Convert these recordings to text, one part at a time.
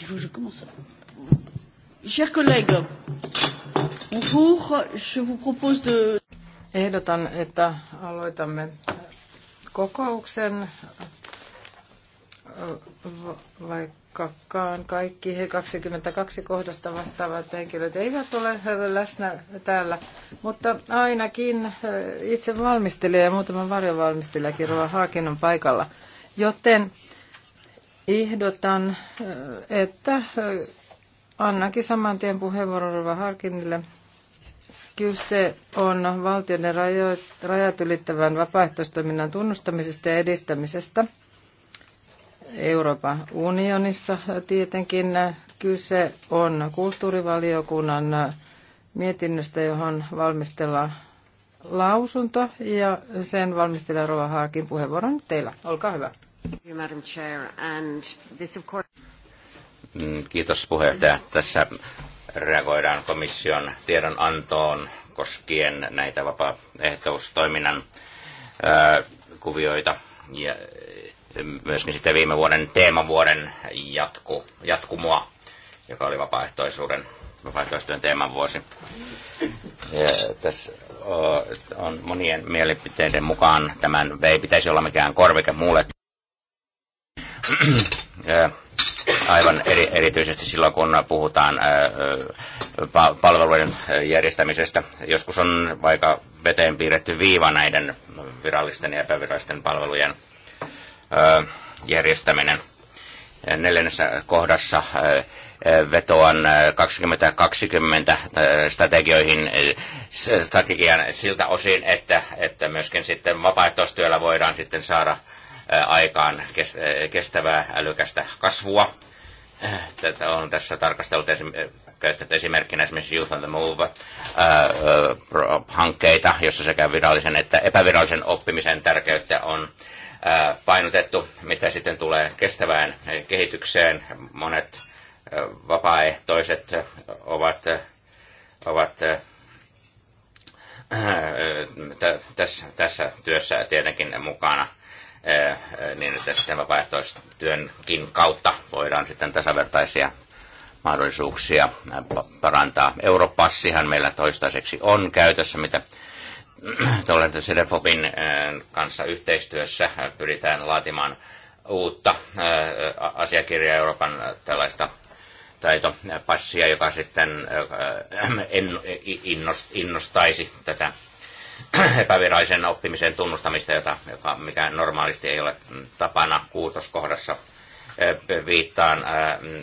Il faut que je commence. Chers collègues, bonjour. Je vous propose de... Ehdotan, että aloitamme kokouksen, vaikkakaan kaikki he 22 kohdasta vastaavat henkilöt eivät ole läsnä täällä, mutta ainakin eh, itse valmistelija ja muutama varjovalmistelijakin Rova Haakin on paikalla. Joten ehdotan, että annankin saman tien puheenvuoron harkinnille. Kyse on valtion rajat ylittävän vapaaehtoistoiminnan tunnustamisesta ja edistämisestä. Euroopan unionissa tietenkin kyse on kulttuurivaliokunnan mietinnöstä, johon valmistellaan lausunto ja sen valmistelija Rova Harkin puheenvuoron teillä. Olkaa hyvä. Mm, kiitos puheenjohtaja. Tässä reagoidaan komission tiedonantoon koskien näitä vapaaehtoistoiminnan kuvioita ja myöskin sitten viime vuoden teemavuoden jatku, jatkumoa, joka oli vapaaehtoisuuden, vapaaehtoistyön teeman vuosi. Ja tässä on monien mielipiteiden mukaan tämän ei pitäisi olla mikään korvike muulle aivan eri, erityisesti silloin, kun puhutaan palveluiden järjestämisestä. Joskus on vaikka veteen piirretty viiva näiden virallisten ja epävirallisten palvelujen järjestäminen. Neljännessä kohdassa vetoan 2020 strategioihin strategian siltä osin, että, että myöskin sitten vapaaehtoistyöllä voidaan sitten saada aikaan kestävää älykästä kasvua. Tätä on tässä tarkastellut käyttänyt esimerkkinä esimerkiksi Youth on the Move-hankkeita, jossa sekä virallisen että epävirallisen oppimisen tärkeyttä on painotettu, mitä sitten tulee kestävään kehitykseen. Monet vapaaehtoiset ovat, ovat tässä, tässä työssä tietenkin mukana – niin että sitten vapaaehtoistyönkin kautta voidaan sitten tasavertaisia mahdollisuuksia parantaa. Europassihan meillä toistaiseksi on käytössä, mitä tuolla Sedefobin kanssa yhteistyössä pyritään laatimaan uutta asiakirjaa Euroopan tällaista taitopassia, joka sitten innostaisi tätä epävirallisen oppimisen tunnustamista, jota, joka, mikä normaalisti ei ole tapana kuutoskohdassa. Viittaan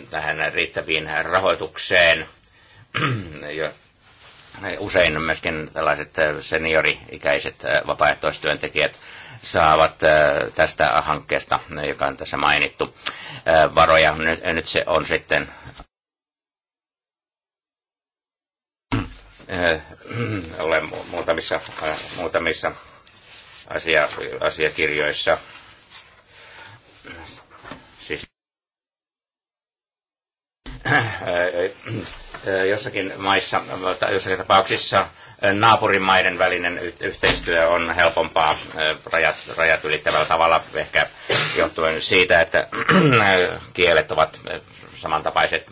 tähän riittäviin rahoitukseen. Usein myöskin tällaiset seniori-ikäiset vapaaehtoistyöntekijät saavat tästä hankkeesta, joka on tässä mainittu, varoja. Nyt se on sitten Äh, olen muutamissa, äh, muutamissa asia, asiakirjoissa. Siis, äh, jossakin maissa, jossakin tapauksissa naapurimaiden välinen yhteistyö on helpompaa rajat, rajat ylittävällä tavalla, ehkä johtuen siitä, että kielet ovat samantapaiset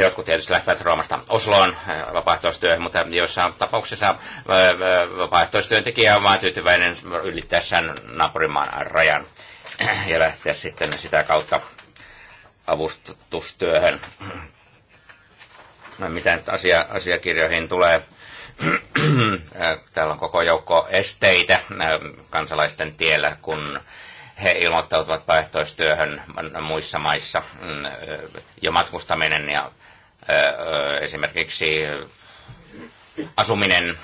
Jotkut tietysti lähtevät Roomasta Osloon äh, vapaaehtoistyöhön, mutta joissain tapauksissa äh, äh, vapaaehtoistyöntekijä on vain tyytyväinen ylittäessään naapurimaan rajan ja lähteä sitten sitä kautta avustustyöhön. No, mitä nyt asia, asiakirjoihin tulee? Täällä on koko joukko esteitä kansalaisten tiellä, kun he ilmoittautuvat vaihtoistyöhön muissa maissa. Mm, jo matkustaminen ja esimerkiksi asuminen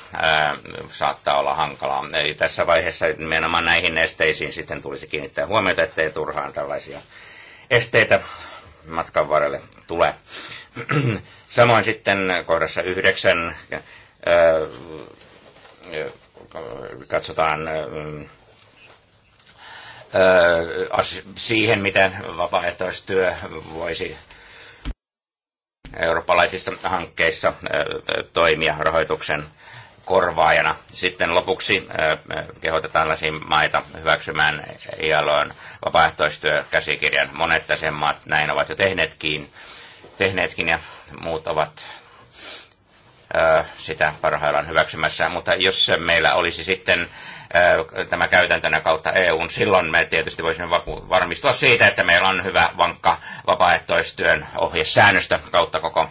saattaa olla hankalaa. Eli tässä vaiheessa nimenomaan näihin esteisiin sitten tulisi kiinnittää huomiota, ettei turhaan tällaisia esteitä matkan varrelle tule. Samoin sitten kohdassa yhdeksän katsotaan siihen, miten vapaaehtoistyö voisi eurooppalaisissa hankkeissa toimia rahoituksen korvaajana. Sitten lopuksi kehotetaan maita hyväksymään ILOn vapaaehtoistyökäsikirjan. Monet jäsenmaat näin ovat jo tehneetkin, tehneetkin ja muut ovat sitä parhaillaan hyväksymässä. Mutta jos meillä olisi sitten tämä käytäntönä kautta EUn. Silloin me tietysti voisimme varmistua siitä, että meillä on hyvä vankka vapaaehtoistyön ohjesäännöstö kautta koko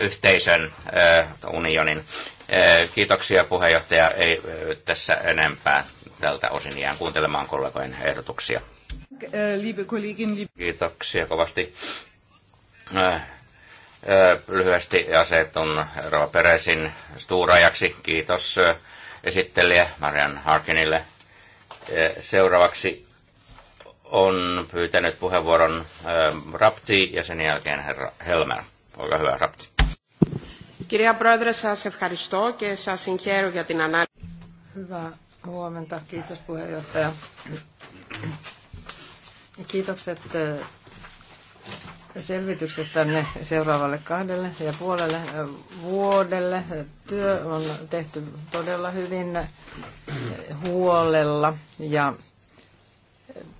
yhteisön unionin. Kiitoksia puheenjohtaja. Ei tässä enempää tältä osin jään kuuntelemaan kollegojen ehdotuksia. Kiitoksia kovasti. Lyhyesti asetun Rova Peresin stuurajaksi. Kiitos esittelijä Marian Harkinille. Seuraavaksi on pyytänyt puheenvuoron Rapti ja sen jälkeen herra Helmer. Olkaa hyvä, Rapti. Kirja Πρόεδρε, σας ευχαριστώ και σας συγχαίρω για την Hyvää huomenta. Kiitos puheenjohtaja. Kiitokset selvityksestänne seuraavalle kahdelle ja puolelle vuodelle. Työ on tehty todella hyvin huolella ja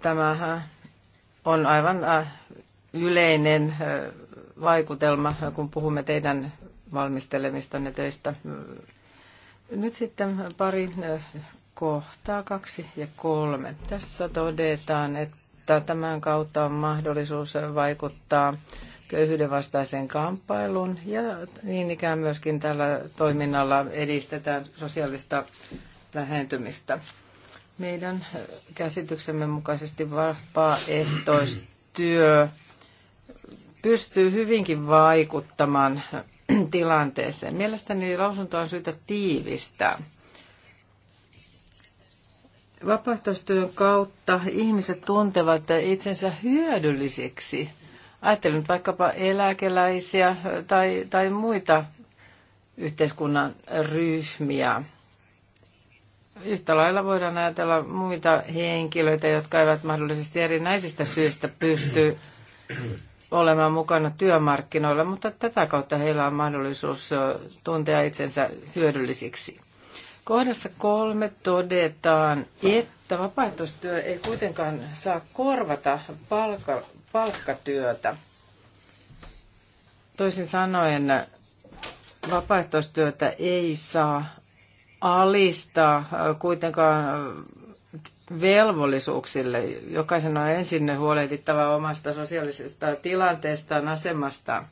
tämähän on aivan yleinen vaikutelma, kun puhumme teidän valmistelemistanne töistä. Nyt sitten pari kohtaa, kaksi ja kolme. Tässä todetaan, että että tämän kautta on mahdollisuus vaikuttaa köyhyyden vastaiseen kamppailuun ja niin ikään myöskin tällä toiminnalla edistetään sosiaalista lähentymistä. Meidän käsityksemme mukaisesti vapaaehtoistyö pystyy hyvinkin vaikuttamaan tilanteeseen. Mielestäni lausuntoa on syytä tiivistää. Vapaaehtoistyön kautta ihmiset tuntevat itsensä hyödyllisiksi. Ajattelen nyt vaikkapa eläkeläisiä tai, tai muita yhteiskunnan ryhmiä. Yhtä lailla voidaan ajatella muita henkilöitä, jotka eivät mahdollisesti erinäisistä syistä pysty olemaan mukana työmarkkinoilla, mutta tätä kautta heillä on mahdollisuus tuntea itsensä hyödyllisiksi. Kohdassa kolme todetaan, että vapaaehtoistyö ei kuitenkaan saa korvata palkka, palkkatyötä. Toisin sanoen, vapaaehtoistyötä ei saa alistaa äh, kuitenkaan äh, velvollisuuksille. Jokaisen on ensin huolehdittava omasta sosiaalisesta tilanteestaan, asemastaan.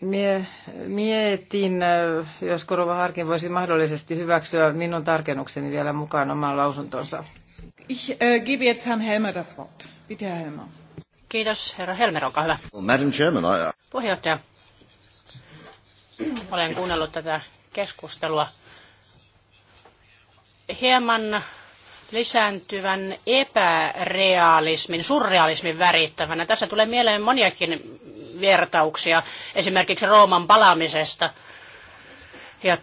Mie, mietin, äh, jos Korova Harkin voisi mahdollisesti hyväksyä minun tarkennukseni vielä mukaan omaan lausuntonsa. Ich äh, gebe jetzt Herrn Helmer das Wort. Bitte, Herr Helmer. Kiitos, herra Helmer, olkaa hyvä. Madam Chairman, I... Uh, Puheenjohtaja, olen kuunnellut tätä keskustelua. Hieman lisääntyvän epärealismin, surrealismin värittävänä. Tässä tulee mieleen moniakin vertauksia esimerkiksi Rooman palaamisesta ja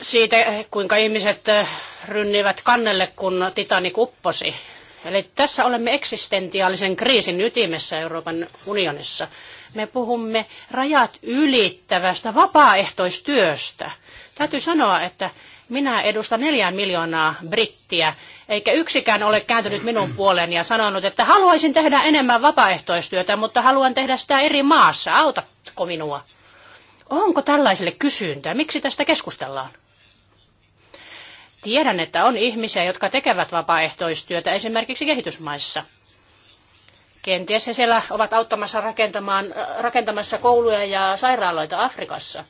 siitä, kuinka ihmiset eh, rynnivät kannelle, kun Titanic upposi. Eli tässä olemme eksistentiaalisen kriisin ytimessä Euroopan unionissa. Me puhumme rajat ylittävästä vapaaehtoistyöstä. Täytyy sanoa, että minä edustan neljää miljoonaa brittiä, eikä yksikään ole kääntynyt minun puoleeni ja sanonut, että haluaisin tehdä enemmän vapaaehtoistyötä, mutta haluan tehdä sitä eri maassa. Autatko minua? Onko tällaiselle kysyntää? Miksi tästä keskustellaan? Tiedän, että on ihmisiä, jotka tekevät vapaaehtoistyötä esimerkiksi kehitysmaissa. Kenties he siellä ovat auttamassa rakentamaan, rakentamassa kouluja ja sairaaloita Afrikassa.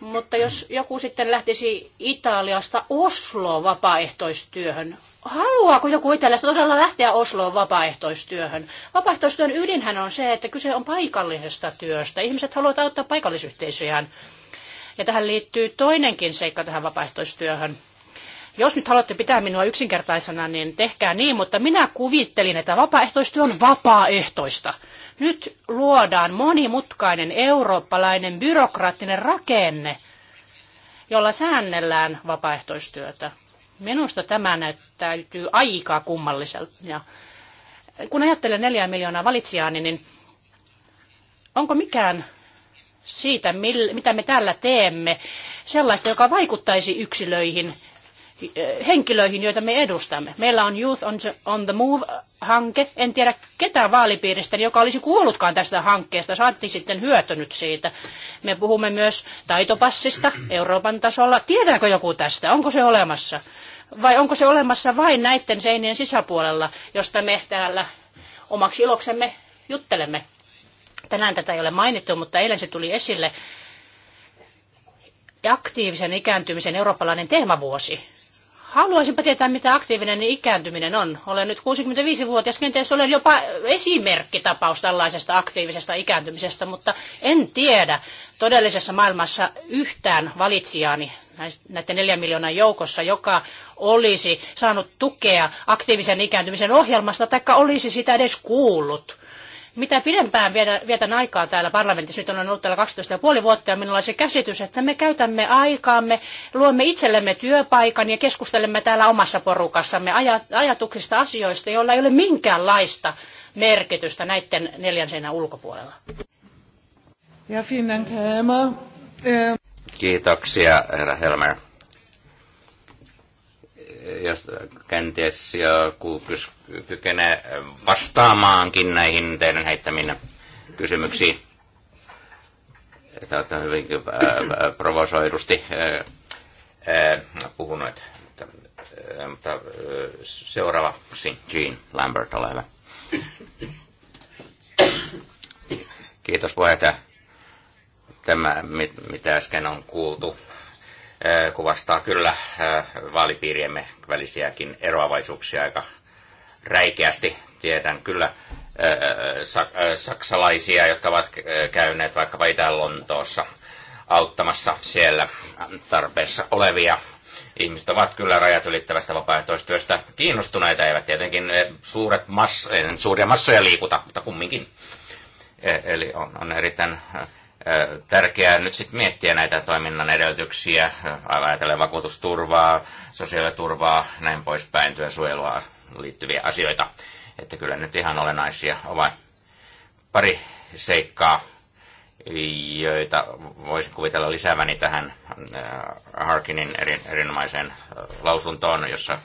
Mutta jos joku sitten lähtisi Italiasta Osloon vapaaehtoistyöhön, haluaako joku Italiasta todella lähteä Osloon vapaaehtoistyöhön? Vapaaehtoistyön ydinhän on se, että kyse on paikallisesta työstä. Ihmiset haluavat auttaa paikallisyhteisöjään. Ja tähän liittyy toinenkin seikka tähän vapaaehtoistyöhön jos nyt haluatte pitää minua yksinkertaisena, niin tehkää niin, mutta minä kuvittelin, että vapaaehtoistyö on vapaaehtoista. Nyt luodaan monimutkainen eurooppalainen byrokraattinen rakenne, jolla säännellään vapaaehtoistyötä. Minusta tämä näyttäytyy aika kummalliselta. Ja kun ajattelen neljä miljoonaa valitsijaa, niin, niin onko mikään siitä, mitä me täällä teemme, sellaista, joka vaikuttaisi yksilöihin Eh, henkilöihin, joita me edustamme. Meillä on Youth on the Move-hanke. En tiedä ketään vaalipiiristä, joka olisi kuullutkaan tästä hankkeesta, saatti sitten hyötynyt siitä. Me puhumme myös taitopassista Euroopan tasolla. Tietääkö joku tästä? Onko se olemassa? Vai onko se olemassa vain näiden seinien sisäpuolella, josta me täällä omaksi iloksemme juttelemme? Tänään tätä ei ole mainittu, mutta eilen se tuli esille. Aktiivisen ikääntymisen eurooppalainen teemavuosi Haluaisinpa tietää, mitä aktiivinen ikääntyminen on. Olen nyt 65-vuotias, kenties olen jopa esimerkkitapaus tällaisesta aktiivisesta ikääntymisestä, mutta en tiedä todellisessa maailmassa yhtään valitsijaani näiden neljän miljoonan joukossa, joka olisi saanut tukea aktiivisen ikääntymisen ohjelmasta, taikka olisi sitä edes kuullut. Mitä pidempään vietän aikaa täällä parlamentissa, nyt on ollut täällä 12,5 vuotta ja minulla on se käsitys, että me käytämme aikaamme, luomme itsellemme työpaikan ja keskustelemme täällä omassa porukassamme ajatuksista asioista, joilla ei ole minkäänlaista merkitystä näiden neljän seinän ulkopuolella. Ähm. Kiitoksia, herra Helmer. Jos kenties joku kykene vastaamaankin näihin teidän heittäminen kysymyksiin. Tämä on hyvin äh, äh, provosoidusti äh, puhunut. Mutta, seuraava mutta seuraavaksi Jean Lambert, ole hyvä. Kiitos puheenjohtaja. Tämä, mitä äsken on kuultu, kuvastaa kyllä vaalipiiriemme välisiäkin eroavaisuuksia aika räikeästi. Tiedän kyllä äh, äh, saksalaisia, jotka ovat äh, käyneet vaikkapa Itä-Lontoossa auttamassa siellä tarpeessa olevia. Ihmiset ovat kyllä rajat ylittävästä vapaaehtoistyöstä kiinnostuneita, eivät tietenkin suuret mass, suuria massoja liikuta, mutta kumminkin. Eli on, on erittäin tärkeää nyt sitten miettiä näitä toiminnan edellytyksiä, ajatellen vakuutusturvaa, sosiaaliturvaa, näin poispäin, työsuojelua, liittyviä asioita. Että kyllä nyt ihan olennaisia ovat pari seikkaa, joita voisin kuvitella lisääväni tähän äh, Harkinin erinomaiseen äh, lausuntoon, jossa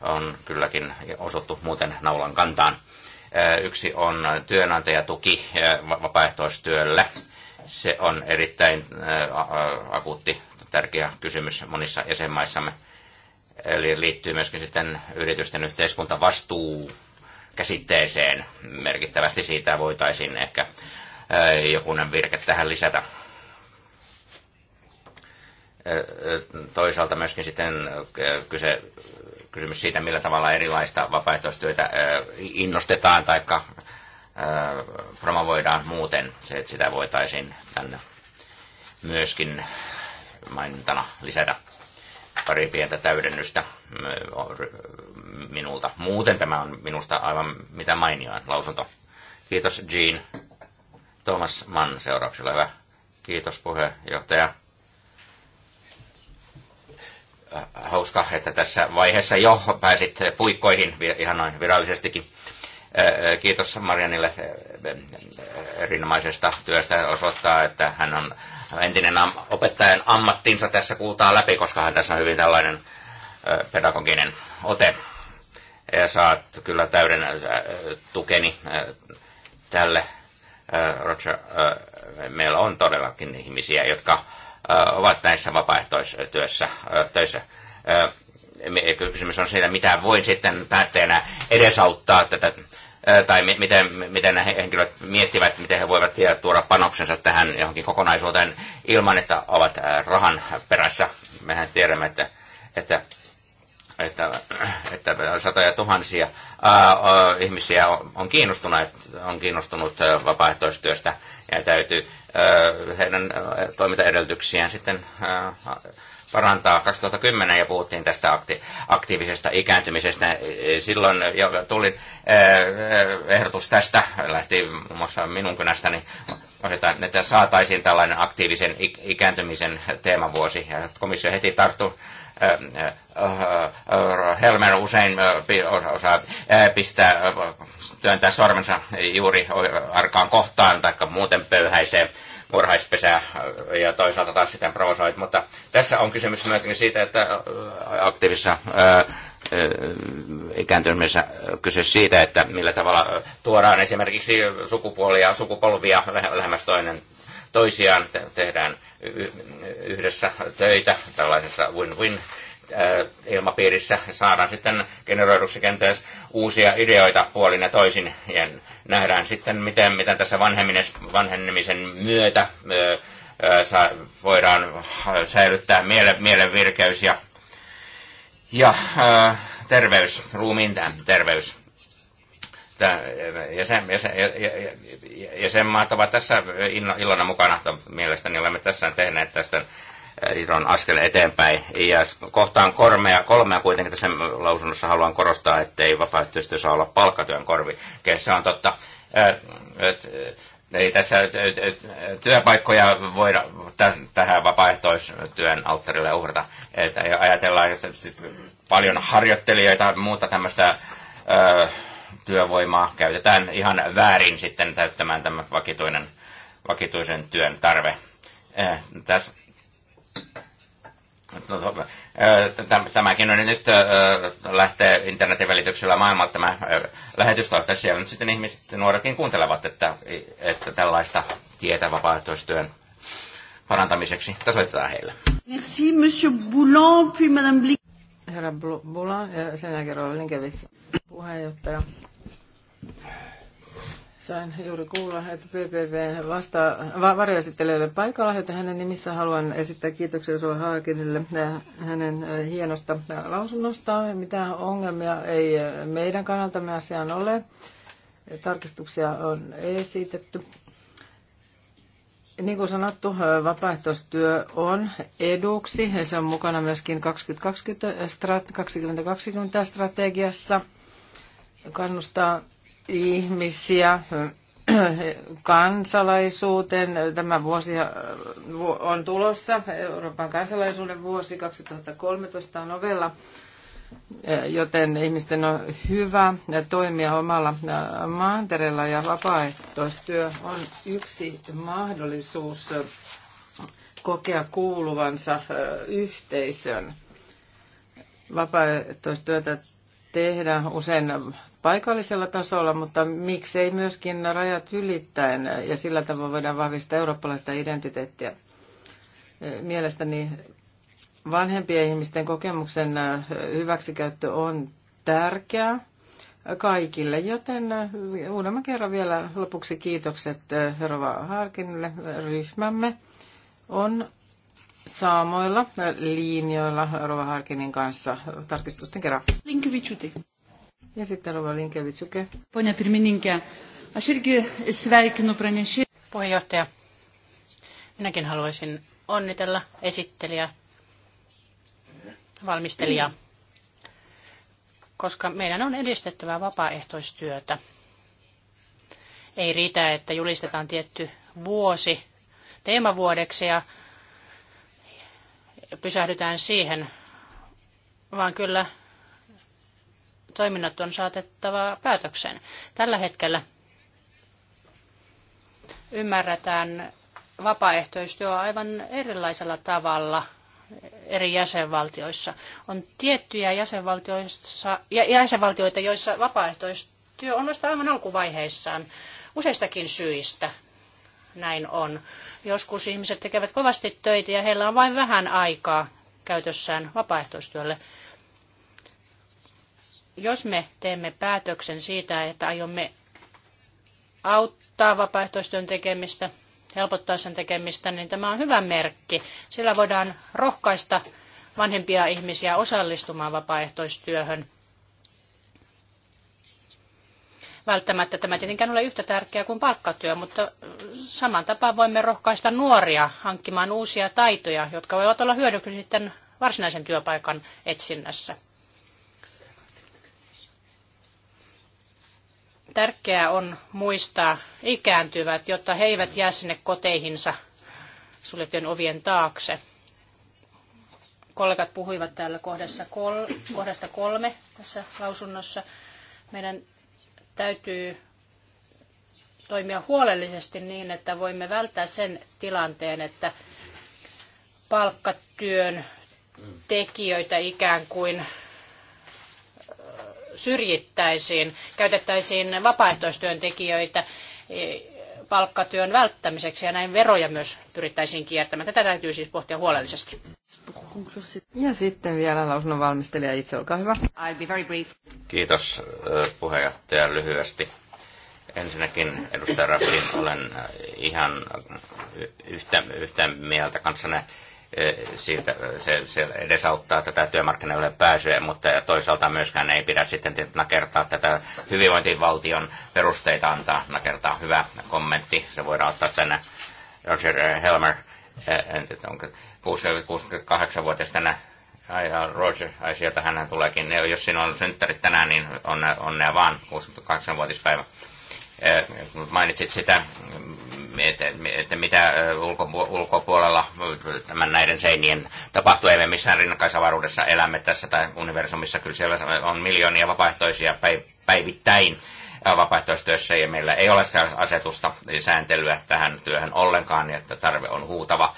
on kylläkin osuttu muuten naulan kantaan. Äh, yksi on työnantajatuki vapaaehtoistyölle. Se on erittäin akuutti, tärkeä kysymys monissa jäsenmaissamme Eli liittyy myöskin sitten yritysten yhteiskuntavastuu käsitteeseen. Merkittävästi siitä voitaisiin ehkä jokunen virke tähän lisätä. Toisaalta myöskin sitten kyse, kysymys siitä, millä tavalla erilaista vapaaehtoistyötä innostetaan tai promovoidaan muuten. Se, että sitä voitaisiin tänne myöskin mainintana lisätä pari pientä täydennystä mm, minulta. Muuten tämä on minusta aivan mitä mainioin lausunto. Kiitos Jean. Thomas Mann seurauksella. Hyvä. Kiitos puheenjohtaja. Äh, hauska, että tässä vaiheessa jo pääsit puikkoihin ihan noin virallisestikin. Kiitos Marianille erinomaisesta työstä. osoittaa, että hän on entinen opettajan ammattinsa tässä kuultaa läpi, koska hän tässä on hyvin tällainen pedagoginen ote. Ja saat kyllä täyden tukeni tälle. Roger, meillä on todellakin ihmisiä, jotka ovat näissä vapaaehtoistyössä töissä kysymys on siitä, mitä voi sitten päättäjänä edesauttaa tätä tai miten, miten nämä henkilöt miettivät, miten he voivat vielä tuoda panoksensa tähän johonkin kokonaisuuteen ilman, että ovat rahan perässä. Mehän tiedämme, että, että, että, että satoja tuhansia ää, ää, ihmisiä on, kiinnostunut, on kiinnostunut vapaaehtoistyöstä ja täytyy ää, heidän toimintaedellytyksiään sitten ää, parantaa. 2010 ja puhuttiin tästä akti- aktiivisesta ikääntymisestä. Silloin jo tuli eh, eh, ehdotus tästä, lähti muun muassa minun kynästäni, osittain, että saataisiin tällainen aktiivisen ikääntymisen teemavuosi. ja Komissio heti tarttui eh, Helmer usein osaa pistää, työntää sormensa juuri arkaan kohtaan tai muuten pöyhäiseen murhaispesää äh, ja toisaalta taas sitten provosoit. Mutta tässä on kysymys myöskin siitä, että äh, aktiivisessa äh, ikääntymisessä kyse siitä, että millä tavalla tuodaan esimerkiksi sukupuolia, sukupolvia lähemmäs toinen toisiaan, tehdään yhdessä töitä tällaisessa win-win Äh, ilmapiirissä saadaan sitten generoiduksi kenties uusia ideoita puolin ja toisin. Ja nähdään sitten, miten, miten tässä vanhenemisen myötä voidaan säilyttää miele, mielen virkeys ja, ja terveys, ruumiin terveys ja ja sen maat ovat tässä Ilona mukana, mielestäni olemme tässä tehneet tästä on askel eteenpäin. Ja kohtaan kormea, kolmea kuitenkin tässä lausunnossa haluan korostaa, että ei vapaaehtoistyö saa olla palkkatyön korvi. Se on totta. Ei tässä työpaikkoja voida tähän vapaaehtoistyön alttarille uhrata. Että ajatellaan että paljon harjoittelijoita ja muuta tämmöistä työvoimaa käytetään ihan väärin sitten täyttämään tämä vakituinen, vakituisen työn tarve. Tässä No, tämäkin on nyt lähtee internetin välityksellä maailmalta tämä lähetys toivottavasti siellä nyt sitten ihmiset, nuoretkin kuuntelevat, että, että tällaista tietä vapaaehtoistyön parantamiseksi tasoitetaan heille. Merci, Monsieur Boulan, puis Madame Blik. Herra Boulan ja sen jälkeen Roland Puheenjohtaja. Sain juuri kuulla, että PPV vastaa va, varjoesittelijöille paikalla, että hänen nimissä haluan esittää kiitoksia Sulla Haakinille äh, hänen äh, hienosta äh, lausunnostaan. Mitään ongelmia ei meidän kannalta me asiaan ole. Tarkistuksia on esitetty. Niin kuin sanottu, vapaaehtoistyö on eduksi. Se on mukana myöskin 2020, 2020 strategiassa. Kannustaa ihmisiä kansalaisuuteen. Tämä vuosi on tulossa, Euroopan kansalaisuuden vuosi 2013 on ovella, joten ihmisten on hyvä toimia omalla maantereella ja vapaaehtoistyö on yksi mahdollisuus kokea kuuluvansa yhteisön. Vapaaehtoistyötä tehdään usein paikallisella tasolla, mutta miksei myöskin rajat ylittäen ja sillä tavoin voidaan vahvistaa eurooppalaista identiteettiä. Mielestäni vanhempien ihmisten kokemuksen hyväksikäyttö on tärkeää kaikille, joten uudemman kerran vielä lopuksi kiitokset Rova Harkinille. Ryhmämme on saamoilla linjoilla Rova Harkinin kanssa tarkistusten kerran. Pone pirmininkė, aš irgi sveikinu pranešį. Puheenjohtaja, minäkin haluaisin onnitella esittelijä, valmistelijaa, koska meidän on edistettävä vapaaehtoistyötä. Ei riitä, että julistetaan tietty vuosi teemavuodeksi ja pysähdytään siihen, vaan kyllä toiminnot on saatettava päätökseen. Tällä hetkellä ymmärretään vapaaehtoistyö aivan erilaisella tavalla eri jäsenvaltioissa. On tiettyjä jäsenvaltioita, joissa vapaaehtoistyö on vasta aivan alkuvaiheissaan useistakin syistä. Näin on. Joskus ihmiset tekevät kovasti töitä ja heillä on vain vähän aikaa käytössään vapaaehtoistyölle. Jos me teemme päätöksen siitä, että aiomme auttaa vapaaehtoistyön tekemistä, helpottaa sen tekemistä, niin tämä on hyvä merkki. Sillä voidaan rohkaista vanhempia ihmisiä osallistumaan vapaaehtoistyöhön. Välttämättä tämä tietenkään ole yhtä tärkeää kuin palkkatyö, mutta saman tapaan voimme rohkaista nuoria hankkimaan uusia taitoja, jotka voivat olla hyödyksi sitten varsinaisen työpaikan etsinnässä. Tärkeää on muistaa ikääntyvät, jotta he eivät jää sinne koteihinsa suljettujen ovien taakse. Kollegat puhuivat täällä kohdassa kol, kohdasta kolme tässä lausunnossa. Meidän täytyy toimia huolellisesti niin, että voimme välttää sen tilanteen, että palkkatyön tekijöitä ikään kuin syrjittäisiin, käytettäisiin vapaaehtoistyöntekijöitä e, palkkatyön välttämiseksi ja näin veroja myös pyrittäisiin kiertämään. Tätä täytyy siis pohtia huolellisesti. Ja sitten vielä lausunnon valmistelija itse, olkaa hyvä. I'll be very brief. Kiitos puheenjohtaja lyhyesti. Ensinnäkin edustaja Rafin, olen ihan yhtä, yhtä mieltä kanssanne siitä, se, se edesauttaa tätä työmarkkinoille pääsyä, mutta toisaalta myöskään ei pidä sitten nakertaa tätä hyvinvointivaltion perusteita antaa nakertaa. Hyvä kommentti, se voidaan ottaa tänne Roger Helmer, onko 68-vuotias tänä Roger, ai sieltä hänhän tuleekin. Jos sinulla on synttärit tänään, niin onnea, onnea vaan, 68-vuotispäivä. Mainitsit sitä että, että mitä ulkopuolella tämän näiden seinien tapahtuu. Emme missään rinnakkaisavaruudessa elämme tässä tai universumissa. Kyllä siellä on miljoonia vapaaehtoisia päivittäin vapaaehtoistyössä ja meillä ei ole asetusta sääntelyä tähän työhön ollenkaan, niin että tarve on huutava.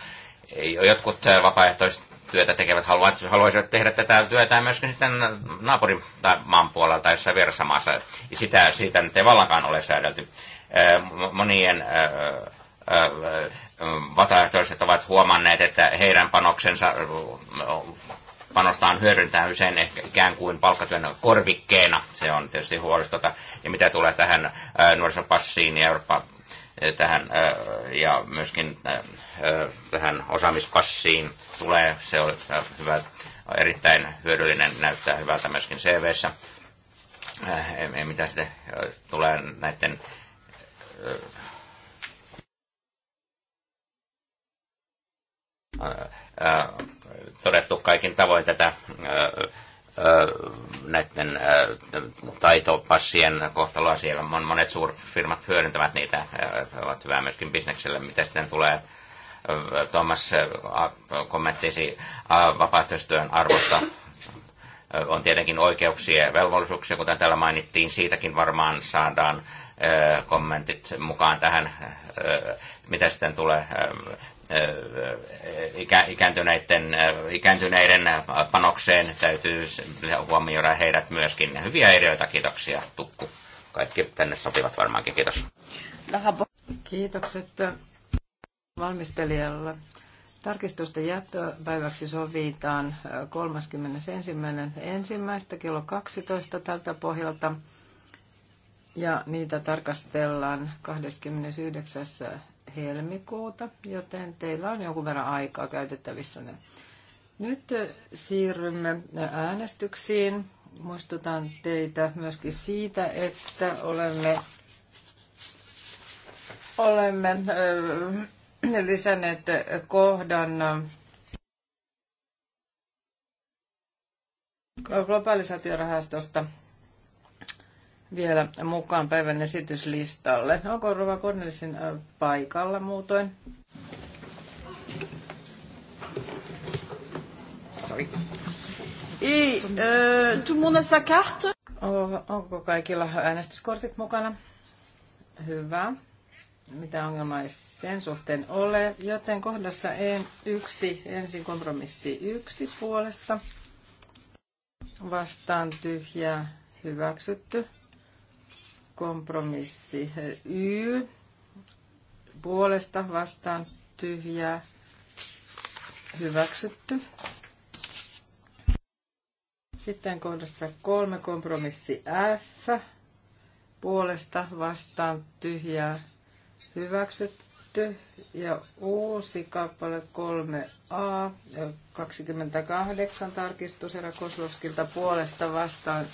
Jotkut vapaaehtoistyötä tekevät haluaisivat tehdä tätä työtä myöskin sitten naapurin tai maan puolella tai jossain vieressä maassa. Ja sitä, siitä nyt ei vallankaan ole säädelty Äh, monien äh, äh, vapaaehtoiset ovat huomanneet, että heidän panoksensa panostaan hyödyntää usein ehkä ikään kuin palkkatyön korvikkeena. Se on tietysti huolestuta. Ja mitä tulee tähän nuorisopassiin ja Eurooppa tähän, ja myöskin tähän osaamispassiin tulee. Se on hyvä, erittäin hyödyllinen, näyttää hyvältä myöskin CVssä. Mitä sitten tulee näiden todettu kaikin tavoin tätä näiden taitopassien kohtaloa siellä. Monet suurfirmat hyödyntävät niitä, ovat hyvää myöskin bisnekselle, mitä sitten tulee Tuomas kommenttisi vapaaehtoistyön arvosta. On tietenkin oikeuksia ja velvollisuuksia, kuten täällä mainittiin, siitäkin varmaan saadaan kommentit mukaan tähän, mitä sitten tulee ikääntyneiden, ikääntyneiden panokseen. Täytyy huomioida heidät myöskin. Hyviä ideoita, kiitoksia Tukku. Kaikki tänne sopivat varmaankin, kiitos. Kiitokset valmistelijalle. Tarkistusten jättöpäiväksi sovitaan 31.1. kello 12 tältä pohjalta ja niitä tarkastellaan 29. helmikuuta, joten teillä on jonkun verran aikaa käytettävissä. Nyt siirrymme äänestyksiin. Muistutan teitä myöskin siitä, että olemme, olemme lisänneet kohdan globalisaatiorahastosta vielä mukaan päivän esityslistalle. Onko Rova Cornelisin paikalla muutoin? Sorry. Et, euh, tout le monde a sa carte? Onko kaikilla äänestyskortit mukana? Hyvä. Mitä ongelmaa ei sen suhteen ole. Joten kohdassa en yksi ensin kompromissi yksi puolesta. Vastaan tyhjä. hyväksytty kompromissi Y puolesta vastaan tyhjää hyväksytty. Sitten kohdassa kolme kompromissi F puolesta vastaan tyhjää hyväksytty. Ja uusi kappale 3a, 28 tarkistus Koslovskilta puolesta vastaan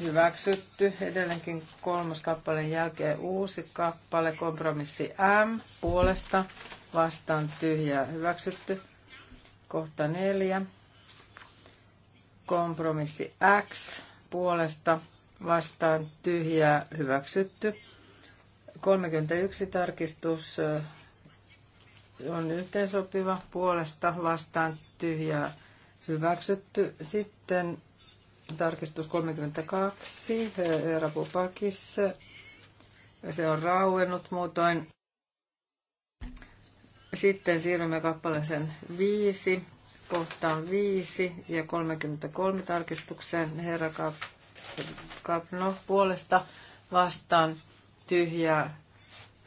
hyväksytty. Edelleenkin kolmoskappaleen jälkeen uusi kappale, kompromissi M, puolesta vastaan tyhjää hyväksytty. Kohta neljä. Kompromissi X, puolesta vastaan tyhjää hyväksytty. 31 tarkistus on yhteensopiva, puolesta vastaan tyhjää hyväksytty. Sitten Tarkistus 32, eh, rapupakissa Se on rauennut muutoin. Sitten siirrymme kappaleeseen 5, kohtaan 5 ja 33 tarkistukseen herra Kapno puolesta vastaan tyhjä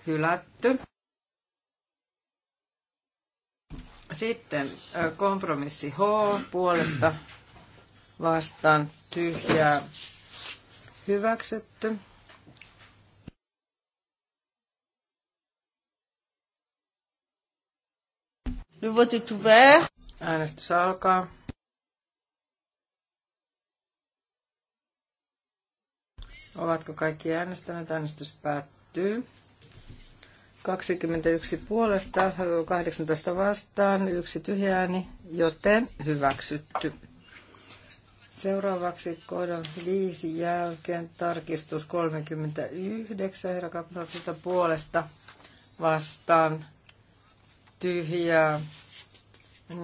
hylätty. Sitten eh, kompromissi H puolesta vastaan tyhjää hyväksytty. Le vote est ouvert. Äänestys alkaa. Ovatko kaikki äänestäneet? Äänestys päättyy. 21 puolesta, 18 vastaan, yksi tyhjääni, joten hyväksytty. Seuraavaksi kohdan viisi jälkeen tarkistus 39 herra kapitalista puolesta vastaan tyhjää.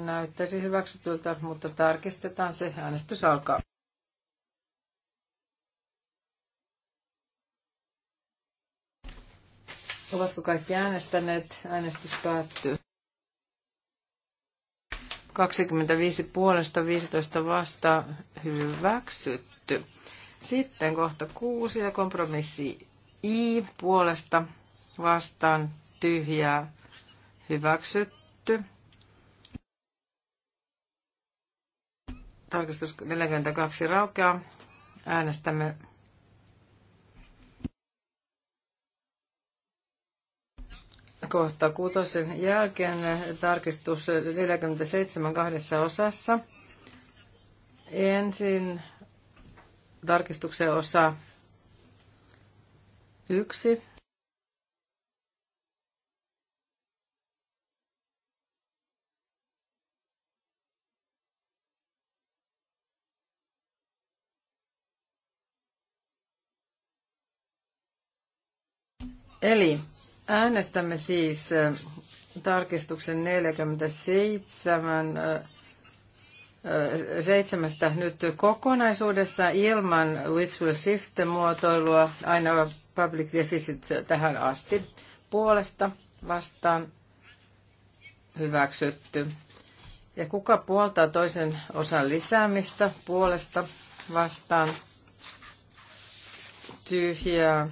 Näyttäisi hyväksytyltä, mutta tarkistetaan se. Äänestys alkaa. Ovatko kaikki äänestäneet? Äänestys päättyy. 25 puolesta 15 vasta hyväksytty. Sitten kohta 6 ja kompromissi I puolesta vastaan tyhjää hyväksytty. Tarkistus 42 raukeaa. Äänestämme kohta kuutosen jälkeen tarkistus 47 kahdessa osassa. Ensin tarkistuksen osa yksi. Eli Äänestämme siis tarkistuksen 47 seitsemästä nyt kokonaisuudessa ilman which will shift muotoilua aina public deficit tähän asti puolesta vastaan hyväksytty. Ja kuka puoltaa toisen osan lisäämistä puolesta vastaan tyhjää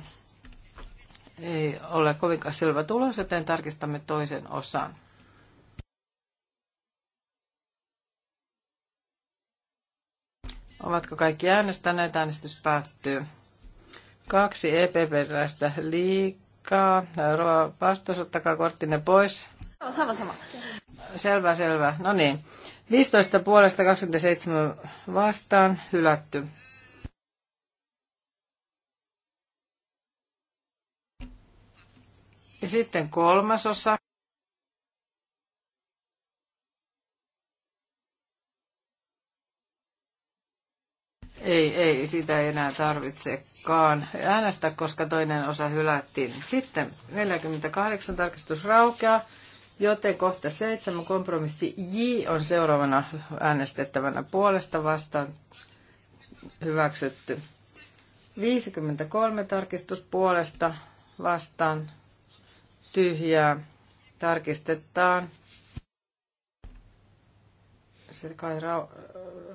ei ole kovinkaan selvä tulos, joten tarkistamme toisen osan. Ovatko kaikki äänestäneet? Äänestys päättyy. Kaksi EPP-läistä liikaa. Roa vastaus, ottakaa korttinne pois. Sama, sama. Selvä, selvä. No niin. 15 puolesta 27 vastaan, hylätty. Ja Sitten kolmas osa. Ei, ei, sitä ei enää tarvitsekaan äänestää, koska toinen osa hylättiin. Sitten 48 tarkistus raukeaa, joten kohta 7 kompromissi J on seuraavana äänestettävänä puolesta vastaan hyväksytty. 53 tarkistus puolesta vastaan tyhjää tarkistetaan. Se kai ra-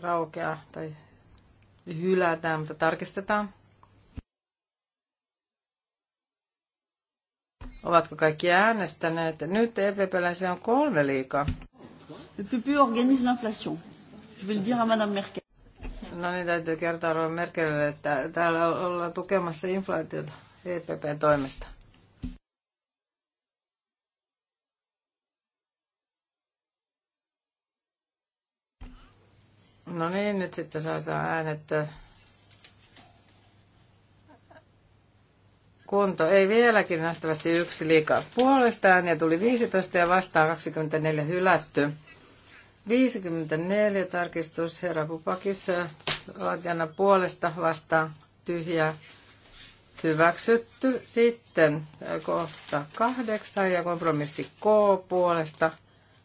raukeaa tai hylätään, mutta tarkistetaan. Ovatko kaikki äänestäneet? Nyt EPP-läisiä on kolme liikaa. Le PPE organise l'inflation. Je vais le dire à Madame Merkel. No niin, täytyy kertoa Merkelille, että täällä ollaan tukemassa inflaatiota epp toimesta. No niin, nyt sitten saadaan äänet. Äh, kunto ei vieläkin nähtävästi yksi liikaa puolestaan ja tuli 15 ja vastaan 24 hylätty. 54 tarkistus herra Pupakissa äh, laatijana puolesta vastaan tyhjä hyväksytty. Sitten äh, kohta kahdeksan ja kompromissi K puolesta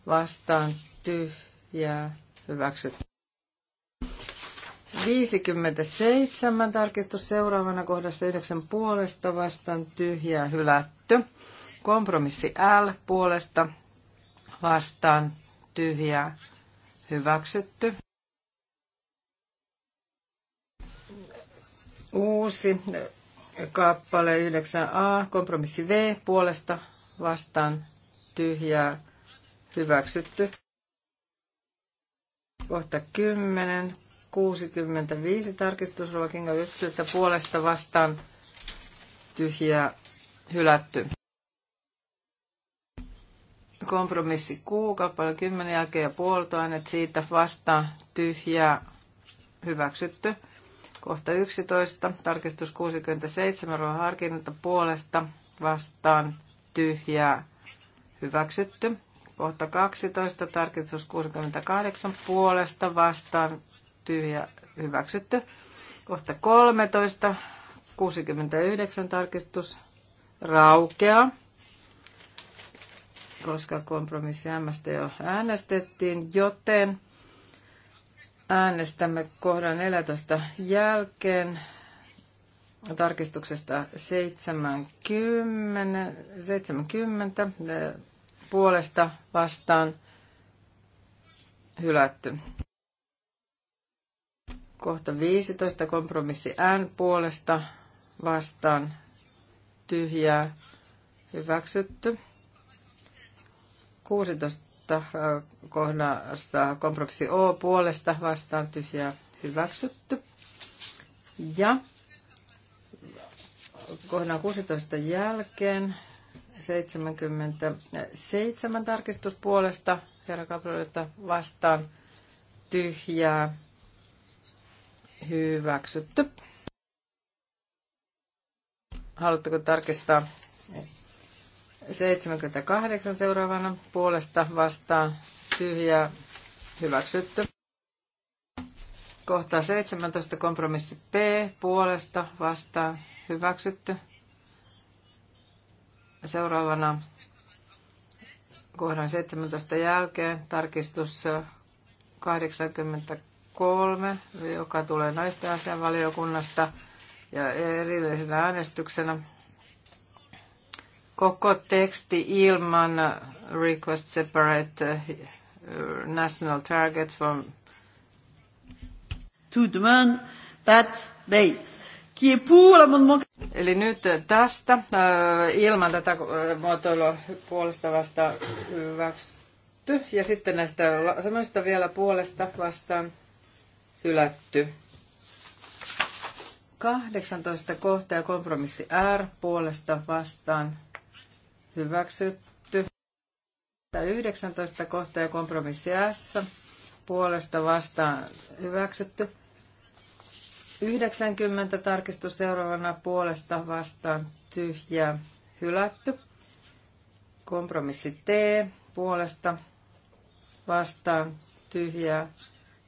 vastaan tyhjä hyväksytty. 57 tarkistus seuraavana kohdassa 9 puolesta vastaan tyhjää hylätty. Kompromissi L puolesta vastaan tyhjää hyväksytty. Uusi kappale 9a, kompromissi V puolesta vastaan tyhjää hyväksytty. Kohta 10 65 tarkistus Rolakinga yksilöltä puolesta vastaan tyhjää hylätty. Kompromissi Q, kappale 10 jälkeen ja puoltoaineet siitä vastaan tyhjää hyväksytty. Kohta 11, tarkistus 67, ruoan harkinnalta puolesta vastaan tyhjää hyväksytty. Kohta 12, tarkistus 68 puolesta vastaan tyhjä hyväksytty. Kohta 13, 69 tarkistus raukea, koska kompromissi M jo äänestettiin, joten äänestämme kohdan 14 jälkeen tarkistuksesta 70, 70 eh, puolesta vastaan hylätty. Kohta 15 kompromissi N puolesta vastaan tyhjää hyväksytty. 16 äh, kohdassa kompromissi O puolesta vastaan tyhjää hyväksytty. Ja kohdan 16 jälkeen 77 tarkistuspuolesta herra Gabrielilta vastaan tyhjää Hyväksytty. Haluatteko tarkistaa 78 seuraavana puolesta vastaan tyhjää hyväksytty. Kohta 17 kompromissi P puolesta vastaan hyväksytty. Seuraavana kohdan 17 jälkeen tarkistus 82 kolme, joka tulee naisten asianvaliokunnasta ja erillisenä äänestyksenä. Koko teksti ilman request separate eh, national targets from to demand that they qui est pour l'amendement. Eli nyt tästä eh, ilman tätä eh, muotoilua puolesta vasta hyväksytty. Ja sitten näistä sanoista vielä puolesta vastaan hylätty. 18 kohta ja kompromissi R puolesta vastaan hyväksytty. 19 kohta ja kompromissi S puolesta vastaan hyväksytty. 90 tarkistus seuraavana puolesta vastaan tyhjää hylätty. Kompromissi T puolesta vastaan tyhjää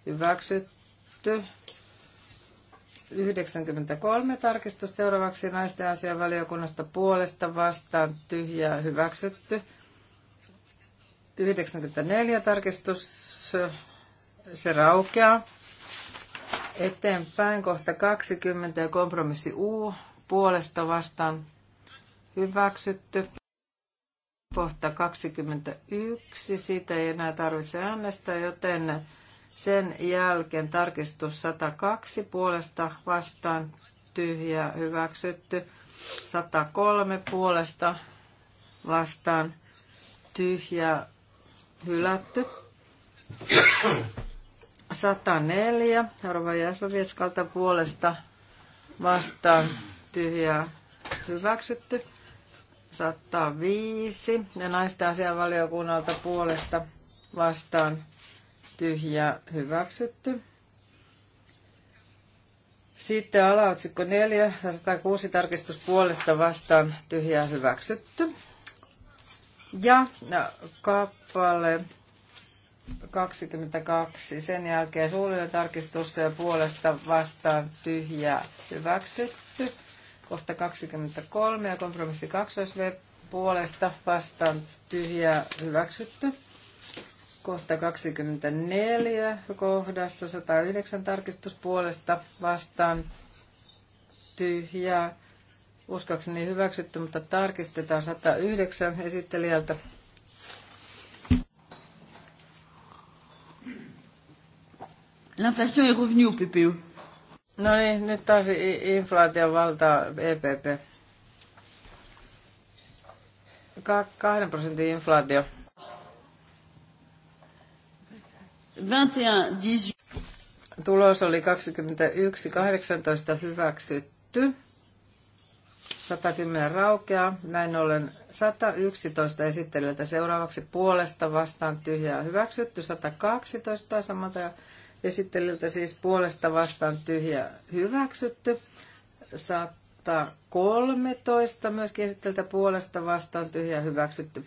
hyväksytty tehty. 93 tarkistus seuraavaksi naisten valiokunnasta puolesta vastaan tyhjää hyväksytty. 94 tarkistus, se raukeaa. Eteenpäin kohta 20 ja kompromissi U puolesta vastaan hyväksytty. Kohta 21, siitä ei enää tarvitse äänestää, joten sen jälkeen tarkistus 102 puolesta vastaan tyhjä hyväksytty. 103 puolesta vastaan tyhjä hylätty. 104 Jorva Jäslovietskalta puolesta vastaan tyhjä hyväksytty. 105 ja naisten asianvaliokunnalta puolesta vastaan tyhjä hyväksytty. Sitten alaotsikko 4, 106 tarkistus puolesta vastaan tyhjää hyväksytty. Ja no, kappale 22, sen jälkeen suullinen tarkistus puolesta vastaan tyhjää hyväksytty. Kohta 23 ja kompromissi 2 puolesta vastaan tyhjää hyväksytty kohta 24, kohdassa 109 tarkistuspuolesta vastaan tyhjää. Uskoakseni hyväksytty, mutta tarkistetaan 109 esittelijältä. L'inflation est revenue au PPE. No niin, nyt taas inflaation valtaa EPP. Ka- kahden prosentin inflaatio. Tulos oli 21.18 hyväksytty. 110 raukeaa. Näin ollen 111 esittelijältä seuraavaksi puolesta vastaan tyhjää hyväksytty. 112 samalta esittelijältä siis puolesta vastaan tyhjää hyväksytty. 113 myöskin esittelijältä puolesta vastaan tyhjää hyväksytty.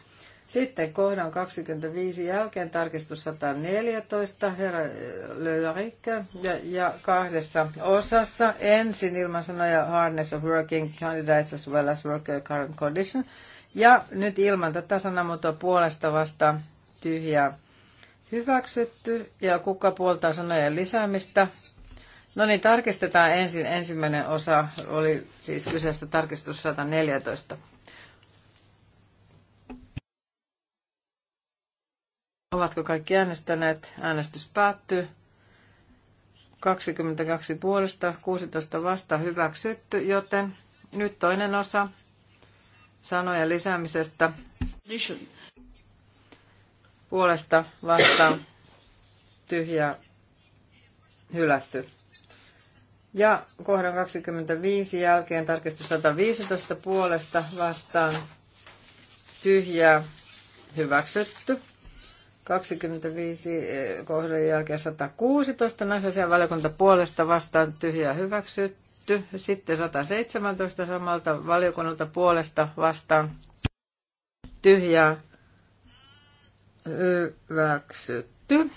Sitten kohdan 25 jälkeen tarkistus 114, herra äh, Löyrikkö, ja, ja kahdessa osassa. Ensin ilman sanoja harness of working candidates as well as worker current condition. Ja nyt ilman tätä sanamuotoa puolesta vasta tyhjää hyväksytty. Ja kuka puoltaa sanojen lisäämistä? No niin, tarkistetaan ensin. Ensimmäinen osa oli siis kyseessä tarkistus 114. Ovatko kaikki äänestäneet? Äänestys päättyy. 22 puolesta, 16 vasta hyväksytty, joten nyt toinen osa sanojen lisäämisestä. Puolesta vastaan tyhjä hylätty. Ja kohdan 25 jälkeen tarkistus 115 puolesta vastaan tyhjää hyväksytty. 25 eh, kohdan jälkeen 116 naisasian valiokunta puolesta vastaan tyhjää hyväksytty. Sitten 117 samalta valiokunnalta puolesta vastaan tyhjää hyväksytty.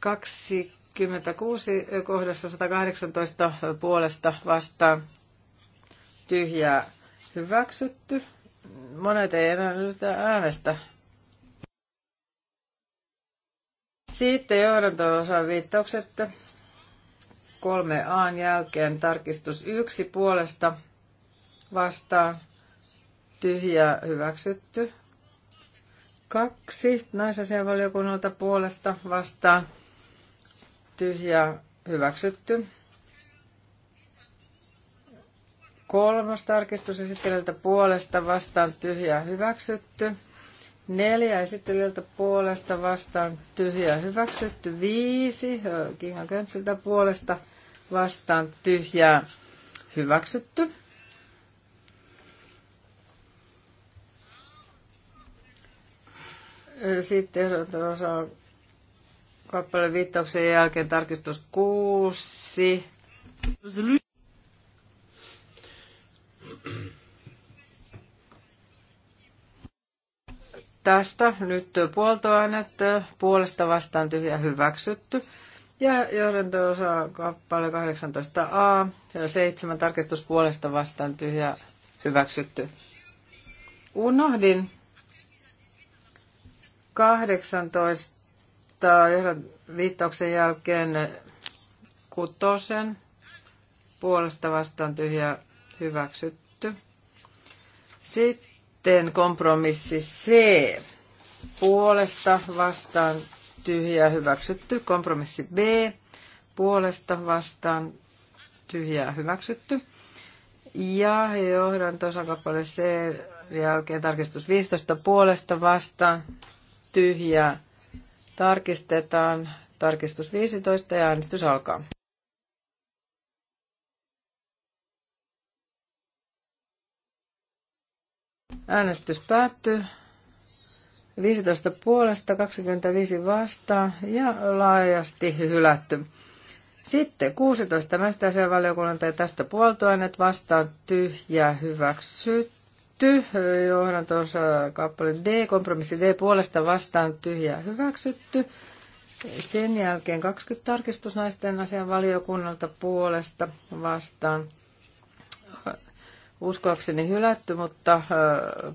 26 eh, kohdassa 118 puolesta vastaan tyhjää hyväksytty. Monet ei enää nyt äänestä Sitten johdanto-osan viittaukset. 3a jälkeen tarkistus 1 puolesta vastaan tyhjä hyväksytty. Kaksi naisasianvaliokunnalta puolesta vastaan tyhjä hyväksytty. Kolmas tarkistus esittelyltä puolesta vastaan tyhjä hyväksytty. Neljä esittelijältä puolesta vastaan tyhjä hyväksytty. Viisi Kingan puolesta vastaan tyhjää hyväksytty. Sitten osa kappaleen viittauksen jälkeen tarkistus kuusi. tästä nyt puoltoaineet äh, puolesta vastaan tyhjä hyväksytty. Ja johdanto-osa kappale 18a, 7 tarkistus puolesta vastaan tyhjä hyväksytty. Unohdin 18 viittauksen jälkeen kutosen puolesta vastaan tyhjä hyväksytty. Sitten sitten kompromissi C puolesta vastaan tyhjä hyväksytty. Kompromissi B puolesta vastaan tyhjä hyväksytty. Ja johdantosakappale C jälkeen tarkistus 15 puolesta vastaan tyhjä tarkistetaan. Tarkistus 15 ja äänestys alkaa. Äänestys päättyy. 15 puolesta, 25 vastaan ja laajasti hylätty. Sitten 16 näistä asianvaliokunnan ja tästä puoltoaineet vastaan tyhjä hyväksytty. tuossa kappale D, kompromissi D puolesta vastaan tyhjä hyväksytty. Sen jälkeen 20 tarkistus naisten asian valiokunnalta puolesta vastaan uskoakseni hylätty, mutta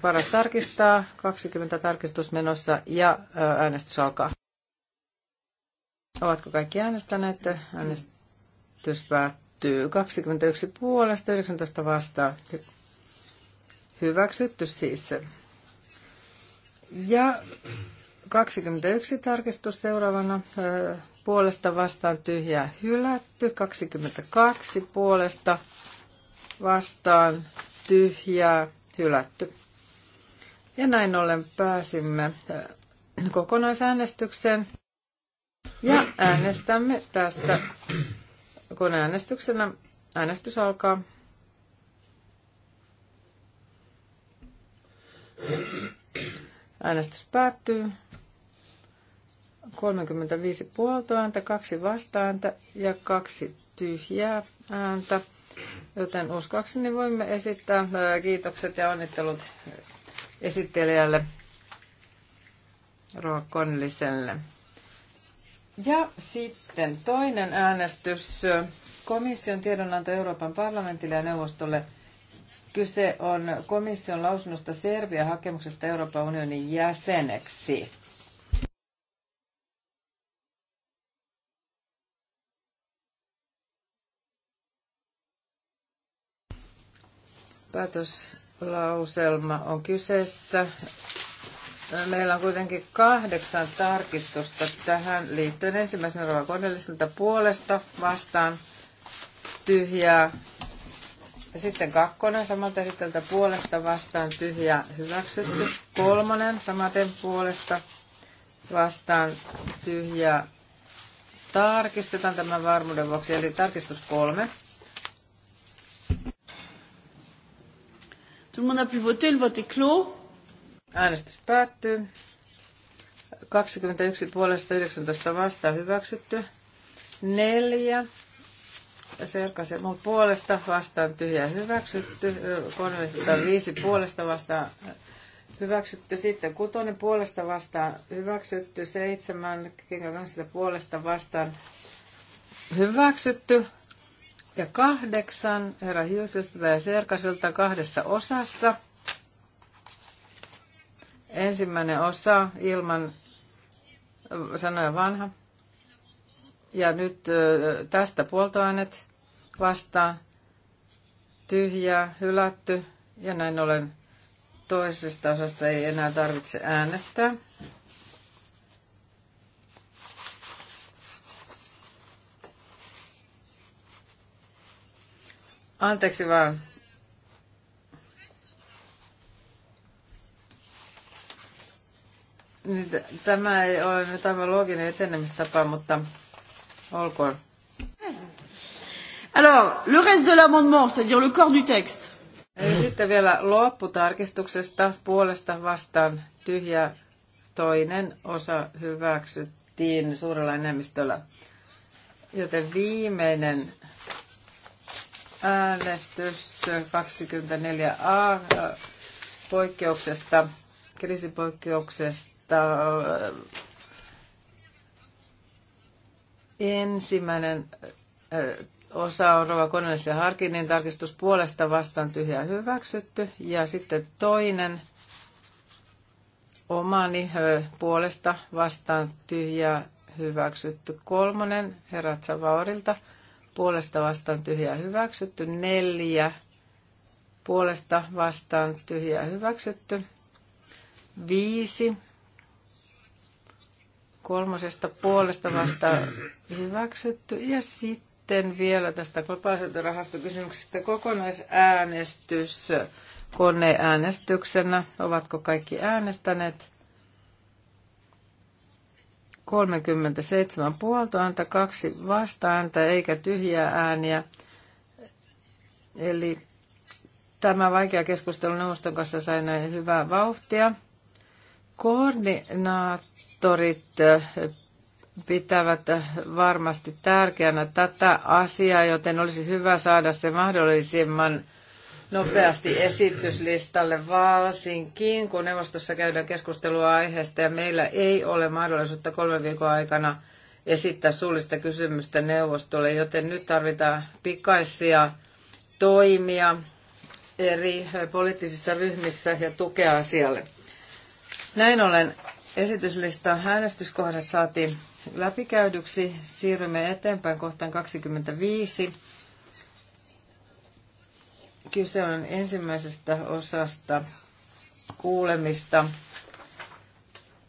paras tarkistaa. 20 tarkistus menossa ja äänestys alkaa. Ovatko kaikki äänestäneet? Äänestys päättyy 21 puolesta, 19 vastaan. Hyväksytty siis. Ja 21 tarkistus seuraavana puolesta vastaan tyhjää hylätty, 22 puolesta vastaan tyhjää hylätty. Ja näin ollen pääsimme äh, kokonaisäänestykseen. Ja äänestämme tästä koneäänestyksenä. Äänestys alkaa. Äänestys päättyy. 35 ääntä, kaksi vastaääntä ja kaksi tyhjää ääntä. Joten uskoakseni voimme esittää kiitokset ja onnittelut esittelijälle Roa Ja sitten toinen äänestys. Komission tiedonanto Euroopan parlamentille ja neuvostolle. Kyse on komission lausunnosta Serbia hakemuksesta Euroopan unionin jäseneksi. Päätöslauselma on kyseessä. Meillä on kuitenkin kahdeksan tarkistusta tähän liittyen. Ensimmäisenä Rova koneelliselta puolesta vastaan tyhjää. Ja sitten kakkonen samalta esiteltä puolesta vastaan tyhjää hyväksytty. Kolmonen samaten puolesta vastaan tyhjää. Tarkistetaan tämän varmuuden vuoksi, eli tarkistus kolme. Tout le monde a pu voter, le vote est clos. Äänestys päättyy. 21 puolesta 19 vastaan hyväksytty. 4. Serkasen muut puolesta vastaan tyhjä hyväksytty. 305 puolesta vastaan hyväksytty. Sitten 6 puolesta vastaan hyväksytty. 7. puolesta vastaan hyväksytty ja kahdeksan herra Hiusilta ja Serkaselta kahdessa osassa. Ensimmäinen osa ilman äh, sanoja vanha. Ja nyt äh, tästä puoltoainet vastaan tyhjä, hylätty ja näin ollen toisesta osasta ei enää tarvitse äänestää. Anteeksi vaan. Niin, tämä ei ole nyt aivan looginen etenemistapa, mutta olkoon. Alors, le reste de l'amendement, c'est-à-dire le corps du texte. Sitten vielä lopputarkistuksesta puolesta vastaan tyhjä toinen osa hyväksyttiin suurella enemmistöllä. Joten viimeinen äänestys 24a äh, poikkeuksesta, kriisipoikkeuksesta. Äh, ensimmäinen äh, osa on Rova Koneellisen harkinnin tarkistus puolesta vastaan tyhjä hyväksytty. Ja sitten toinen omani puolesta vastaan tyhjä hyväksytty. Kolmonen herrat Savaurilta puolesta vastaan tyhjää hyväksytty. Neljä puolesta vastaan tyhjää hyväksytty. Viisi kolmosesta puolesta vastaan hyväksytty. Ja sitten vielä tästä globaalisuuterahastokysymyksestä kokonaisäänestys koneäänestyksenä. Ovatko kaikki äänestäneet? 37 puolta ääntä, kaksi ääntä eikä tyhjää ääniä. Eli tämä vaikea keskustelu neuvoston kanssa sai näin hyvää vauhtia. Koordinaattorit eh, pitävät varmasti tärkeänä tätä asiaa, joten olisi hyvä saada se mahdollisimman nopeasti esityslistalle, varsinkin kun neuvostossa käydään keskustelua aiheesta ja meillä ei ole mahdollisuutta kolmen viikon aikana esittää suullista kysymystä neuvostolle, joten nyt tarvitaan pikaisia toimia eri poliittisissa ryhmissä ja tukea asialle. Näin ollen esityslista äänestyskohdat saatiin läpikäydyksi. Siirrymme eteenpäin kohtaan 25 Kyse on ensimmäisestä osasta kuulemista,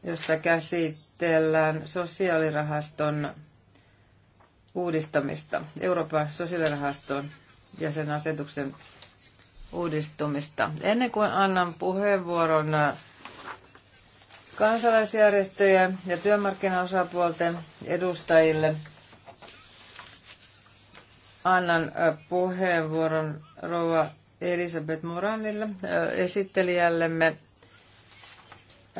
jossa käsitellään sosiaalirahaston uudistamista, Euroopan sosiaalirahaston ja sen asetuksen uudistumista. Ennen kuin annan puheenvuoron kansalaisjärjestöjen ja työmarkkinaosapuolten edustajille – Annan puheenvuoron rouva Elisabeth Moranille, esittelijällemme.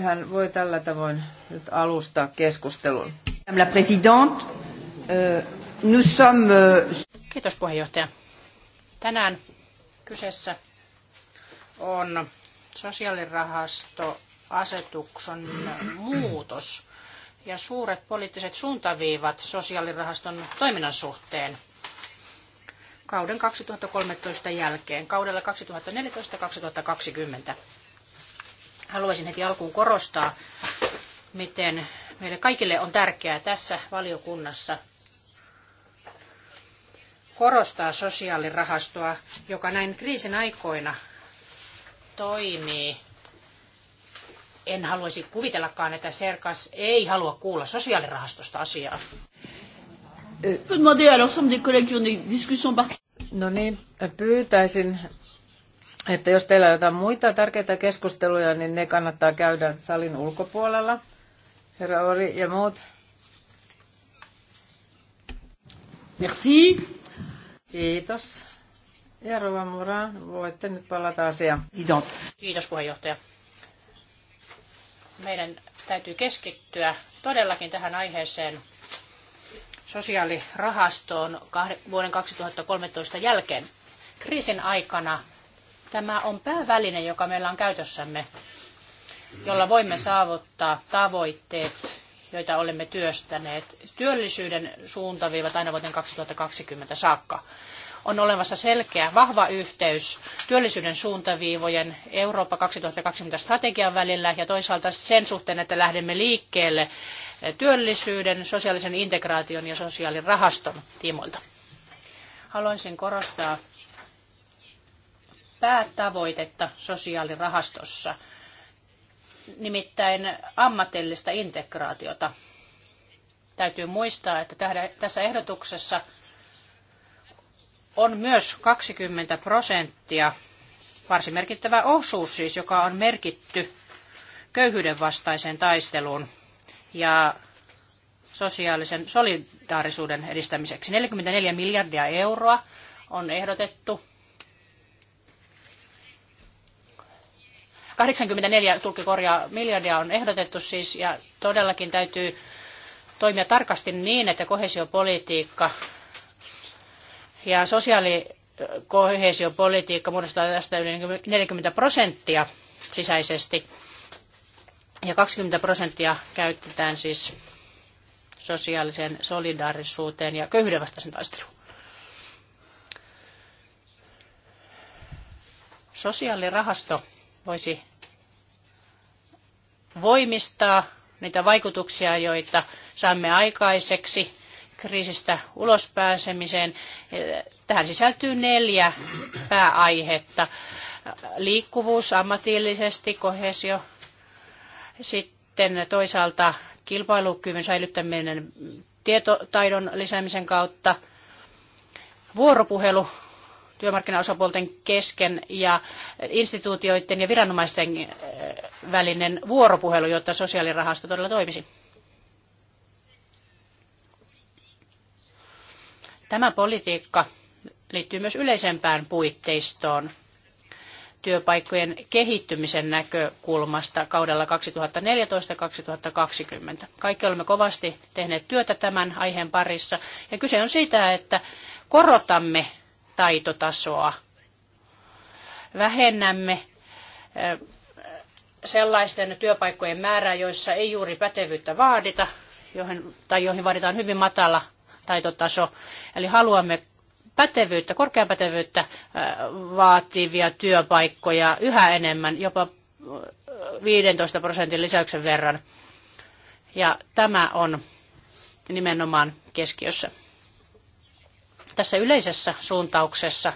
Hän voi tällä tavoin nyt alustaa keskustelun. la présidente, nous sommes... Kiitos puheenjohtaja. Tänään kyseessä on sosiaalirahastoasetuksen muutos ja suuret poliittiset suuntaviivat sosiaalirahaston toiminnan suhteen – kauden 2013 jälkeen, kaudella 2014-2020. Haluaisin heti alkuun korostaa, miten meille kaikille on tärkeää tässä valiokunnassa korostaa sosiaalirahastoa, joka näin kriisin aikoina toimii. En haluaisi kuvitellakaan, että Serkas ei halua kuulla sosiaalirahastosta asiaa. Euh, Peut demander alors somme des collègues qui ont des discussions par... No niin, pyytäisin, että jos teillä on jotain muita tärkeitä keskusteluja, niin ne kannattaa käydä salin ulkopuolella. Herra Ori ja muut. Merci. Kiitos. Ja Rova Muran, voitte nyt palata asiaan. Kiitos puheenjohtaja. Meidän täytyy keskittyä todellakin tähän aiheeseen sosiaalirahastoon vuoden 2013 jälkeen. Kriisin aikana tämä on pääväline, joka meillä on käytössämme, jolla voimme saavuttaa tavoitteet, joita olemme työstäneet. Työllisyyden suuntaviivat aina vuoteen 2020 saakka on olemassa selkeä, vahva yhteys työllisyyden suuntaviivojen Eurooppa 2020 strategian välillä ja toisaalta sen suhteen, että lähdemme liikkeelle työllisyyden, sosiaalisen integraation ja sosiaalirahaston tiimoilta. Haluaisin korostaa päätavoitetta sosiaalirahastossa, nimittäin ammatillista integraatiota. Täytyy muistaa, että tässä ehdotuksessa – on myös 20 prosenttia, varsin merkittävä osuus siis, joka on merkitty köyhyyden vastaiseen taisteluun ja sosiaalisen solidaarisuuden edistämiseksi. 44 miljardia euroa on ehdotettu 84 korjaa miljardia on ehdotettu siis, ja todellakin täytyy toimia tarkasti niin, että koheesiopolitiikka ja sosiaalikohesiopolitiikka muodostaa tästä yli 40 prosenttia sisäisesti. Ja 20 prosenttia käytetään siis sosiaaliseen solidaarisuuteen ja köyhyyden vastaisen taisteluun. Sosiaalirahasto voisi voimistaa niitä vaikutuksia, joita saamme aikaiseksi kriisistä ulospääsemiseen. Tähän sisältyy neljä pääaihetta. Liikkuvuus ammatillisesti, kohesio, sitten toisaalta kilpailukyvyn säilyttäminen tietotaidon lisäämisen kautta, vuoropuhelu työmarkkinaosapuolten kesken ja instituutioiden ja viranomaisten välinen vuoropuhelu, jotta sosiaalirahasto todella toimisi. Tämä politiikka liittyy myös yleisempään puitteistoon työpaikkojen kehittymisen näkökulmasta kaudella 2014-2020. Kaikki olemme kovasti tehneet työtä tämän aiheen parissa ja kyse on siitä, että korotamme taitotasoa, vähennämme sellaisten työpaikkojen määrää, joissa ei juuri pätevyyttä vaadita, johon, tai joihin vaaditaan hyvin matala taitotaso. Eli haluamme pätevyyttä, korkean pätevyyttä vaativia työpaikkoja yhä enemmän, jopa 15 prosentin lisäyksen verran. Ja tämä on nimenomaan keskiössä. Tässä yleisessä suuntauksessa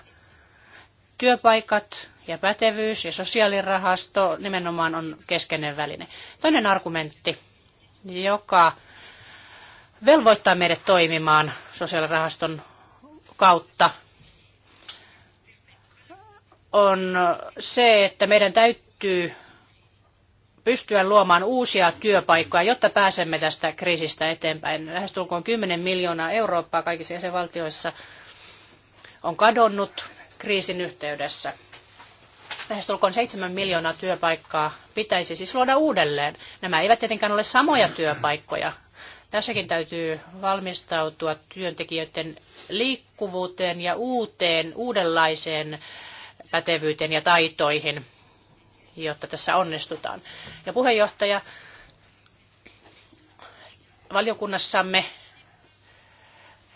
työpaikat ja pätevyys ja sosiaalirahasto nimenomaan on keskeinen väline. Toinen argumentti, joka velvoittaa meidät toimimaan sosiaalirahaston kautta on se, että meidän täytyy pystyä luomaan uusia työpaikkoja, jotta pääsemme tästä kriisistä eteenpäin. Lähestulkoon 10 miljoonaa Eurooppaa kaikissa jäsenvaltioissa on kadonnut kriisin yhteydessä. Lähestulkoon 7 miljoonaa työpaikkaa pitäisi siis luoda uudelleen. Nämä eivät tietenkään ole samoja työpaikkoja, Tässäkin täytyy valmistautua työntekijöiden liikkuvuuteen ja uuteen, uudenlaiseen pätevyyteen ja taitoihin, jotta tässä onnistutaan. Ja puheenjohtaja, valiokunnassamme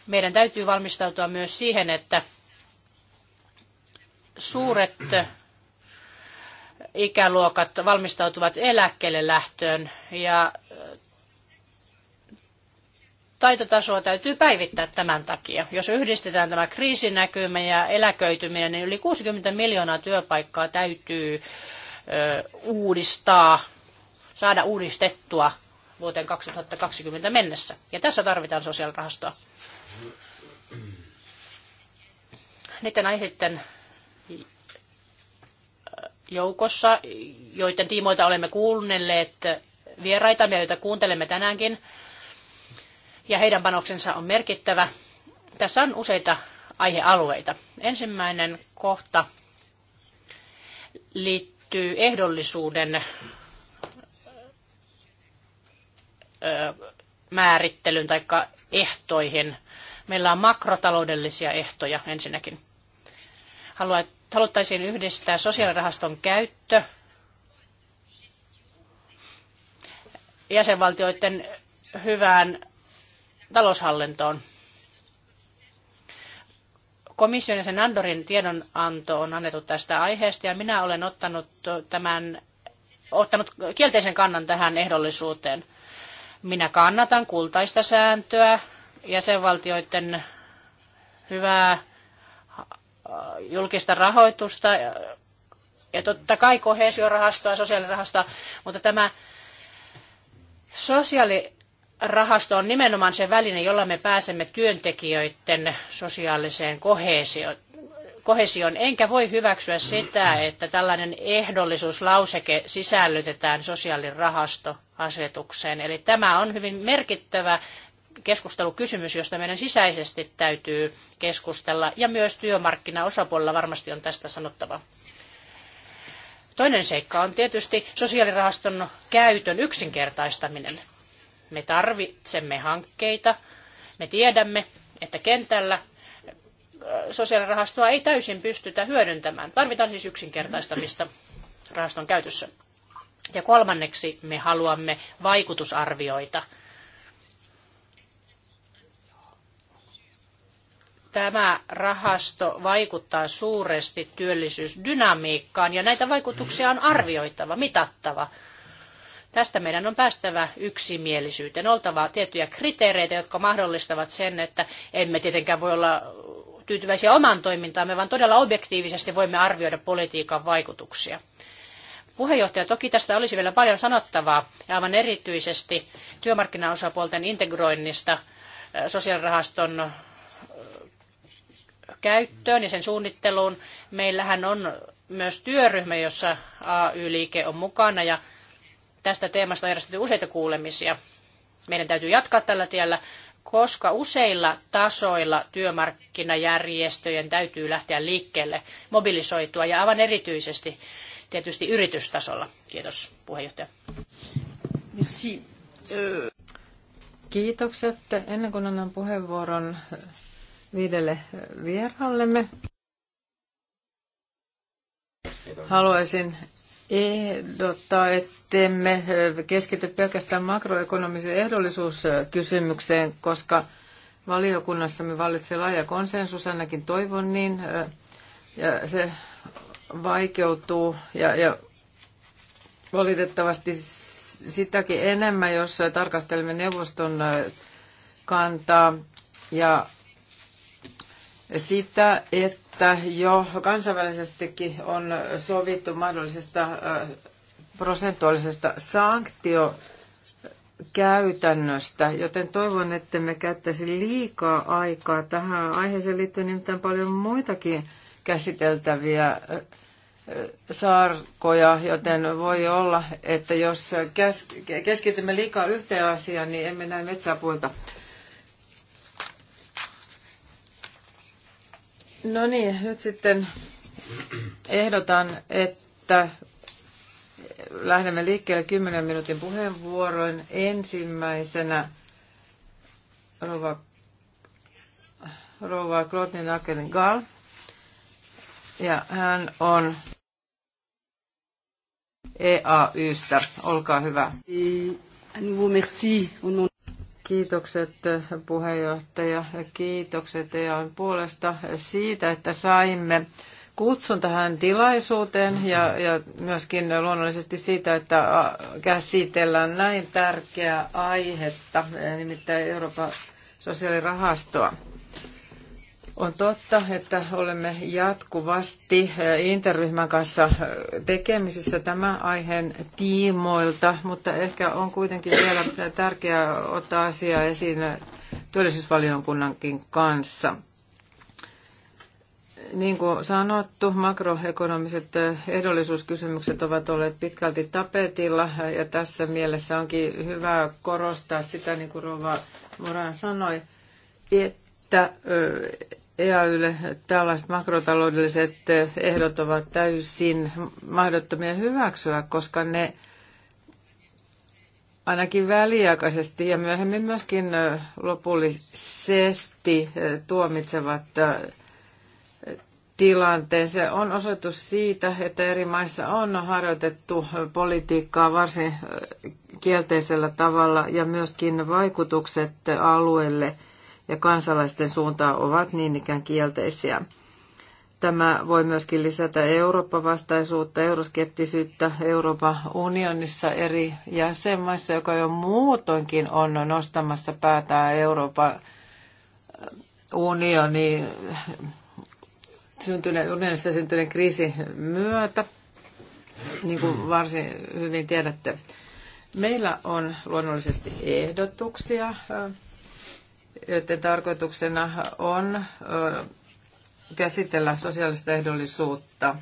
meidän täytyy valmistautua myös siihen, että suuret ikäluokat valmistautuvat eläkkeelle lähtöön ja taitotasoa täytyy päivittää tämän takia. Jos yhdistetään tämä kriisinäkymä ja eläköityminen, niin yli 60 miljoonaa työpaikkaa täytyy uudistaa, saada uudistettua vuoteen 2020 mennessä. Ja tässä tarvitaan sosiaalirahastoa. Niiden aiheiden joukossa, joiden tiimoilta olemme kuunnelleet vieraitamme, joita kuuntelemme tänäänkin, ja heidän panoksensa on merkittävä. Tässä on useita aihealueita. Ensimmäinen kohta liittyy ehdollisuuden määrittelyyn tai ehtoihin. Meillä on makrotaloudellisia ehtoja ensinnäkin. Haluttaisiin yhdistää sosiaalirahaston käyttö jäsenvaltioiden hyvään taloushallintoon. Komission ja sen Andorin tiedonanto on annettu tästä aiheesta ja minä olen ottanut, tämän, ottanut kielteisen kannan tähän ehdollisuuteen. Minä kannatan kultaista sääntöä, jäsenvaltioiden hyvää julkista rahoitusta ja totta kai kohesiorahastoa, sosiaalirahastoa, mutta tämä sosiaali rahasto on nimenomaan se väline, jolla me pääsemme työntekijöiden sosiaaliseen kohesioon kohesion, enkä voi hyväksyä sitä, että tällainen ehdollisuuslauseke sisällytetään sosiaalirahastoasetukseen. Eli tämä on hyvin merkittävä keskustelukysymys, josta meidän sisäisesti täytyy keskustella, ja myös työmarkkinaosapuolella varmasti on tästä sanottava. Toinen seikka on tietysti sosiaalirahaston käytön yksinkertaistaminen. Me tarvitsemme hankkeita. Me tiedämme, että kentällä sosiaalirahastoa ei täysin pystytä hyödyntämään. Tarvitaan siis yksinkertaistamista rahaston käytössä. Ja kolmanneksi me haluamme vaikutusarvioita. Tämä rahasto vaikuttaa suuresti työllisyysdynamiikkaan ja näitä vaikutuksia on arvioitava, mitattava. Tästä meidän on päästävä yksimielisyyteen. Oltava tiettyjä kriteereitä, jotka mahdollistavat sen, että emme tietenkään voi olla tyytyväisiä omaan toimintaamme, vaan todella objektiivisesti voimme arvioida politiikan vaikutuksia. Puheenjohtaja, toki tästä olisi vielä paljon sanottavaa, ja aivan erityisesti työmarkkinaosapuolten integroinnista sosiaalirahaston käyttöön ja sen suunnitteluun. Meillähän on myös työryhmä, jossa AY-liike on mukana, ja Tästä teemasta on järjestetty useita kuulemisia. Meidän täytyy jatkaa tällä tiellä, koska useilla tasoilla työmarkkinajärjestöjen täytyy lähteä liikkeelle, mobilisoitua ja aivan erityisesti tietysti yritystasolla. Kiitos puheenjohtaja. Merci. Kiitokset. Ennen kuin annan puheenvuoron viidelle vieraallemme, haluaisin ehdottaa, ettemme keskity pelkästään makroekonomisen ehdollisuuskysymykseen, koska valiokunnassamme vallitsee laaja konsensus, ainakin toivon niin, ja se vaikeutuu ja, ja valitettavasti sitäkin enemmän, jos tarkastelemme neuvoston kantaa ja sitä, että jo kansainvälisestikin on sovittu mahdollisesta äh, prosentuaalisesta sanktio käytännöstä, joten toivon, että me käyttäisi liikaa aikaa tähän aiheeseen liittyen nimittäin paljon muitakin käsiteltäviä äh, saarkoja, joten voi olla, että jos keskitymme liikaa yhteen asiaan, niin emme näe metsää No niin, nyt sitten ehdotan, että lähdemme liikkeelle 10 minuutin puheenvuoroin. Ensimmäisenä rouva, rouva Klotnin Gal. Ja hän on EAYstä. Olkaa hyvä. Et merci au nom Kiitokset puheenjohtaja, kiitokset EAN puolesta siitä, että saimme kutsun tähän tilaisuuteen ja, ja myöskin luonnollisesti siitä, että käsitellään näin tärkeää aihetta, nimittäin Euroopan sosiaalirahastoa. On totta, että olemme jatkuvasti interryhmän kanssa tekemisissä tämän aiheen tiimoilta, mutta ehkä on kuitenkin vielä tärkeää ottaa asia esiin työllisyysvaliokunnankin kanssa. Niin kuin sanottu, makroekonomiset ehdollisuuskysymykset ovat olleet pitkälti tapetilla ja tässä mielessä onkin hyvä korostaa sitä, niin kuin Rova Moran sanoi, että että EAYlle tällaiset makrotaloudelliset ehdot ovat täysin mahdottomia hyväksyä, koska ne ainakin väliaikaisesti ja myöhemmin myöskin lopullisesti tuomitsevat tilanteen. Se on osoitus siitä, että eri maissa on harjoitettu politiikkaa varsin kielteisellä tavalla ja myöskin vaikutukset alueelle – ja kansalaisten suuntaan ovat niin ikään kielteisiä. Tämä voi myöskin lisätä Eurooppa-vastaisuutta, euroskeptisyyttä Euroopan unionissa eri jäsenmaissa, joka jo muutoinkin on nostamassa päätään Euroopan äh, unioni syntyneen, unionista syntyneen kriisin myötä, niin kuin varsin hyvin tiedätte. Meillä on luonnollisesti ehdotuksia äh, joiden tarkoituksena on käsitellä sosiaalista ehdollisuutta.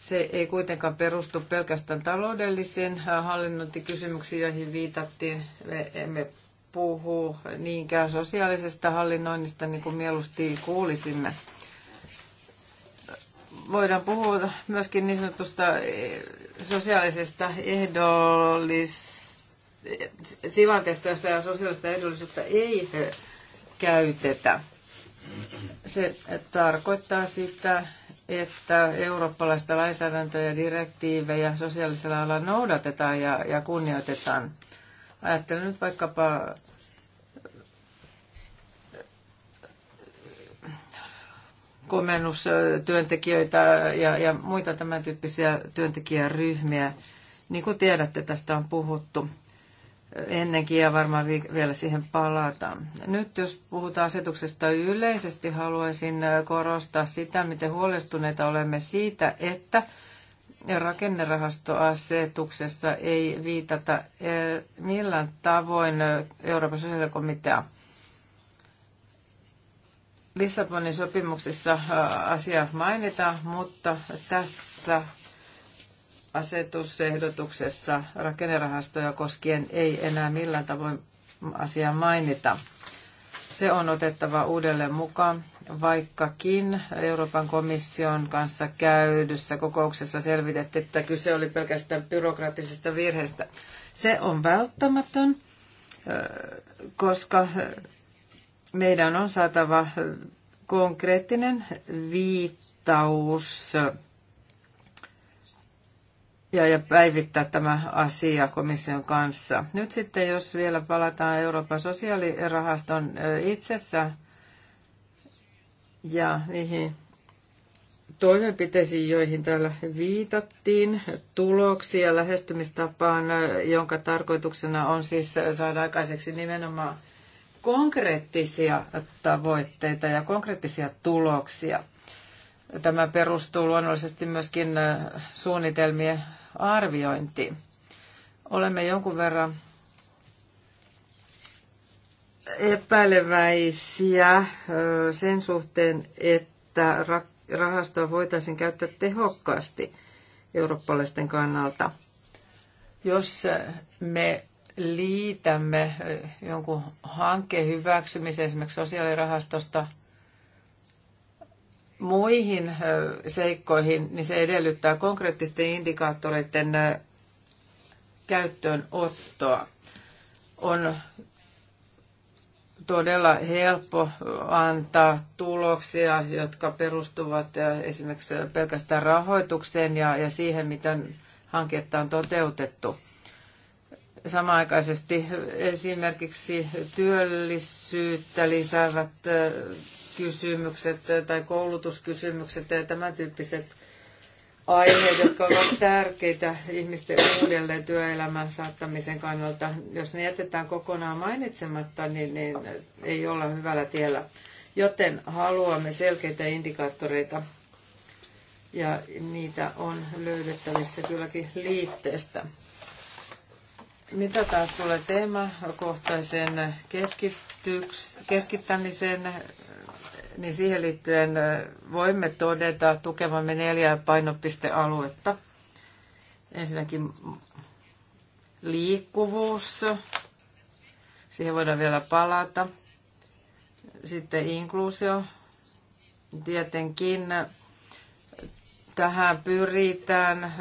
Se ei kuitenkaan perustu pelkästään taloudellisiin hallinnointikysymyksiin, joihin viitattiin. Me emme puhu niinkään sosiaalisesta hallinnoinnista, niin kuin mieluusti kuulisimme. Voidaan puhua myöskin niin sanotusta e, sosiaalisesta ehdollis e, tilanteesta, jossa sosiaalista ehdollisuutta ei käytetä. Se tarkoittaa sitä, että eurooppalaista lainsäädäntöä ja direktiivejä sosiaalisella alalla noudatetaan ja, ja kunnioitetaan. Ajattelen nyt vaikkapa komennustyöntekijöitä ja, ja muita tämän tyyppisiä työntekijäryhmiä. Niin kuin tiedätte, tästä on puhuttu ennenkin ja varmaan vielä siihen palataan. Nyt jos puhutaan asetuksesta yleisesti, haluaisin äh, korostaa sitä, miten huolestuneita olemme siitä, että rakennerahastoasetuksessa ei viitata äh, millään tavoin äh, Euroopan sosiaalikomitea. Lissabonin sopimuksessa asia mainitaan, mutta tässä asetusehdotuksessa rakennerahastoja koskien ei enää millään tavoin asia mainita. Se on otettava uudelleen mukaan, vaikkakin Euroopan komission kanssa käydyssä kokouksessa selvitettiin, että kyse oli pelkästään byrokraattisesta virheestä. Se on välttämätön, koska meidän on saatava konkreettinen viittaus ja, ja päivittää tämä asia komission kanssa. Nyt sitten, jos vielä palataan Euroopan sosiaalirahaston itsessä ja niihin toimenpiteisiin, joihin täällä viitattiin, tuloksia lähestymistapaan, jonka tarkoituksena on siis saada aikaiseksi nimenomaan konkreettisia tavoitteita ja konkreettisia tuloksia. Tämä perustuu luonnollisesti myöskin suunnitelmien arviointi. Olemme jonkun verran epäileväisiä sen suhteen, että rahastoa voitaisiin käyttää tehokkaasti eurooppalaisten kannalta. Jos me liitämme jonkun hankkeen hyväksymisen esimerkiksi sosiaalirahastosta – muihin seikkoihin, niin se edellyttää konkreettisten indikaattoreiden käyttöönottoa. On todella helppo antaa tuloksia, jotka perustuvat esimerkiksi pelkästään rahoitukseen ja, ja siihen, miten hanketta on toteutettu. Samaaikaisesti esimerkiksi työllisyyttä lisäävät kysymykset eh, tai koulutuskysymykset ja tämän tyyppiset aiheet, jotka ovat tärkeitä ihmisten uudelleen työelämän saattamisen kannalta. Jos ne jätetään kokonaan mainitsematta, niin, niin ei olla hyvällä tiellä. Joten haluamme selkeitä indikaattoreita ja niitä on löydettävissä kylläkin liitteestä. Mitä taas tulee teemakohtaisen keskittämisen niin siihen liittyen voimme todeta tukevamme neljää painopistealuetta. Ensinnäkin liikkuvuus, siihen voidaan vielä palata. Sitten inkluusio, tietenkin tähän pyritään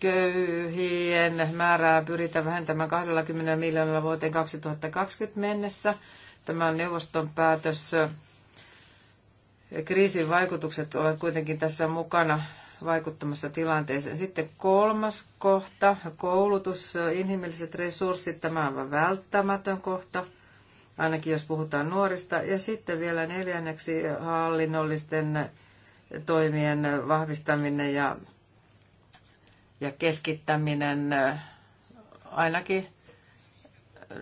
köyhien määrää pyritään vähentämään 20 miljoonalla vuoteen 2020 mennessä – Tämä neuvoston päätös. Kriisin vaikutukset ovat kuitenkin tässä mukana vaikuttamassa tilanteeseen. Sitten kolmas kohta, koulutus, inhimilliset resurssit, tämä on välttämätön kohta, ainakin jos puhutaan nuorista. Ja sitten vielä neljänneksi hallinnollisten toimien vahvistaminen ja, ja keskittäminen ainakin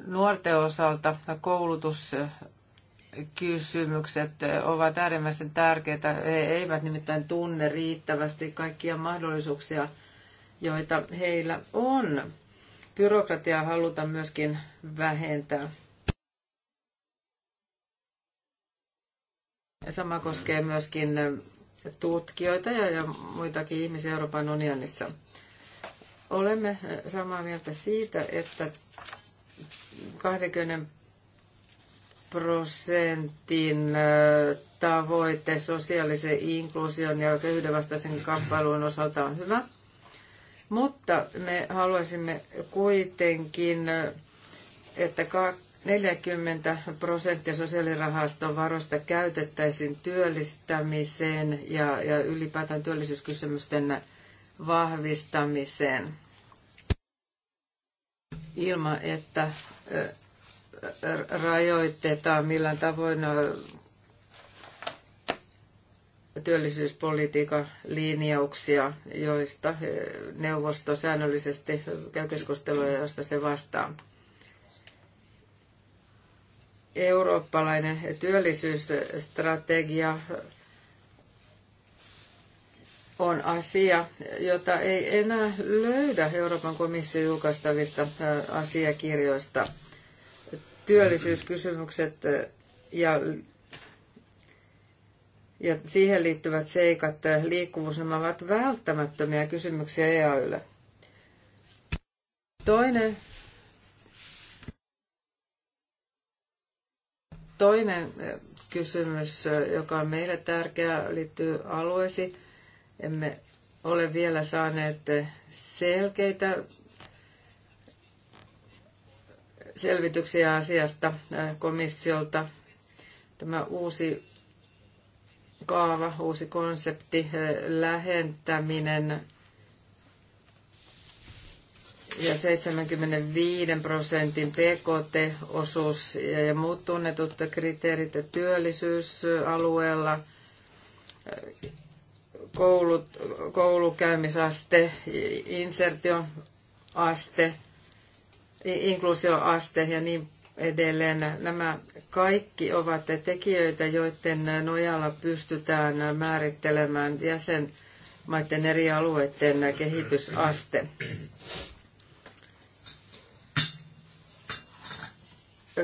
nuorten osalta koulutuskysymykset ovat äärimmäisen tärkeitä. He eivät nimittäin tunne riittävästi kaikkia mahdollisuuksia, joita heillä on. Byrokratiaa halutaan myöskin vähentää. Sama koskee myöskin tutkijoita ja, ja muitakin ihmisiä Euroopan unionissa. Olemme samaa mieltä siitä, että 20 prosentin tavoite sosiaalisen inkluusion ja köyhyyden vastaisen kamppailun osalta on hyvä. Mutta me haluaisimme kuitenkin, että 40 prosenttia sosiaalirahaston varoista käytettäisiin työllistämiseen ja, ja ylipäätään työllisyyskysymysten vahvistamiseen ilman, että rajoitetaan millään tavoin työllisyyspolitiikan linjauksia, joista neuvosto säännöllisesti käy keskustelua, joista se vastaa. Eurooppalainen työllisyysstrategia on asia, jota ei enää löydä Euroopan komission julkaistavista äh, asiakirjoista. Työllisyyskysymykset äh, ja, ja siihen liittyvät seikat, äh, liikkuvuus, nämä ovat välttämättömiä kysymyksiä EAYlle. Toinen, toinen kysymys, joka on meille tärkeä, liittyy alueisiin emme ole vielä saaneet selkeitä selvityksiä asiasta äh, komissiolta. Tämä uusi kaava, uusi konsepti, äh, lähentäminen ja 75 prosentin PKT-osuus ja muut tunnetut kriteerit työllisyysalueella äh, koulut, koulukäymisaste, insertioaste, inklusioaste ja niin edelleen. Nämä kaikki ovat tekijöitä, joiden nojalla pystytään määrittelemään jäsenmaiden eri alueiden kehitysaste.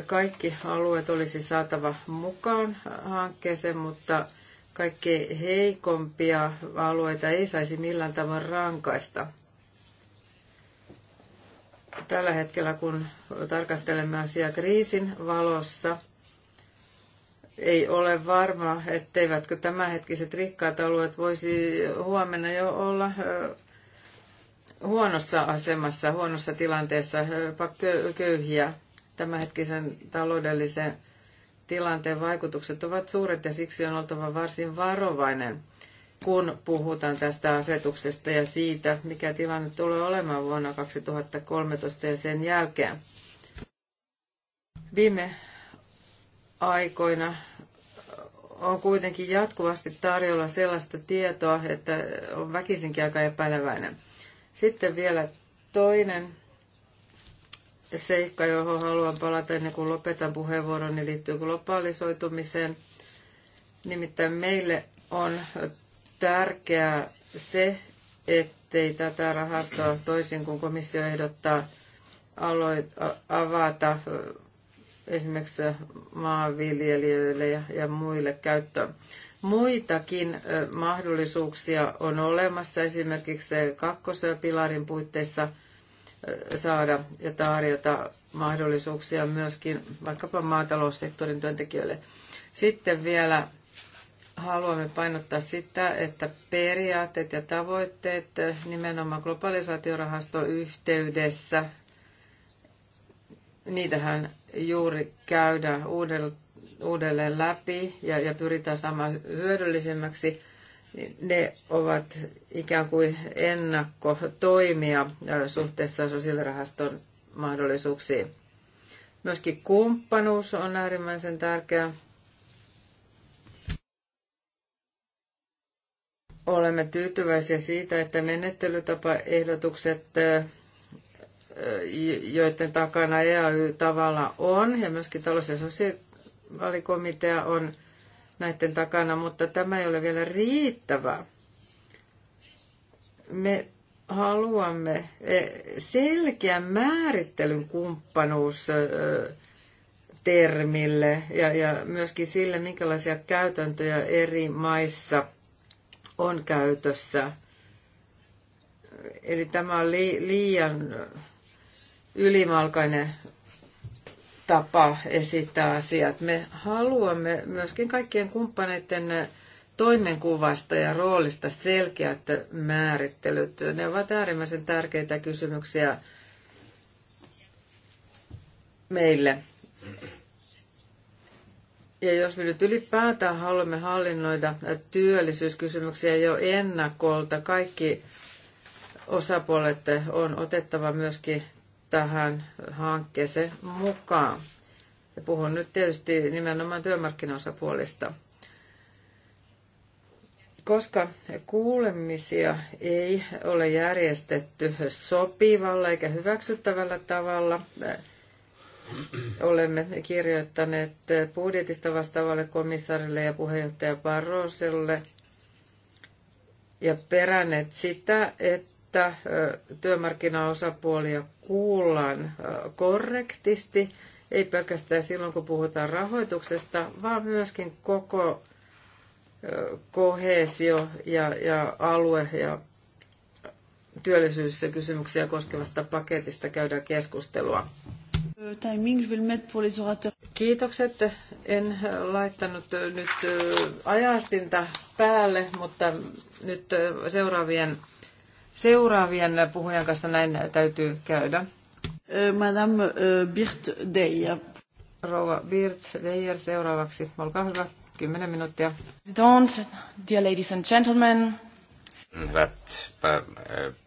Kaikki alueet olisi saatava mukaan hankkeeseen, mutta kaikkein heikompia alueita ei saisi millään tavoin rankaista. Tällä hetkellä, kun tarkastelemme asiaa kriisin valossa, ei ole varma, etteivätkö tämänhetkiset rikkaat alueet voisi huomenna jo olla huonossa asemassa, huonossa tilanteessa, jopa köyhiä tämänhetkisen taloudellisen tilanteen vaikutukset ovat suuret ja siksi on oltava varsin varovainen, kun puhutaan tästä asetuksesta ja siitä, mikä tilanne tulee olemaan vuonna 2013 ja sen jälkeen. Viime aikoina on kuitenkin jatkuvasti tarjolla sellaista tietoa, että on väkisinkin aika epäileväinen. Sitten vielä toinen seikka, johon haluan palata ennen kuin lopetan puheenvuoron, niin liittyy globaalisoitumiseen. Nimittäin meille on tärkeää se, ettei tätä rahastoa toisin kuin komissio ehdottaa aloit, avata esimerkiksi maanviljelijöille ja, ja muille käyttöön. Muitakin mahdollisuuksia on olemassa esimerkiksi kakkosen puitteissa – saada ja tarjota mahdollisuuksia myöskin vaikkapa maataloussektorin työntekijöille. Sitten vielä haluamme painottaa sitä, että periaatteet ja tavoitteet nimenomaan globalisaatiorahaston yhteydessä, niitähän juuri käydään uudelleen läpi ja, ja pyritään saamaan hyödyllisemmäksi ne ovat ikään kuin ennakkotoimia suhteessa sosiaalirahaston mahdollisuuksiin. Myöskin kumppanuus on äärimmäisen tärkeä. Olemme tyytyväisiä siitä, että menettelytapaehdotukset, joiden takana EAY tavalla on, ja myöskin talous- ja sosiaalikomitea on – näiden takana, mutta tämä ei ole vielä riittävä. Me haluamme e, selkeän määrittelyn kumppanuus termille ja, ja myöskin sille, minkälaisia käytäntöjä eri maissa on käytössä. Eli tämä on liian ylimalkainen tapa esittää asiat. Me haluamme myöskin kaikkien kumppaneiden toimenkuvasta ja roolista selkeät määrittelyt. Ne ovat äärimmäisen tärkeitä kysymyksiä meille. Ja jos me nyt ylipäätään haluamme hallinnoida työllisyyskysymyksiä jo ennakolta, kaikki osapuolet on otettava myöskin tähän hankkeeseen mukaan. Ja puhun nyt tietysti nimenomaan työmarkkinaosapuolista. Koska kuulemisia ei ole järjestetty sopivalla eikä hyväksyttävällä tavalla, äh, olemme kirjoittaneet budjetista vastaavalle komissaarille ja puheenjohtaja Barroselle ja peränneet sitä, että että työmarkkinaosapuolia kuullaan korrektisti, ei pelkästään silloin, kun puhutaan rahoituksesta, vaan myöskin koko kohesio- ja, ja alue- ja kysymyksiä koskevasta paketista käydään keskustelua. Kiitokset. En laittanut nyt ajastinta päälle, mutta nyt seuraavien Seuraavien puhujan kanssa näin täytyy käydä. Madame Birt Deijer. Rouva Birt Deijer seuraavaksi. Olkaa hyvä. Kymmenen minuuttia. Don't, dear ladies and gentlemen. Hyvät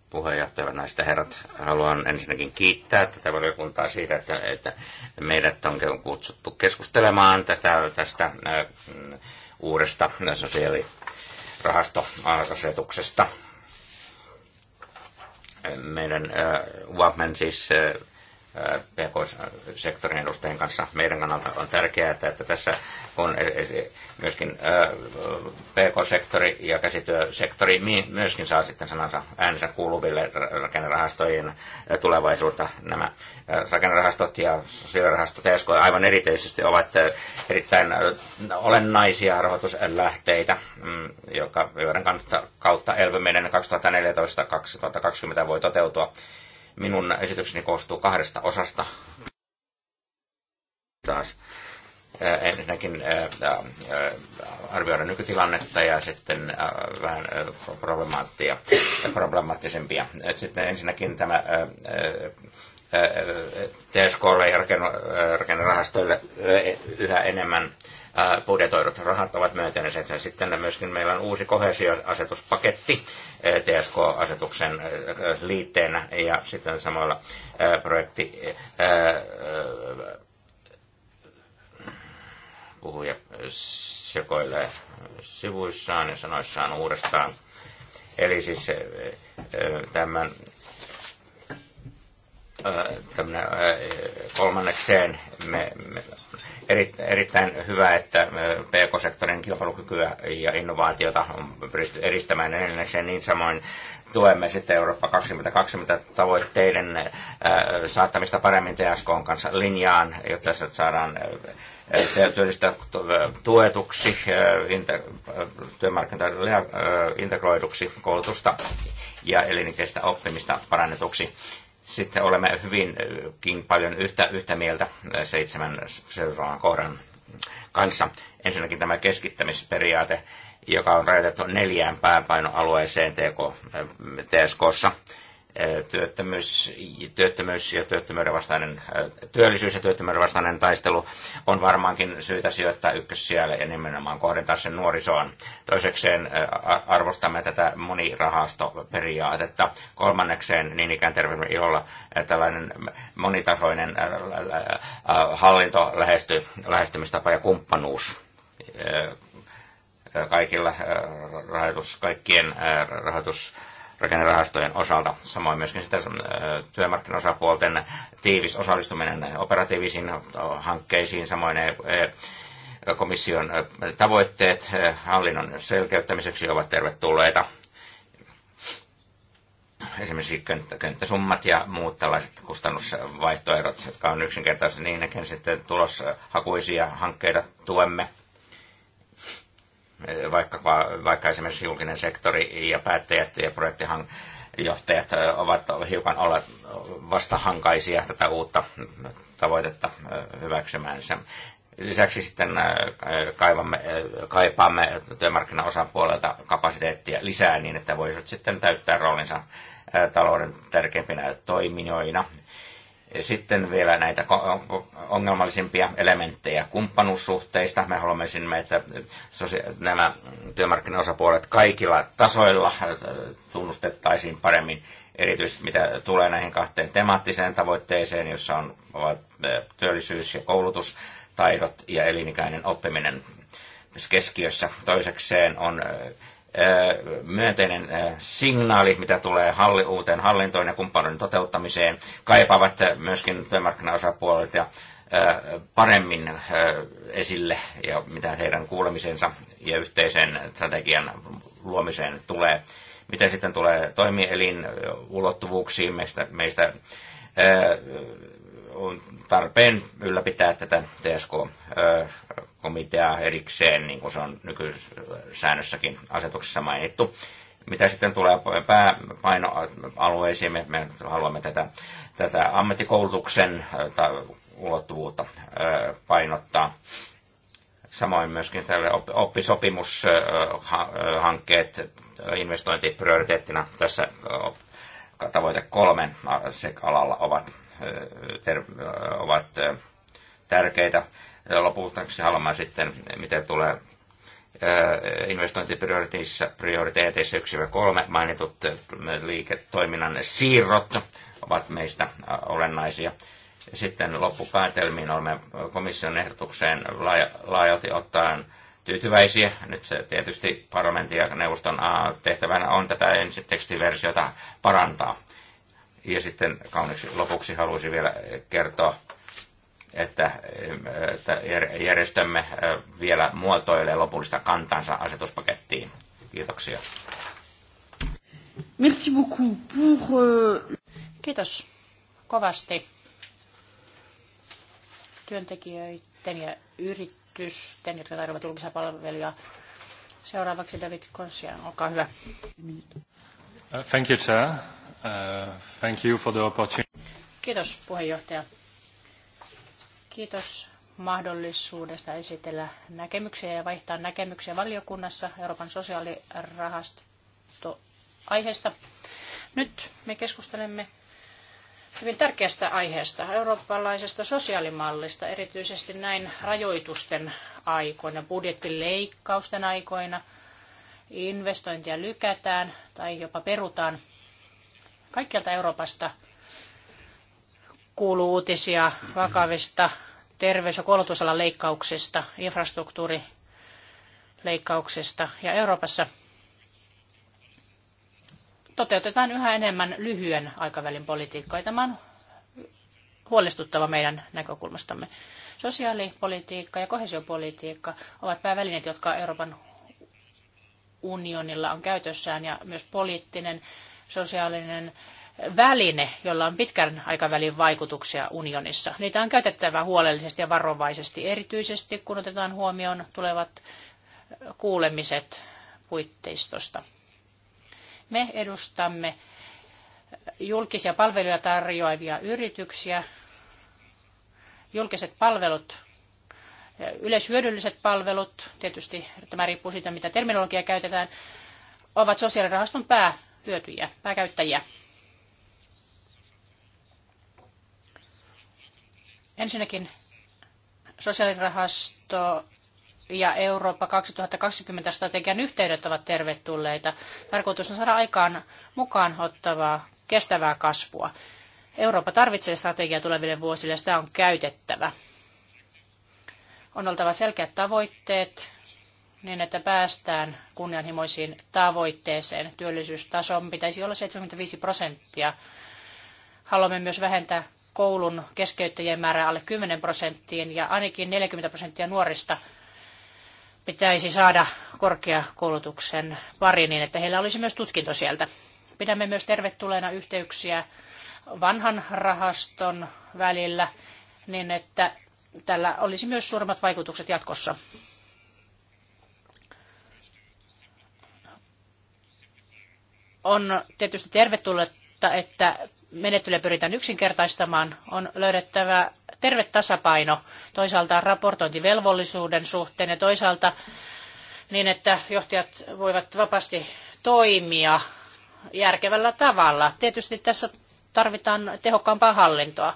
puheenjohtaja, näistä herrat, haluan ensinnäkin kiittää tätä valiokuntaa siitä, että, että meidät on kutsuttu keskustelemaan tätä, tästä mm, uudesta sosiaalirahastoasetuksesta meidän äh, Wapman siis äh, PK-sektorin edustajien kanssa meidän kannalta on tärkeää, että, että tässä on e, e, myöskin PK-sektori ja käsityösektori myöskin saa sitten sanansa äänensä kuuluville rakennerahastojen tulevaisuutta. Nämä rakennerahastot ja sosiaalirahastot ESK aivan erityisesti ovat erittäin olennaisia rahoituslähteitä, mm, joka, joiden kautta elpyminen 2014-2020 voi toteutua Minun esitykseni koostuu kahdesta osasta. Taas ensinnäkin arvioida nykytilannetta ja sitten vähän problemaattia, problemaattisempia. Sitten ensinnäkin tämä TSKlle ja rakennerahastoille yhä enemmän budjetoidut rahat ovat sen. Sitten myöskin meillä on uusi kohesioasetuspaketti TSK-asetuksen liitteenä ja sitten samalla projekti puhuja sekoilee sivuissaan ja sanoissaan uudestaan. Eli siis tämän tämmöinen kolmannekseen me, me erittäin hyvä, että PK-sektorin kilpailukykyä ja innovaatiota on pyritty edistämään edelleen niin samoin tuemme sitten Eurooppa 2020 tavoitteiden saattamista paremmin TSK kanssa linjaan, jotta se saadaan työllistä tuetuksi, työmarkkinoiden integroiduksi koulutusta ja elinikäistä oppimista parannetuksi sitten olemme hyvinkin paljon yhtä, yhtä mieltä seitsemän seuraavan kohdan kanssa. Ensinnäkin tämä keskittämisperiaate, joka on rajoitettu neljään pääpainoalueeseen TK, TSKssa työttömyys, työttömyys ja työttömyyden vastainen, työllisyys ja työttömyyden vastainen taistelu on varmaankin syytä sijoittaa ykkössijalle ja nimenomaan kohdentaa sen nuorisoon. Toisekseen arvostamme tätä monirahastoperiaatetta. Kolmannekseen niin ikään tervehdin ilolla tällainen monitasoinen hallinto lähesty, lähestymistapa ja kumppanuus kaikilla rahoitus, kaikkien rahoitus rakennerahastojen osalta. Samoin myöskin sitten äh, työmarkkinosapuolten tiivis osallistuminen operatiivisiin hankkeisiin, samoin äh, komission äh, tavoitteet hallinnon selkeyttämiseksi ovat tervetulleita. Esimerkiksi könttäsummat ja muut tällaiset kustannusvaihtoehdot, jotka on yksinkertaisesti että sitten tuloshakuisia hankkeita tuemme vaikka, vaikka esimerkiksi julkinen sektori ja päättäjät ja projektihan johtajat ovat hiukan olleet vastahankaisia tätä uutta tavoitetta hyväksymänsä. Lisäksi sitten kaivamme, kaipaamme työmarkkinaosapuolelta kapasiteettia lisää niin, että voisivat sitten täyttää roolinsa talouden tärkeimpinä toimijoina sitten vielä näitä ongelmallisimpia elementtejä kumppanuussuhteista. Me haluamme sinne, että nämä työmarkkinaosapuolet kaikilla tasoilla äh, tunnustettaisiin paremmin, erityisesti mitä tulee näihin kahteen temaattiseen tavoitteeseen, jossa on, ovat äh, työllisyys ja koulutus, ja elinikäinen oppiminen siis keskiössä. Toisekseen on äh, myönteinen signaali, mitä tulee halli, uuteen hallintoon ja kumppanuuden toteuttamiseen, kaipaavat myöskin työmarkkinaosapuolet ja paremmin esille ja mitä heidän kuulemisensa ja yhteisen strategian luomiseen tulee. Mitä sitten tulee toimielin ulottuvuuksiin meistä, meistä on tarpeen ylläpitää tätä TSK komitea erikseen, niin kuin se on nykysäännössäkin asetuksessa mainittu. Mitä sitten tulee pääpainoalueisiin, me, me haluamme tätä, tätä ammattikoulutuksen ulottuvuutta painottaa. Samoin myöskin tälle oppisopimushankkeet investointiprioriteettina tässä tavoite kolmen alalla ovat, ter, ovat tärkeitä lopuksi haluamaan sitten, mitä tulee investointiprioriteeteissa 1-3 mainitut liiketoiminnan siirrot ovat meistä olennaisia. Sitten loppupäätelmiin olemme komission ehdotukseen laajalti ottaen tyytyväisiä. Nyt se tietysti parlamentin ja neuvoston tehtävänä on tätä ensin tekstiversiota parantaa. Ja sitten kauniksi lopuksi haluaisin vielä kertoa että, että järjestämme äh, vielä muotoilee lopullista kantansa asetuspakettiin. Kiitoksia. Merci beaucoup pour... Euh, Kiitos kovasti työntekijöiden ja yritysten, jotka tarvitsevat julkisia palveluja. Seuraavaksi David Konsian, olkaa hyvä. Uh, thank you, Chair. Uh, thank you for the opportunity. Kiitos puheenjohtaja. Kiitos mahdollisuudesta esitellä näkemyksiä ja vaihtaa näkemyksiä valiokunnassa Euroopan sosiaalirahasto aiheesta. Nyt me keskustelemme hyvin tärkeästä aiheesta, eurooppalaisesta sosiaalimallista, erityisesti näin rajoitusten aikoina, budjettileikkausten aikoina, investointia lykätään tai jopa perutaan. Kaikkialta Euroopasta kuuluu uutisia vakavista terveys- ja koulutusalan leikkauksista, infrastruktuurileikkauksista ja Euroopassa toteutetaan yhä enemmän lyhyen aikavälin politiikkaa. Tämä on huolestuttava meidän näkökulmastamme. Sosiaalipolitiikka ja kohesiopolitiikka ovat päävälineet, jotka Euroopan unionilla on käytössään ja myös poliittinen, sosiaalinen väline, jolla on pitkän aikavälin vaikutuksia unionissa. Niitä on käytettävä huolellisesti ja varovaisesti, erityisesti kun otetaan huomioon tulevat kuulemiset puitteistosta. Me edustamme julkisia palveluja tarjoavia yrityksiä, julkiset palvelut, yleishyödylliset palvelut, tietysti tämä riippuu siitä, mitä terminologiaa käytetään, ovat sosiaalirahaston päähyötyjiä, pääkäyttäjiä. Ensinnäkin sosiaalirahasto ja Eurooppa 2020 strategian yhteydet ovat tervetulleita. Tarkoitus on saada aikaan mukaan ottavaa kestävää kasvua. Eurooppa tarvitsee strategiaa tuleville vuosille, sitä on käytettävä. On oltava selkeät tavoitteet niin, että päästään kunnianhimoisiin tavoitteeseen. Työllisyystason pitäisi olla 75 prosenttia. Haluamme myös vähentää koulun keskeyttäjien määrä alle 10 prosenttiin ja ainakin 40 prosenttia nuorista pitäisi saada korkeakoulutuksen pari niin, että heillä olisi myös tutkinto sieltä. Pidämme myös tervetulleena yhteyksiä vanhan rahaston välillä niin, että tällä olisi myös suuremmat vaikutukset jatkossa. On tietysti tervetullutta, että menettelyä pyritään yksinkertaistamaan, on löydettävä terve tasapaino toisaalta raportointivelvollisuuden suhteen ja toisaalta niin, että johtajat voivat vapaasti toimia järkevällä tavalla. Tietysti tässä tarvitaan tehokkaampaa hallintoa.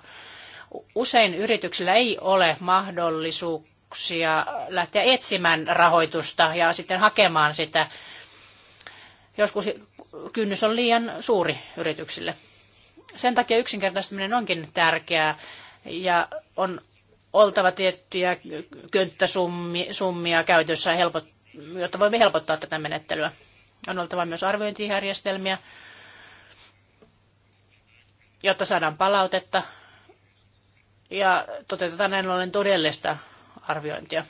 Usein yrityksillä ei ole mahdollisuuksia lähteä etsimään rahoitusta ja sitten hakemaan sitä. Joskus kynnys on liian suuri yrityksille. Sen takia yksinkertaistaminen onkin tärkeää ja on oltava tiettyjä könttäsummia käytössä, jotta voimme helpottaa tätä menettelyä. On oltava myös arviointijärjestelmiä, jotta saadaan palautetta ja toteutetaan näin ollen todellista arviointia.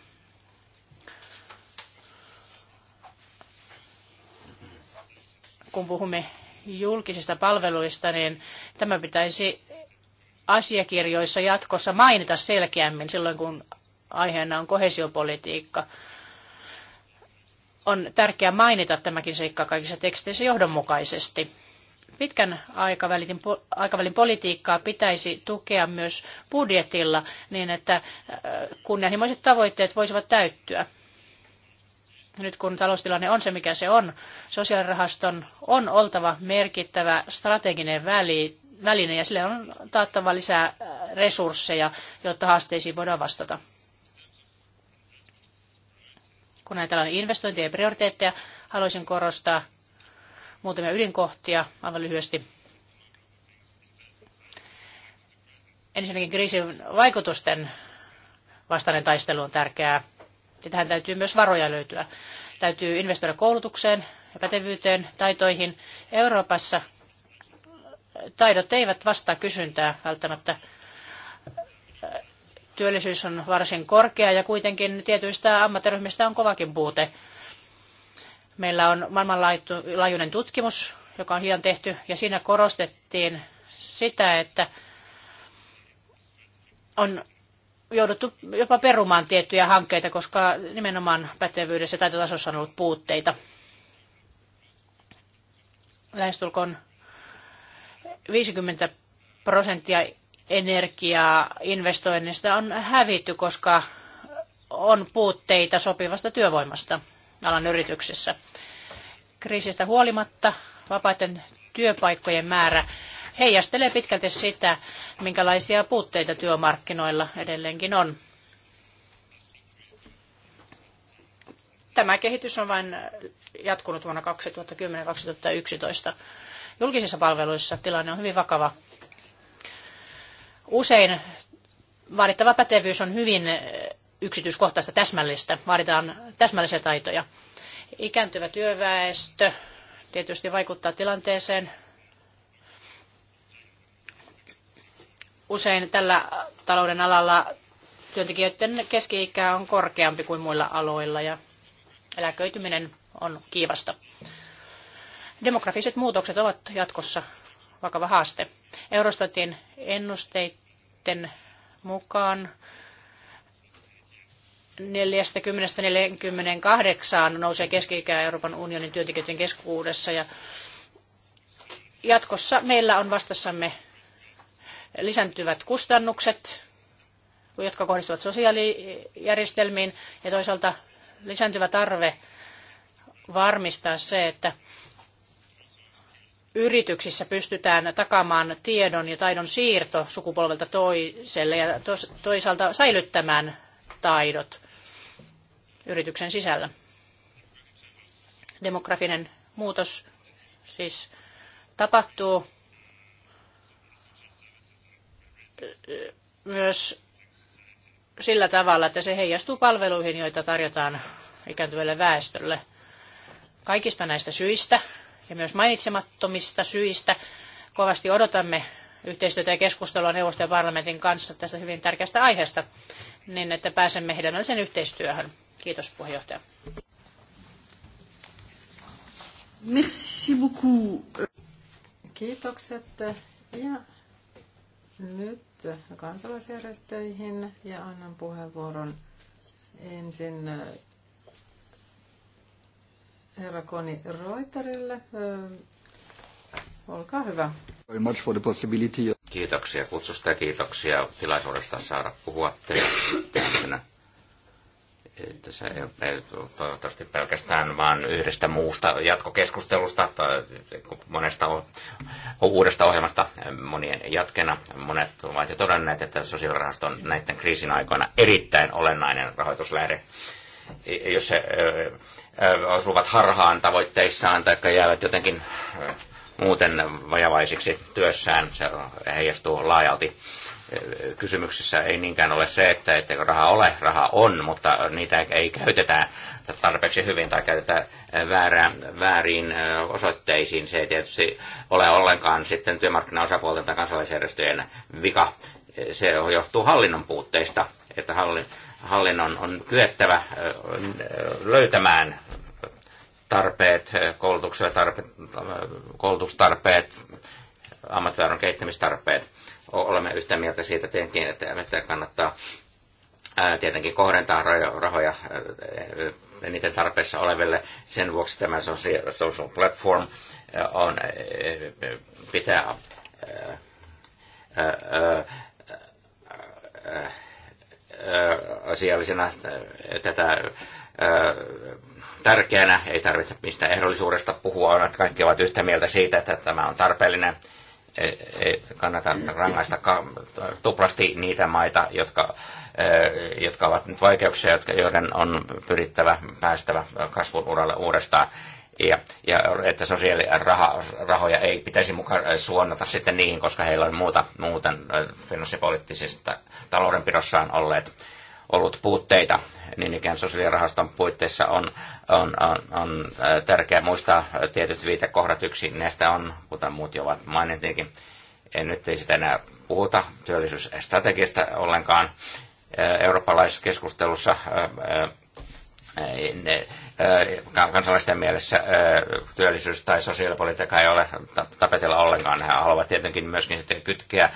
Kun puhumme julkisista palveluista, niin tämä pitäisi asiakirjoissa jatkossa mainita selkeämmin silloin, kun aiheena on kohesiopolitiikka. On tärkeää mainita tämäkin seikka kaikissa teksteissä johdonmukaisesti. Pitkän aikavälin, aikavälin politiikkaa pitäisi tukea myös budjetilla niin, että äh, kunnianhimoiset tavoitteet voisivat täyttyä nyt kun taloustilanne on se, mikä se on, sosiaalirahaston on oltava merkittävä strateginen väli, väline ja sille on taattava lisää äh, resursseja, jotta haasteisiin voidaan vastata. Kun ajatellaan investointeja ja prioriteetteja, haluaisin korostaa muutamia ydinkohtia aivan lyhyesti. Ensinnäkin kriisin vaikutusten vastainen taistelu on tärkeää. Tähän täytyy myös varoja löytyä. Täytyy investoida koulutukseen ja pätevyyteen, taitoihin. Euroopassa taidot eivät vastaa kysyntää välttämättä. Työllisyys on varsin korkea ja kuitenkin tietyistä ammattiryhmistä on kovakin puute. Meillä on maailmanlaajuinen tutkimus, joka on hian tehty, ja siinä korostettiin sitä, että on jouduttu jopa perumaan tiettyjä hankkeita, koska nimenomaan pätevyydessä ja taitotasossa on ollut puutteita. Lähestulkoon 50 prosenttia energiaa investoinnista on hävitty, koska on puutteita sopivasta työvoimasta alan yrityksessä. Kriisistä huolimatta vapaiden työpaikkojen määrä heijastelee pitkälti sitä, minkälaisia puutteita työmarkkinoilla edelleenkin on. Tämä kehitys on vain jatkunut vuonna 2010-2011. Julkisissa palveluissa tilanne on hyvin vakava. Usein vaadittava pätevyys on hyvin yksityiskohtaista täsmällistä. Vaaditaan täsmällisiä taitoja. Ikääntyvä työväestö tietysti vaikuttaa tilanteeseen Usein tällä talouden alalla työntekijöiden keski-ikä on korkeampi kuin muilla aloilla ja eläköityminen on kiivasta. Demografiset muutokset ovat jatkossa vakava haaste. Eurostatin ennusteiden mukaan 40-48 nousee keski Euroopan unionin työntekijöiden keskuudessa. Ja jatkossa meillä on vastassamme lisääntyvät kustannukset, jotka kohdistuvat sosiaalijärjestelmiin, ja toisaalta lisääntyvä tarve varmistaa se, että yrityksissä pystytään takaamaan tiedon ja taidon siirto sukupolvelta toiselle ja toisaalta säilyttämään taidot yrityksen sisällä. Demografinen muutos siis tapahtuu myös sillä tavalla, että se heijastuu palveluihin, joita tarjotaan ikääntyvälle väestölle. Kaikista näistä syistä ja myös mainitsemattomista syistä kovasti odotamme yhteistyötä ja keskustelua neuvoston ja parlamentin kanssa tästä hyvin tärkeästä aiheesta, niin että pääsemme hedelmälliseen yhteistyöhön. Kiitos puheenjohtaja. Merci beaucoup. Kiitokset ja nyt kansalaisjärjestöihin ja annan puheenvuoron ensin eh, herra Koni Reuterille. Eh, olkaa hyvä. much for the possibility. Kiitoksia kutsusta ja kiitoksia tilaisuudesta saada puhua teille että se ei ole toivottavasti pelkästään vain yhdestä muusta jatkokeskustelusta tai monesta uudesta ohjelmasta monien jatkena. Monet ovat jo todenneet, että sosiaalirahasto on näiden kriisin aikoina erittäin olennainen rahoituslähde. Jos se osuvat harhaan tavoitteissaan tai jäävät jotenkin muuten vajavaisiksi työssään, se heijastuu laajalti kysymyksessä ei niinkään ole se, että etteikö rahaa ole, raha on, mutta niitä ei käytetä tarpeeksi hyvin tai käytetä väärä, väärin osoitteisiin. Se ei tietysti ole ollenkaan sitten työmarkkinaosapuolten tai kansalaisjärjestöjen vika. Se johtuu hallinnon puutteista, että hallinnon on kyettävä löytämään tarpeet, koulutukselle tarpeet, koulutustarpeet, ammattitaidon kehittämistarpeet olemme yhtä mieltä siitä tietenkin, että kannattaa tietenkin kohdentaa rahoja eniten tarpeessa oleville. Sen vuoksi tämä social platform on, pitää asiallisena tätä tärkeänä. Ei tarvitse mistä ehdollisuudesta puhua, on, että kaikki ovat yhtä mieltä siitä, että tämä on tarpeellinen ei kannata rangaista tuplasti niitä maita, jotka, jotka ovat nyt vaikeuksia, jotka, joiden on pyrittävä päästävä kasvun uralle uudestaan. Ja, ja että sosiaalirahoja ei pitäisi mukaan suunnata sitten niihin, koska heillä on muuta, muuten finanssipoliittisista taloudenpidossaan olleet ollut puutteita. Niin ikään sosiaalirahaston puitteissa on, on, on, on äh, tärkeää muistaa tietyt viitekohdat. Yksi näistä on, kuten muut jo ovat mainittiinkin, en nyt ei sitä enää puhuta työllisyysstrategiasta ollenkaan äh, eurooppalaisessa keskustelussa äh, kansalaisten mielessä työllisyys- tai sosiaalipolitiikka ei ole tapetilla ollenkaan. He haluavat tietenkin myöskin sitten kytkeä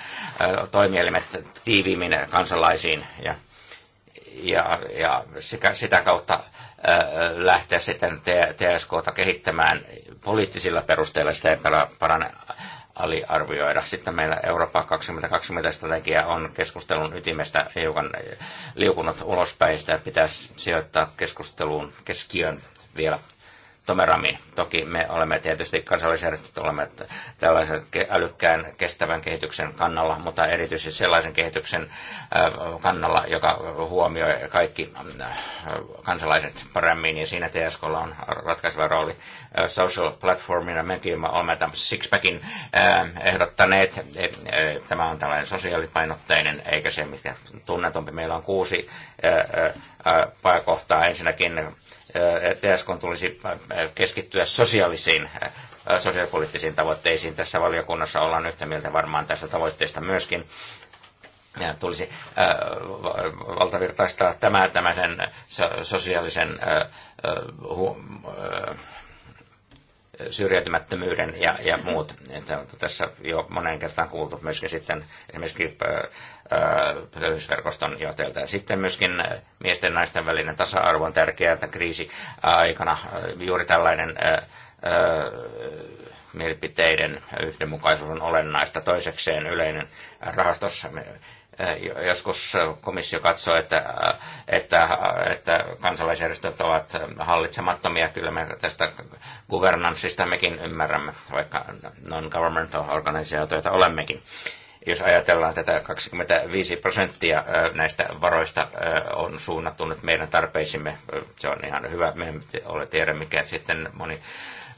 toimielimet tiiviimmin kansalaisiin ja ja, ja sitä kautta lähteä sitten TSK kehittämään poliittisilla perusteilla, sitä ei parane aliarvioida. Sitten meillä Eurooppa 2020 strategia on keskustelun ytimestä hiukan liukunut ulospäin, sitä pitäisi sijoittaa keskusteluun keskiön vielä Tomeramin. Toki me olemme tietysti kansallisjärjestöt, olemme tällaisen älykkään kestävän kehityksen kannalla, mutta erityisesti sellaisen kehityksen äh, kannalla, joka huomioi kaikki äh, kansalaiset paremmin, ja siinä TSK on ratkaiseva rooli äh, social platformina. Mekin olemme sixpackin ehdottaneet. Tämä on tällainen sosiaalipainotteinen, eikä se mikä tunnetumpi. Meillä on kuusi pääkohtaa. Ensinnäkin TSK äh, äh, tulisi äh, keskittyä sosiaalisiin, sosiaalipoliittisiin tavoitteisiin. Tässä valiokunnassa ollaan yhtä mieltä varmaan tästä tavoitteesta myöskin. Ja tulisi ää, valtavirtaistaa tämä tämän sosiaalisen ää, hu, ää, syrjäytymättömyyden ja, ja muut. Että tässä jo moneen kertaan kuultu myöskin sitten esimerkiksi köyhyysverkoston johtajalta. Ja sitten myöskin miesten ja naisten välinen tasa-arvo on tärkeää kriisi aikana Juuri tällainen mielipiteiden yhdenmukaisuus on olennaista. Toisekseen yleinen rahastossa, joskus komissio katsoo, että, että, että kansalaisjärjestöt ovat hallitsemattomia. Kyllä me tästä governanssista mekin ymmärrämme, vaikka non-governmental organisaatioita olemmekin. Jos ajatellaan tätä 25 prosenttia näistä varoista on suunnattu nyt meidän tarpeisimme, se on ihan hyvä. Me emme ole tiedä, mikä sitten moni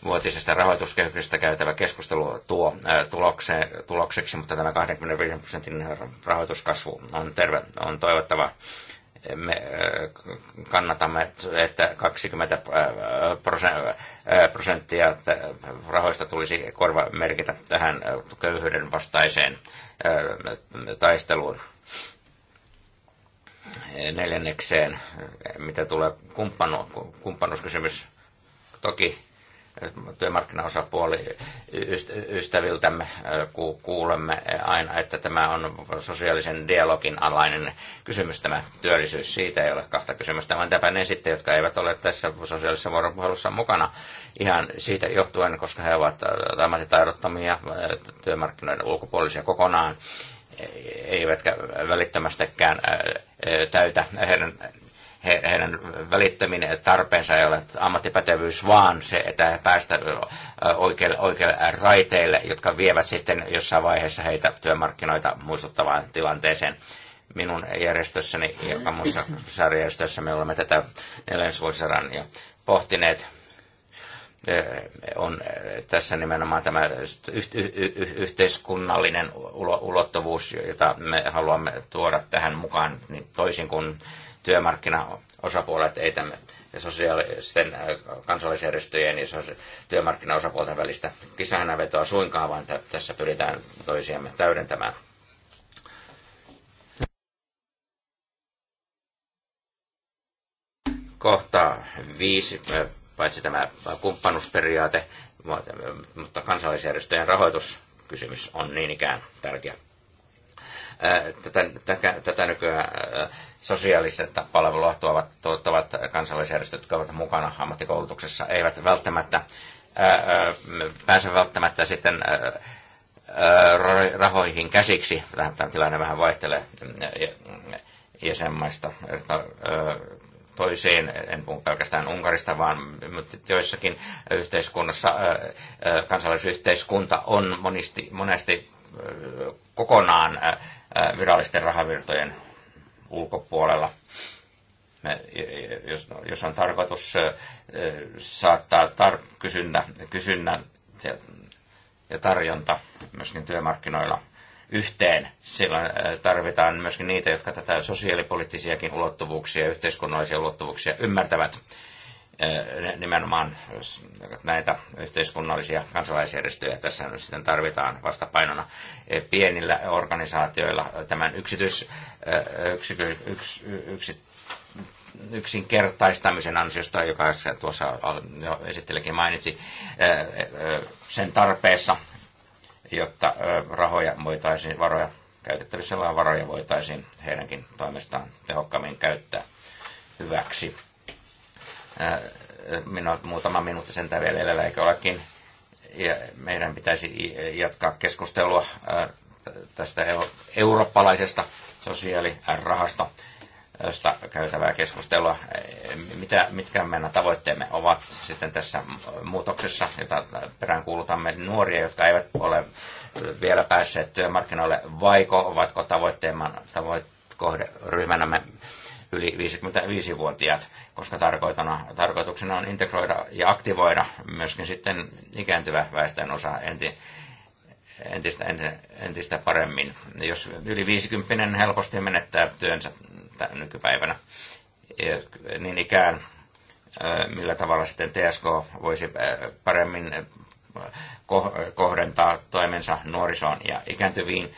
vuotisesta rahoituskehyksestä käytävä keskustelu tuo tulokseen, tulokseksi, mutta tämä 25 prosentin rahoituskasvu on, terve, on toivottava. Me kannatamme, että 20 prosenttia rahoista tulisi korva merkitä tähän köyhyyden vastaiseen taisteluun. Neljännekseen, mitä tulee kumppanu, kumppanuuskysymys, toki työmarkkinaosapuoli ystäviltämme kuulemme e, aina, että tämä on sosiaalisen dialogin alainen kysymys tämä työllisyys. Siitä ei ole kahta kysymystä, vaan tämä ne sitten, jotka eivät ole tässä sosiaalisessa vuoropuhelussa mukana ihan siitä johtuen, koska he ovat ammattitaidottomia työmarkkinoiden ulkopuolisia kokonaan e, eivätkä välittömästikään täytä heidän he, heidän välittäminen tarpeensa ei ole ammattipätevyys, vaan se, että he päästään oikeille, oikeille raiteille, jotka vievät sitten jossain vaiheessa heitä työmarkkinoita muistuttavaan tilanteeseen. Minun järjestössäni ja muussa mm-hmm. sarjärjestössä me olemme tätä neljänsvuosisadan jo pohtineet e, on e, tässä nimenomaan tämä yhteiskunnallinen ulottuvuus, jota me haluamme tuoda tähän mukaan, niin toisin kuin työmarkkinaosapuolet, ei tämän sosiaalisten kansallisjärjestöjen ja työmarkkinaosapuolten välistä kisahänävetoa suinkaan, vaan tässä pyritään toisiamme täydentämään. Kohta viisi, paitsi tämä kumppanusperiaate, mutta kansallisjärjestöjen rahoituskysymys on niin ikään tärkeä tätä, tätä, tätä nykyään äh, sosiaalista palvelua tuovat, tuottavat kansalaisjärjestöt, jotka ovat mukana ammattikoulutuksessa, eivät välttämättä äh, äh, pääse välttämättä sitten rahoihin käsiksi. Tämä tilanne vähän vaihtelee jäsenmaista toiseen, en puhu pelkästään Unkarista, vaan joissakin yhteiskunnassa kansalaisyhteiskunta on monesti, monesti kokonaan virallisten rahavirtojen ulkopuolella. Me, jos, jos on tarkoitus saattaa tar- kysynnä, kysynnän ja tarjonta myöskin työmarkkinoilla yhteen. Silloin tarvitaan myöskin niitä, jotka tätä sosiaalipoliittisiakin ulottuvuuksia ja yhteiskunnallisia ulottuvuuksia ymmärtävät nimenomaan näitä yhteiskunnallisia kansalaisjärjestöjä tässä nyt sitten tarvitaan vastapainona pienillä organisaatioilla tämän yksityis, yks, yks, yks, yksinkertaistamisen ansiosta, joka tuossa jo esittelikin mainitsi, sen tarpeessa, jotta rahoja voitaisiin, varoja, käytettävissä olevan varoja voitaisiin heidänkin toimestaan tehokkaammin käyttää hyväksi minu, muutama minuutti sentään vielä edellä, eikä olekin. Ja meidän pitäisi jatkaa keskustelua tästä eurooppalaisesta sosiaalirahasta josta käytävää keskustelua. Mitä, mitkä meidän tavoitteemme ovat sitten tässä muutoksessa, jota peräänkuulutamme nuoria, jotka eivät ole vielä päässeet työmarkkinoille, vaiko ovatko tavoitteemme, tavoit, kohderyhmänämme yli 55-vuotiaat, koska tarkoituksena on integroida ja aktivoida myöskin sitten ikääntyvä väestön osa enti, entistä, entistä paremmin. Jos yli 50 helposti menettää työnsä nykypäivänä, niin ikään millä tavalla sitten TSK voisi paremmin kohdentaa toimensa nuorisoon ja ikääntyviin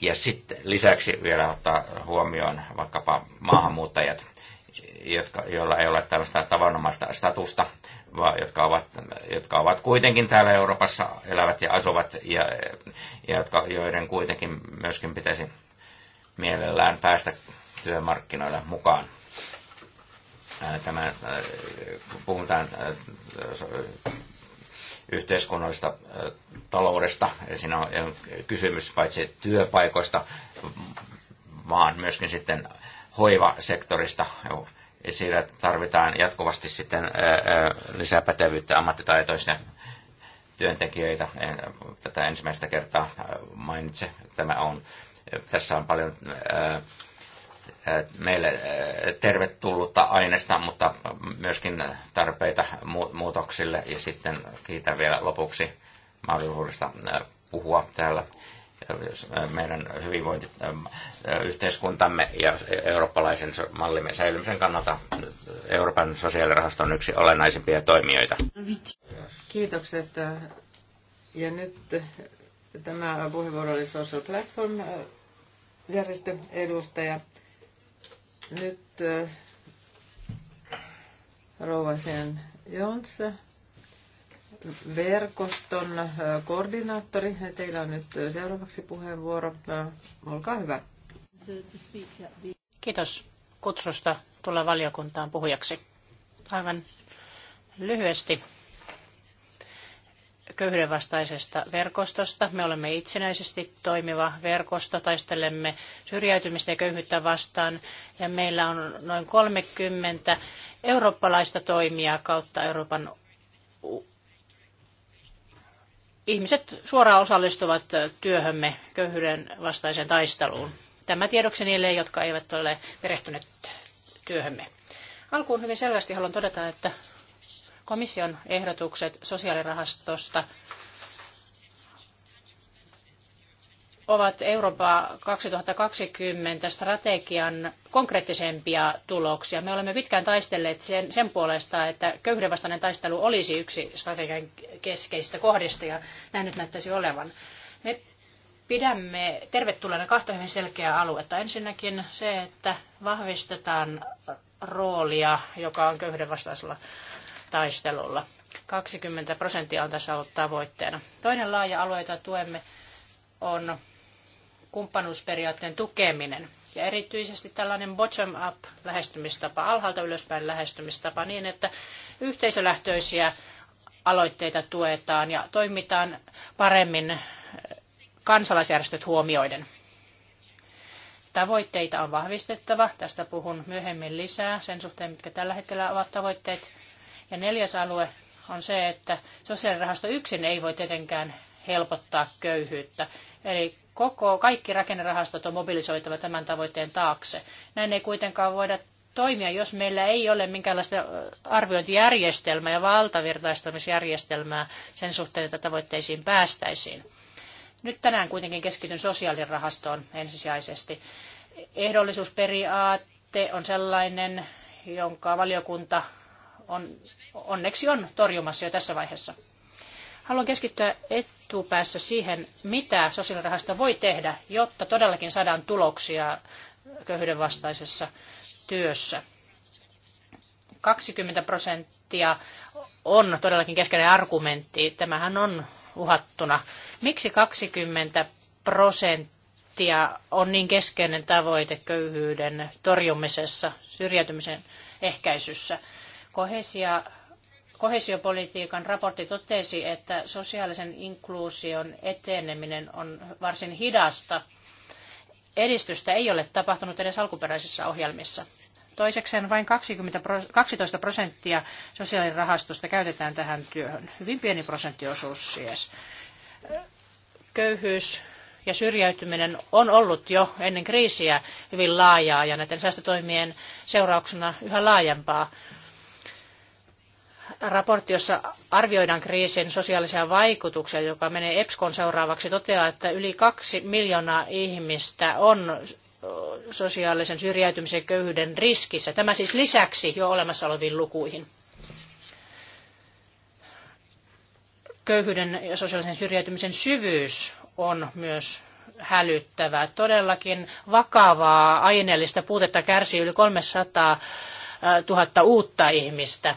ja sitten lisäksi vielä ottaa huomioon vaikkapa maahanmuuttajat, jotka, joilla ei ole tällaista tavanomaista statusta, vaan jotka ovat, jotka ovat kuitenkin täällä Euroopassa elävät ja asuvat, ja, ja jotka, joiden kuitenkin myöskin pitäisi mielellään päästä työmarkkinoille mukaan. Tämän, puhutaan yhteiskunnallista taloudesta. Siinä on kysymys paitsi työpaikoista, vaan myöskin sitten hoivasektorista. siellä tarvitaan jatkuvasti sitten lisäpätevyyttä ammattitaitoisia työntekijöitä. En tätä ensimmäistä kertaa mainitse. Tämä on, tässä on paljon meille tervetullutta aineesta, mutta myöskin tarpeita muutoksille. Ja sitten kiitän vielä lopuksi mahdollisuudesta puhua täällä meidän hyvinvointiyhteiskuntamme ja eurooppalaisen mallimme säilymisen kannalta Euroopan sosiaalirahasto on yksi olennaisimpia toimijoita. Kiitokset. Ja nyt tämä puheenvuoro oli Social Platform järjestön edustaja. Nyt äh, Rouvasen Jons, verkoston äh, koordinaattori. Teillä on nyt äh, seuraavaksi puheenvuoro. Olkaa hyvä. Kiitos kutsusta tulla valiokuntaan puhujaksi. Aivan lyhyesti köyhyyden vastaisesta verkostosta. Me olemme itsenäisesti toimiva verkosto, taistelemme syrjäytymistä ja köyhyyttä vastaan ja meillä on noin 30 eurooppalaista toimijaa kautta Euroopan ihmiset suoraan osallistuvat työhömme köyhyyden vastaiseen taisteluun. Tämä tiedoksi niille, jotka eivät ole perehtyneet työhömme. Alkuun hyvin selvästi haluan todeta, että komission ehdotukset sosiaalirahastosta ovat Eurooppa 2020 strategian konkreettisempia tuloksia. Me olemme pitkään taistelleet sen, sen puolesta, että köyhyyden vastainen taistelu olisi yksi strategian keskeisistä kohdista ja näin nyt näyttäisi olevan. Me pidämme tervetulleena kahta hyvin selkeää aluetta. Ensinnäkin se, että vahvistetaan roolia, joka on köyhyyden vastaisella taistelulla. 20 prosenttia on tässä ollut tavoitteena. Toinen laaja alue, jota tuemme, on kumppanuusperiaatteen tukeminen. Ja erityisesti tällainen bottom-up lähestymistapa, alhaalta ylöspäin lähestymistapa niin, että yhteisölähtöisiä aloitteita tuetaan ja toimitaan paremmin eh, kansalaisjärjestöt huomioiden. Tavoitteita on vahvistettava. Tästä puhun myöhemmin lisää sen suhteen, mitkä tällä hetkellä ovat tavoitteet. Ja neljäs alue on se, että sosiaalirahasto yksin ei voi tietenkään helpottaa köyhyyttä. Eli koko, kaikki rakennerahastot on mobilisoitava tämän tavoitteen taakse. Näin ei kuitenkaan voida toimia, jos meillä ei ole minkäänlaista arviointijärjestelmää ja valtavirtaistamisjärjestelmää sen suhteen, että tavoitteisiin päästäisiin. Nyt tänään kuitenkin keskityn sosiaalirahastoon ensisijaisesti. Ehdollisuusperiaate on sellainen, jonka valiokunta on, onneksi on torjumassa jo tässä vaiheessa. Haluan keskittyä etupäässä siihen, mitä sosiaalirahasto voi tehdä, jotta todellakin saadaan tuloksia köyhyyden vastaisessa työssä. 20 prosenttia on todellakin keskeinen argumentti. Tämähän on uhattuna. Miksi 20 prosenttia on niin keskeinen tavoite köyhyyden torjumisessa, syrjäytymisen ehkäisyssä? Kohesia, kohesiopolitiikan raportti totesi, että sosiaalisen inkluusion eteneminen on varsin hidasta. Edistystä ei ole tapahtunut edes alkuperäisissä ohjelmissa. Toisekseen vain 20, 12 prosenttia sosiaalirahastosta käytetään tähän työhön. Hyvin pieni prosenttiosuus siis. Köyhyys ja syrjäytyminen on ollut jo ennen kriisiä hyvin laajaa ja näiden säästötoimien seurauksena yhä laajempaa raportti, jossa arvioidaan kriisin sosiaalisia vaikutuksia, joka menee EPSCOn seuraavaksi, toteaa, että yli kaksi miljoonaa ihmistä on sosiaalisen syrjäytymisen köyhyyden riskissä. Tämä siis lisäksi jo olemassa oleviin lukuihin. Köyhyyden ja sosiaalisen syrjäytymisen syvyys on myös hälyttävää. Todellakin vakavaa aineellista puutetta kärsii yli 300 000 uutta ihmistä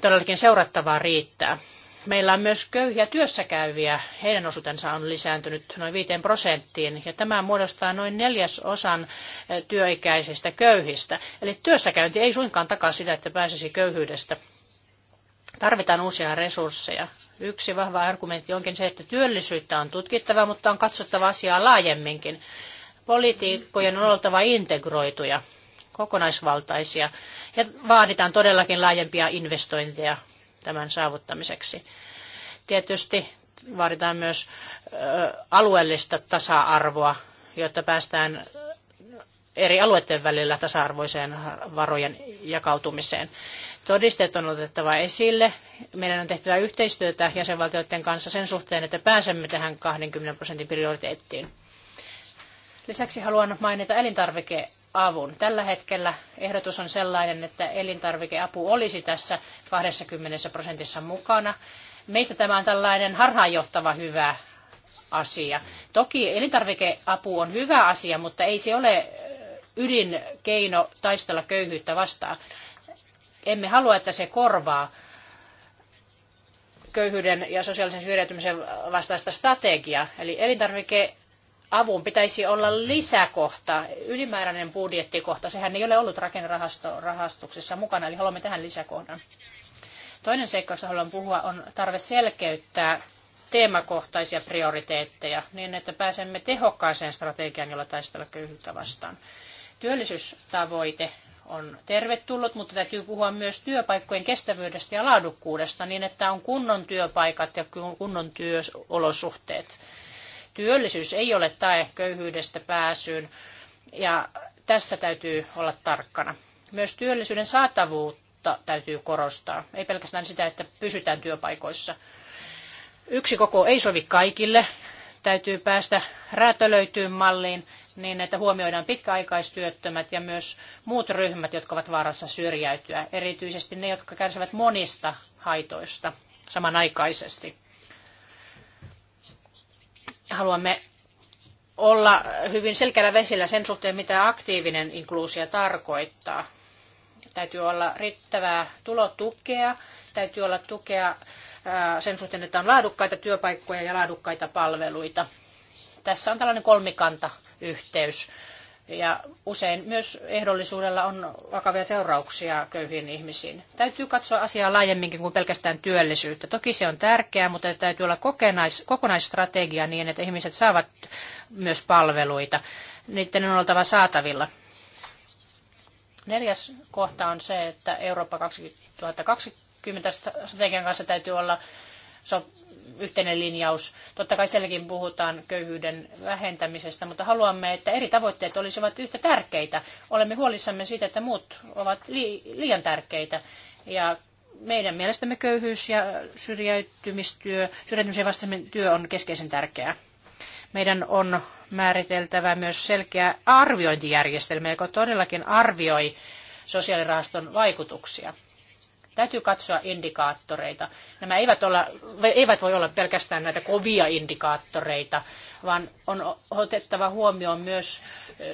todellakin seurattavaa riittää. Meillä on myös köyhiä työssäkäyviä. Heidän osuutensa on lisääntynyt noin 5 prosenttiin ja tämä muodostaa noin neljäsosan eh, työikäisistä köyhistä. Eli työssäkäynti ei suinkaan takaa sitä, että pääsisi köyhyydestä. Tarvitaan uusia resursseja. Yksi vahva argumentti onkin se, että työllisyyttä on tutkittava, mutta on katsottava asiaa laajemminkin. Poliitikkojen on oltava integroituja, kokonaisvaltaisia ja vaaditaan todellakin laajempia investointeja tämän saavuttamiseksi. Tietysti vaaditaan myös alueellista tasa-arvoa, jotta päästään eri alueiden välillä tasa-arvoiseen varojen jakautumiseen. Todisteet on otettava esille. Meidän on tehtävä yhteistyötä jäsenvaltioiden kanssa sen suhteen, että pääsemme tähän 20 prosentin prioriteettiin. Lisäksi haluan mainita elintarvike avun. Tällä hetkellä ehdotus on sellainen, että elintarvikeapu olisi tässä 20 prosentissa mukana. Meistä tämä on tällainen harhaanjohtava hyvä asia. Toki elintarvikeapu on hyvä asia, mutta ei se ole ydinkeino taistella köyhyyttä vastaan. Emme halua, että se korvaa köyhyyden ja sosiaalisen syrjäytymisen vastaista strategiaa. Eli elintarvikeapu avun pitäisi olla lisäkohta, ylimääräinen budjettikohta. Sehän ei ole ollut rakennerahastuksessa mukana, eli haluamme tähän lisäkohdan. Toinen seikka, josta haluan puhua, on tarve selkeyttää teemakohtaisia prioriteetteja niin, että pääsemme tehokkaaseen strategiaan, jolla taistella köyhyyttä vastaan. Työllisyystavoite on tervetullut, mutta täytyy puhua myös työpaikkojen kestävyydestä ja laadukkuudesta niin, että on kunnon työpaikat ja kunnon työolosuhteet työllisyys ei ole tae köyhyydestä pääsyyn ja tässä täytyy olla tarkkana. Myös työllisyyden saatavuutta täytyy korostaa, ei pelkästään sitä, että pysytään työpaikoissa. Yksi koko ei sovi kaikille, täytyy päästä räätälöityyn malliin niin, että huomioidaan pitkäaikaistyöttömät ja myös muut ryhmät, jotka ovat vaarassa syrjäytyä, erityisesti ne, jotka kärsivät monista haitoista samanaikaisesti. Haluamme olla hyvin selkeällä vesillä sen suhteen, mitä aktiivinen inkluusio tarkoittaa. Täytyy olla riittävää tulotukea, täytyy olla tukea sen suhteen, että on laadukkaita työpaikkoja ja laadukkaita palveluita. Tässä on tällainen kolmikanta yhteys ja usein myös ehdollisuudella on vakavia seurauksia köyhiin ihmisiin. Täytyy katsoa asiaa laajemminkin kuin pelkästään työllisyyttä. Toki se on tärkeää, mutta täytyy olla kokonais, kokonaisstrategia niin, että ihmiset saavat myös palveluita. Niiden on oltava saatavilla. Neljäs kohta on se, että Eurooppa 2020 strategian kanssa täytyy olla yhteinen linjaus. Totta kai sielläkin puhutaan köyhyyden vähentämisestä, mutta haluamme, että eri tavoitteet olisivat yhtä tärkeitä. Olemme huolissamme siitä, että muut ovat liian tärkeitä. Ja meidän mielestämme köyhyys ja syrjäytymistyö, syrjäytymisen vastainen työ on keskeisen tärkeää. Meidän on määriteltävä myös selkeä arviointijärjestelmä, joka todellakin arvioi sosiaalirahaston vaikutuksia. Täytyy katsoa indikaattoreita. Nämä eivät, olla, eivät voi olla pelkästään näitä kovia indikaattoreita, vaan on otettava huomioon myös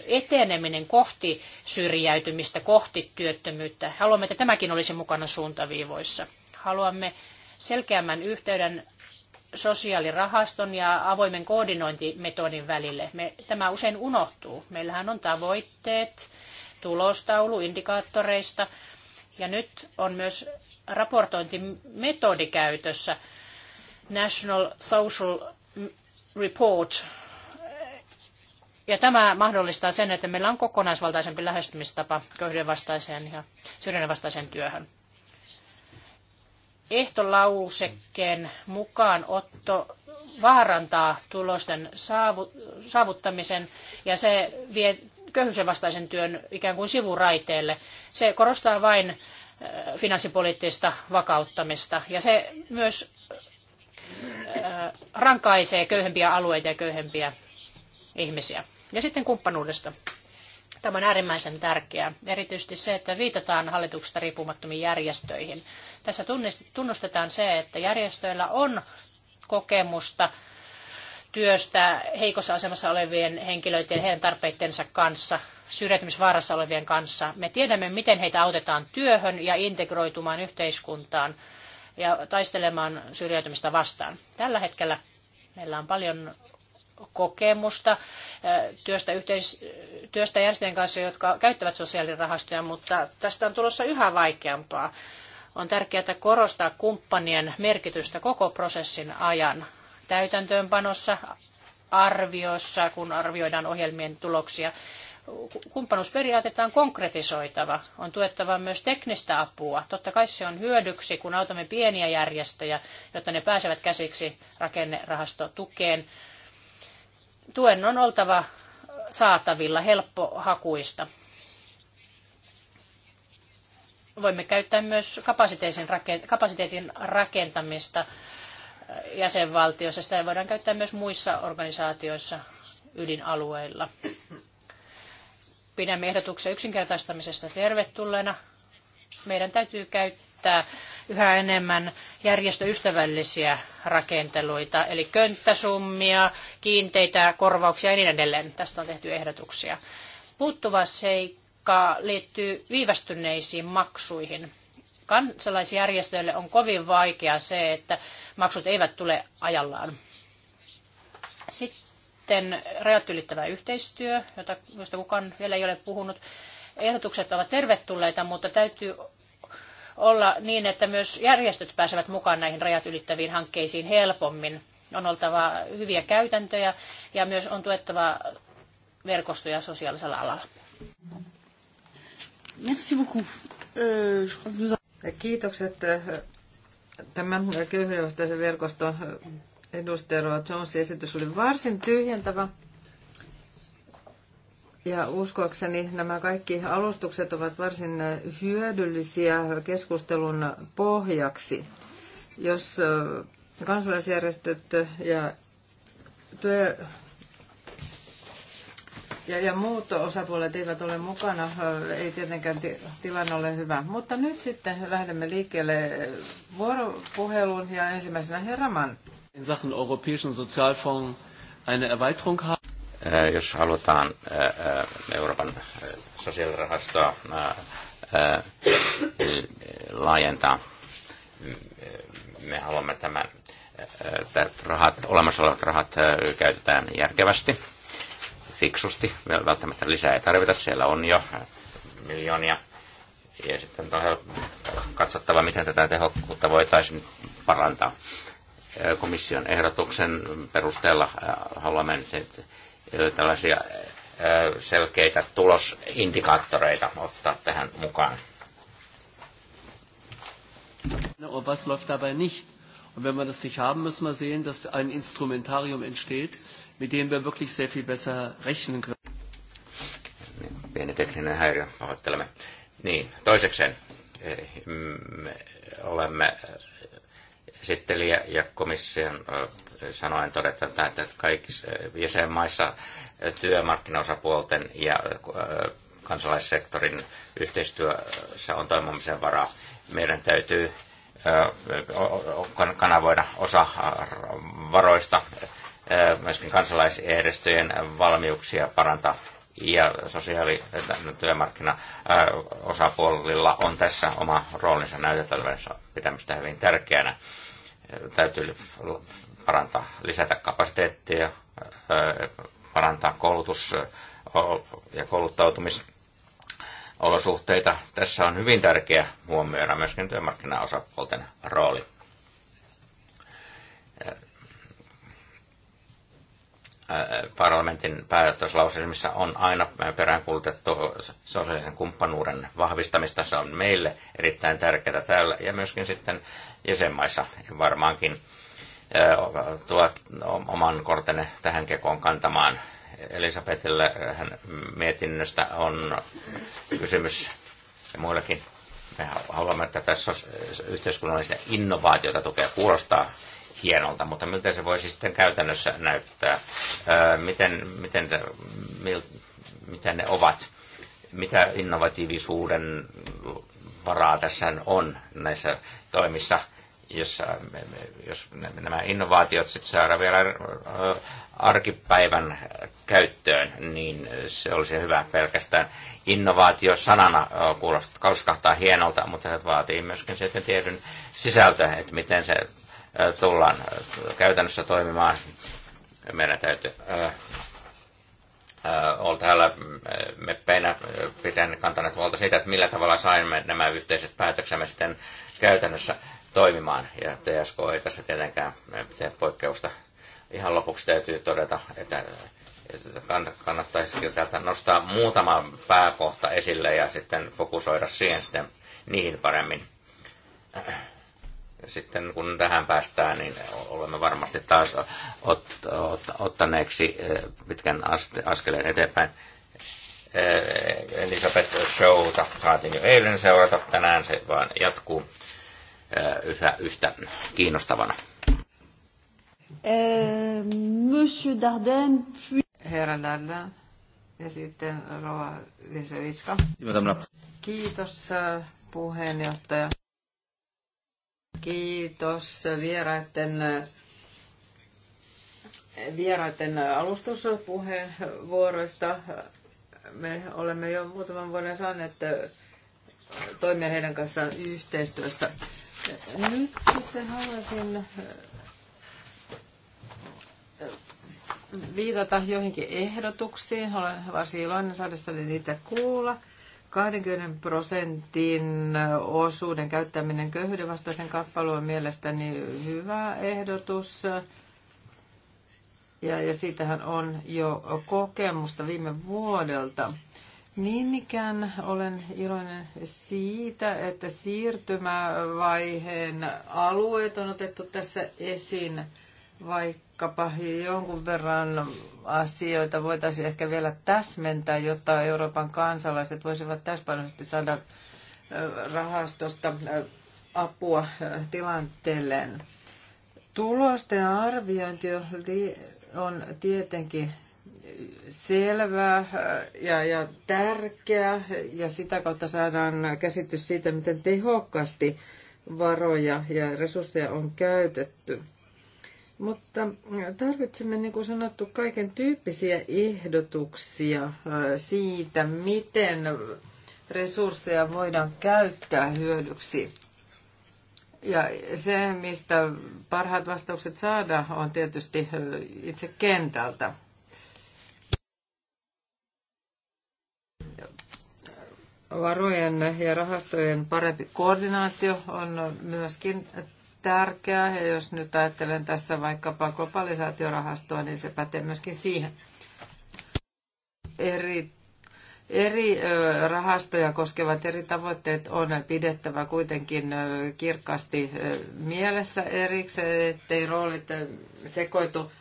eteneminen kohti syrjäytymistä, kohti työttömyyttä. Haluamme, että tämäkin olisi mukana suuntaviivoissa. Haluamme selkeämmän yhteyden sosiaalirahaston ja avoimen koordinointimetodin välille. Me, tämä usein unohtuu. Meillähän on tavoitteet, tulostaulu indikaattoreista, ja nyt on myös raportointimetodi käytössä. National Social Report. Ja tämä mahdollistaa sen, että meillä on kokonaisvaltaisempi lähestymistapa köyhyyden vastaiseen ja syrjinnän vastaiseen työhön. Ehtolausekkeen mukaan otto vaarantaa tulosten saavuttamisen ja se vie köyhyyden vastaisen työn ikään kuin sivuraiteelle. Se korostaa vain äh, finanssipoliittista vakauttamista ja se myös äh, rankaisee köyhempiä alueita ja köyhempiä ihmisiä. Ja sitten kumppanuudesta. Tämä on äärimmäisen tärkeää, erityisesti se, että viitataan hallituksesta riippumattomiin järjestöihin. Tässä tunnustetaan se, että järjestöillä on kokemusta työstä heikossa asemassa olevien henkilöiden, heidän tarpeittensa kanssa, syrjäytymisvaarassa olevien kanssa. Me tiedämme, miten heitä autetaan työhön ja integroitumaan yhteiskuntaan ja taistelemaan syrjäytymistä vastaan. Tällä hetkellä meillä on paljon kokemusta äh, työstä, yhteis- työstä järjestöjen kanssa, jotka käyttävät sosiaalirahastoja, mutta tästä on tulossa yhä vaikeampaa. On tärkeää korostaa kumppanien merkitystä koko prosessin ajan täytäntöönpanossa, arviossa, kun arvioidaan ohjelmien tuloksia. Kumppanuusperiaatetta on konkretisoitava, on tuettava myös teknistä apua. Totta kai se on hyödyksi, kun autamme pieniä järjestöjä, jotta ne pääsevät käsiksi rakennerahastotukeen. Tuen on oltava saatavilla helppohakuista. Voimme käyttää myös kapasiteetin rakentamista jäsenvaltiossa. Sitä voidaan käyttää myös muissa organisaatioissa ydinalueilla. Pidämme ehdotuksen yksinkertaistamisesta tervetulleena. Meidän täytyy käyttää yhä enemmän järjestöystävällisiä rakenteluita, eli könttäsummia, kiinteitä korvauksia ja niin edelleen. Tästä on tehty ehdotuksia. Puuttuva seikka liittyy viivästyneisiin maksuihin. Kansalaisjärjestöille on kovin vaikea se, että maksut eivät tule ajallaan. Sitten rajat ylittävä yhteistyö, jota, josta kukaan vielä ei ole puhunut. Ehdotukset ovat tervetulleita, mutta täytyy olla niin, että myös järjestöt pääsevät mukaan näihin rajat ylittäviin hankkeisiin helpommin. On oltava hyviä käytäntöjä ja myös on tuettava verkostoja sosiaalisella alalla. Merci beaucoup. Euh, je crois que nous... Kiitokset äh, tämän köyhyydenvastaisen verkoston äh, edustaja Roa Jonesin esitys oli varsin tyhjentävä. Ja uskoakseni nämä kaikki alustukset ovat varsin äh, hyödyllisiä keskustelun pohjaksi. Jos kansalaisjärjestöt ja työ, ja, ja muut osapuolet eivät ole mukana, ei tietenkään tilanne ole hyvä. Mutta nyt sitten lähdemme liikkeelle vuoropuheluun ja ensimmäisenä Herraman. In Sachen europäischen Sozialfonds eine Erweiterung haben. Jos halutaan Euroopan sosiaalirahastoa laajentaa, me haluamme tämän rahat, olemassa olevat rahat käytetään järkevästi fiksusti. Välttämättä lisää ei tarvita, siellä on jo miljoonia. Ja sitten on katsottava, miten tätä tehokkuutta voitaisiin parantaa. Komission ehdotuksen perusteella haluamme nyt tällaisia selkeitä tulosindikaattoreita ottaa tähän mukaan. No, was läuft dabei nicht? Und wenn wir das nicht haben, müssen wir sehen, dass ein Instrumentarium entsteht, mit denen wir wirklich sehr viel besser rechnen können. Pieni tekninen häiriö, pahoittelemme. Niin, toisekseen eh, me mm, olemme eh, esittelijä ja komission eh, sanoen todetaan, että kaikissa jäsenmaissa työmarkkinaosapuolten ja kansalaissektorin yhteistyössä on toimimisen varaa. Meidän täytyy kanavoida osa varoista myöskin kansalaisjärjestöjen valmiuksia parantaa. Ja sosiaali- ja työmarkkinaosapuolilla on tässä oma roolinsa näytetelmässä pitämistä hyvin tärkeänä. Täytyy parantaa, lisätä kapasiteettia, parantaa koulutus- ja kouluttautumisolosuhteita. Tässä on hyvin tärkeä huomioida myöskin työmarkkinaosapuolten rooli parlamentin päätöslauselmissa on aina peräänkuulutettu sosiaalisen kumppanuuden vahvistamista. Se on meille erittäin tärkeää täällä ja myöskin sitten jäsenmaissa varmaankin tuot oman kortenne tähän kekoon kantamaan. Elisabetille hän mietinnöstä on kysymys ja muillakin. Me haluamme, että tässä yhteiskunnallista innovaatiota tukea kuulostaa hienolta, mutta miltä se voisi sitten käytännössä näyttää? Miten, miten, mil, miten ne ovat? Mitä innovatiivisuuden varaa tässä on näissä toimissa, jossa, jos nämä innovaatiot sitten saadaan vielä arkipäivän käyttöön, niin se olisi hyvä pelkästään innovaatio sanana kuulostaa, hienolta, mutta se vaatii myöskin sitten tietyn sisältö, että miten se tullaan käytännössä toimimaan. Meidän täytyy olla täällä meppeinä pitäen kantaneet huolta siitä, että millä tavalla saimme nämä yhteiset päätöksemme sitten käytännössä toimimaan. Ja TSK ei tässä tietenkään tee poikkeusta. Ihan lopuksi täytyy todeta, että kannattaisi täältä nostaa muutama pääkohta esille ja sitten fokusoida siihen sitten niihin paremmin sitten kun tähän päästään, niin olemme varmasti taas ot, ot, ottaneeksi eh, pitkän aste, askeleen eteenpäin. Eh, Elisabeth Showta saatiin jo eilen seurata, tänään se vaan jatkuu eh, yhä yhtä kiinnostavana. Monsieur Darden, puis... Herra Darden ja sitten Rova Lisevitska. Kiitos puheenjohtaja. Kiitos vieraiden, vieraiden alustuspuheenvuoroista. Me olemme jo muutaman vuoden saaneet toimia heidän kanssaan yhteistyössä. Nyt sitten haluaisin eh, viitata joihinkin ehdotuksiin. Olen varsin iloinen saada niitä kuulla. 20 prosentin osuuden käyttäminen vastaisen kappalue on mielestäni hyvä ehdotus. Ja, ja siitähän on jo kokemusta viime vuodelta. Niin ikään olen iloinen siitä, että siirtymävaiheen alueet on otettu tässä esiin, vaikka vaikkapa jonkun verran asioita voitaisiin ehkä vielä täsmentää, jotta Euroopan kansalaiset voisivat täsmällisesti saada rahastosta apua tilanteelleen. Tulosten arviointi on tietenkin selvää ja, ja tärkeää ja sitä kautta saadaan käsitys siitä, miten tehokkaasti varoja ja resursseja on käytetty – mutta äh, tarvitsemme, niin kuin sanottu, kaiken tyyppisiä ehdotuksia äh, siitä, miten resursseja voidaan käyttää hyödyksi. Ja se, mistä parhaat vastaukset saadaan, on tietysti äh, itse kentältä. Varojen ja rahastojen parempi koordinaatio on myöskin tärkeää. Ja jos nyt ajattelen tässä vaikkapa globalisaatiorahastoa, niin se pätee myöskin siihen. Eri, eri rahastoja koskevat eri tavoitteet on pidettävä kuitenkin kirkkaasti mielessä erikseen, ettei roolit sekoitu,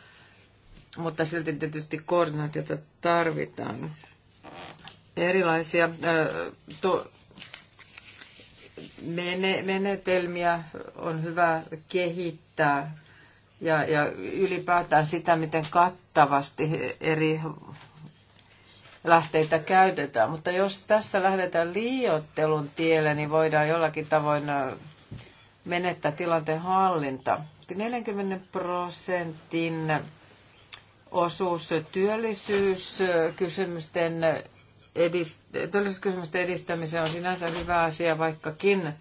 mutta silti tietysti koordinaatiota tarvitaan. Erilaisia to, menetelmiä on hyvä kehittää ja, ja ylipäätään sitä, miten kattavasti eri lähteitä käytetään. Mutta jos tässä lähdetään liiottelun tielle, niin voidaan jollakin tavoin menettää tilanteen hallinta. 40 prosentin osuus työllisyyskysymysten edist- työllisyyskysymysten edistämiseen on sinänsä hyvä asia, vaikkakin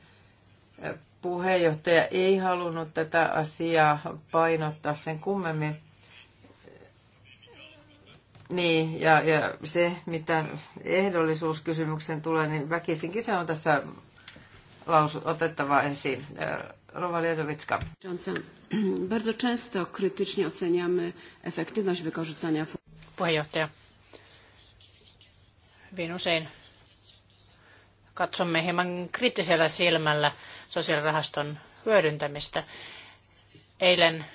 puheenjohtaja ei halunnut tätä asiaa painottaa sen kummemmin. Niin, ja, ja se, mitä ehdollisuuskysymyksen tulee, niin väkisinkin se on tässä laus otettava esiin. Rova Liedowicka. Bardzo często krytycznie oceniamy efektywność wykorzystania... Puheenjohtaja. Hyvin usein katsomme hieman kriittisellä silmällä sosiaalirahaston hyödyntämistä. Eilen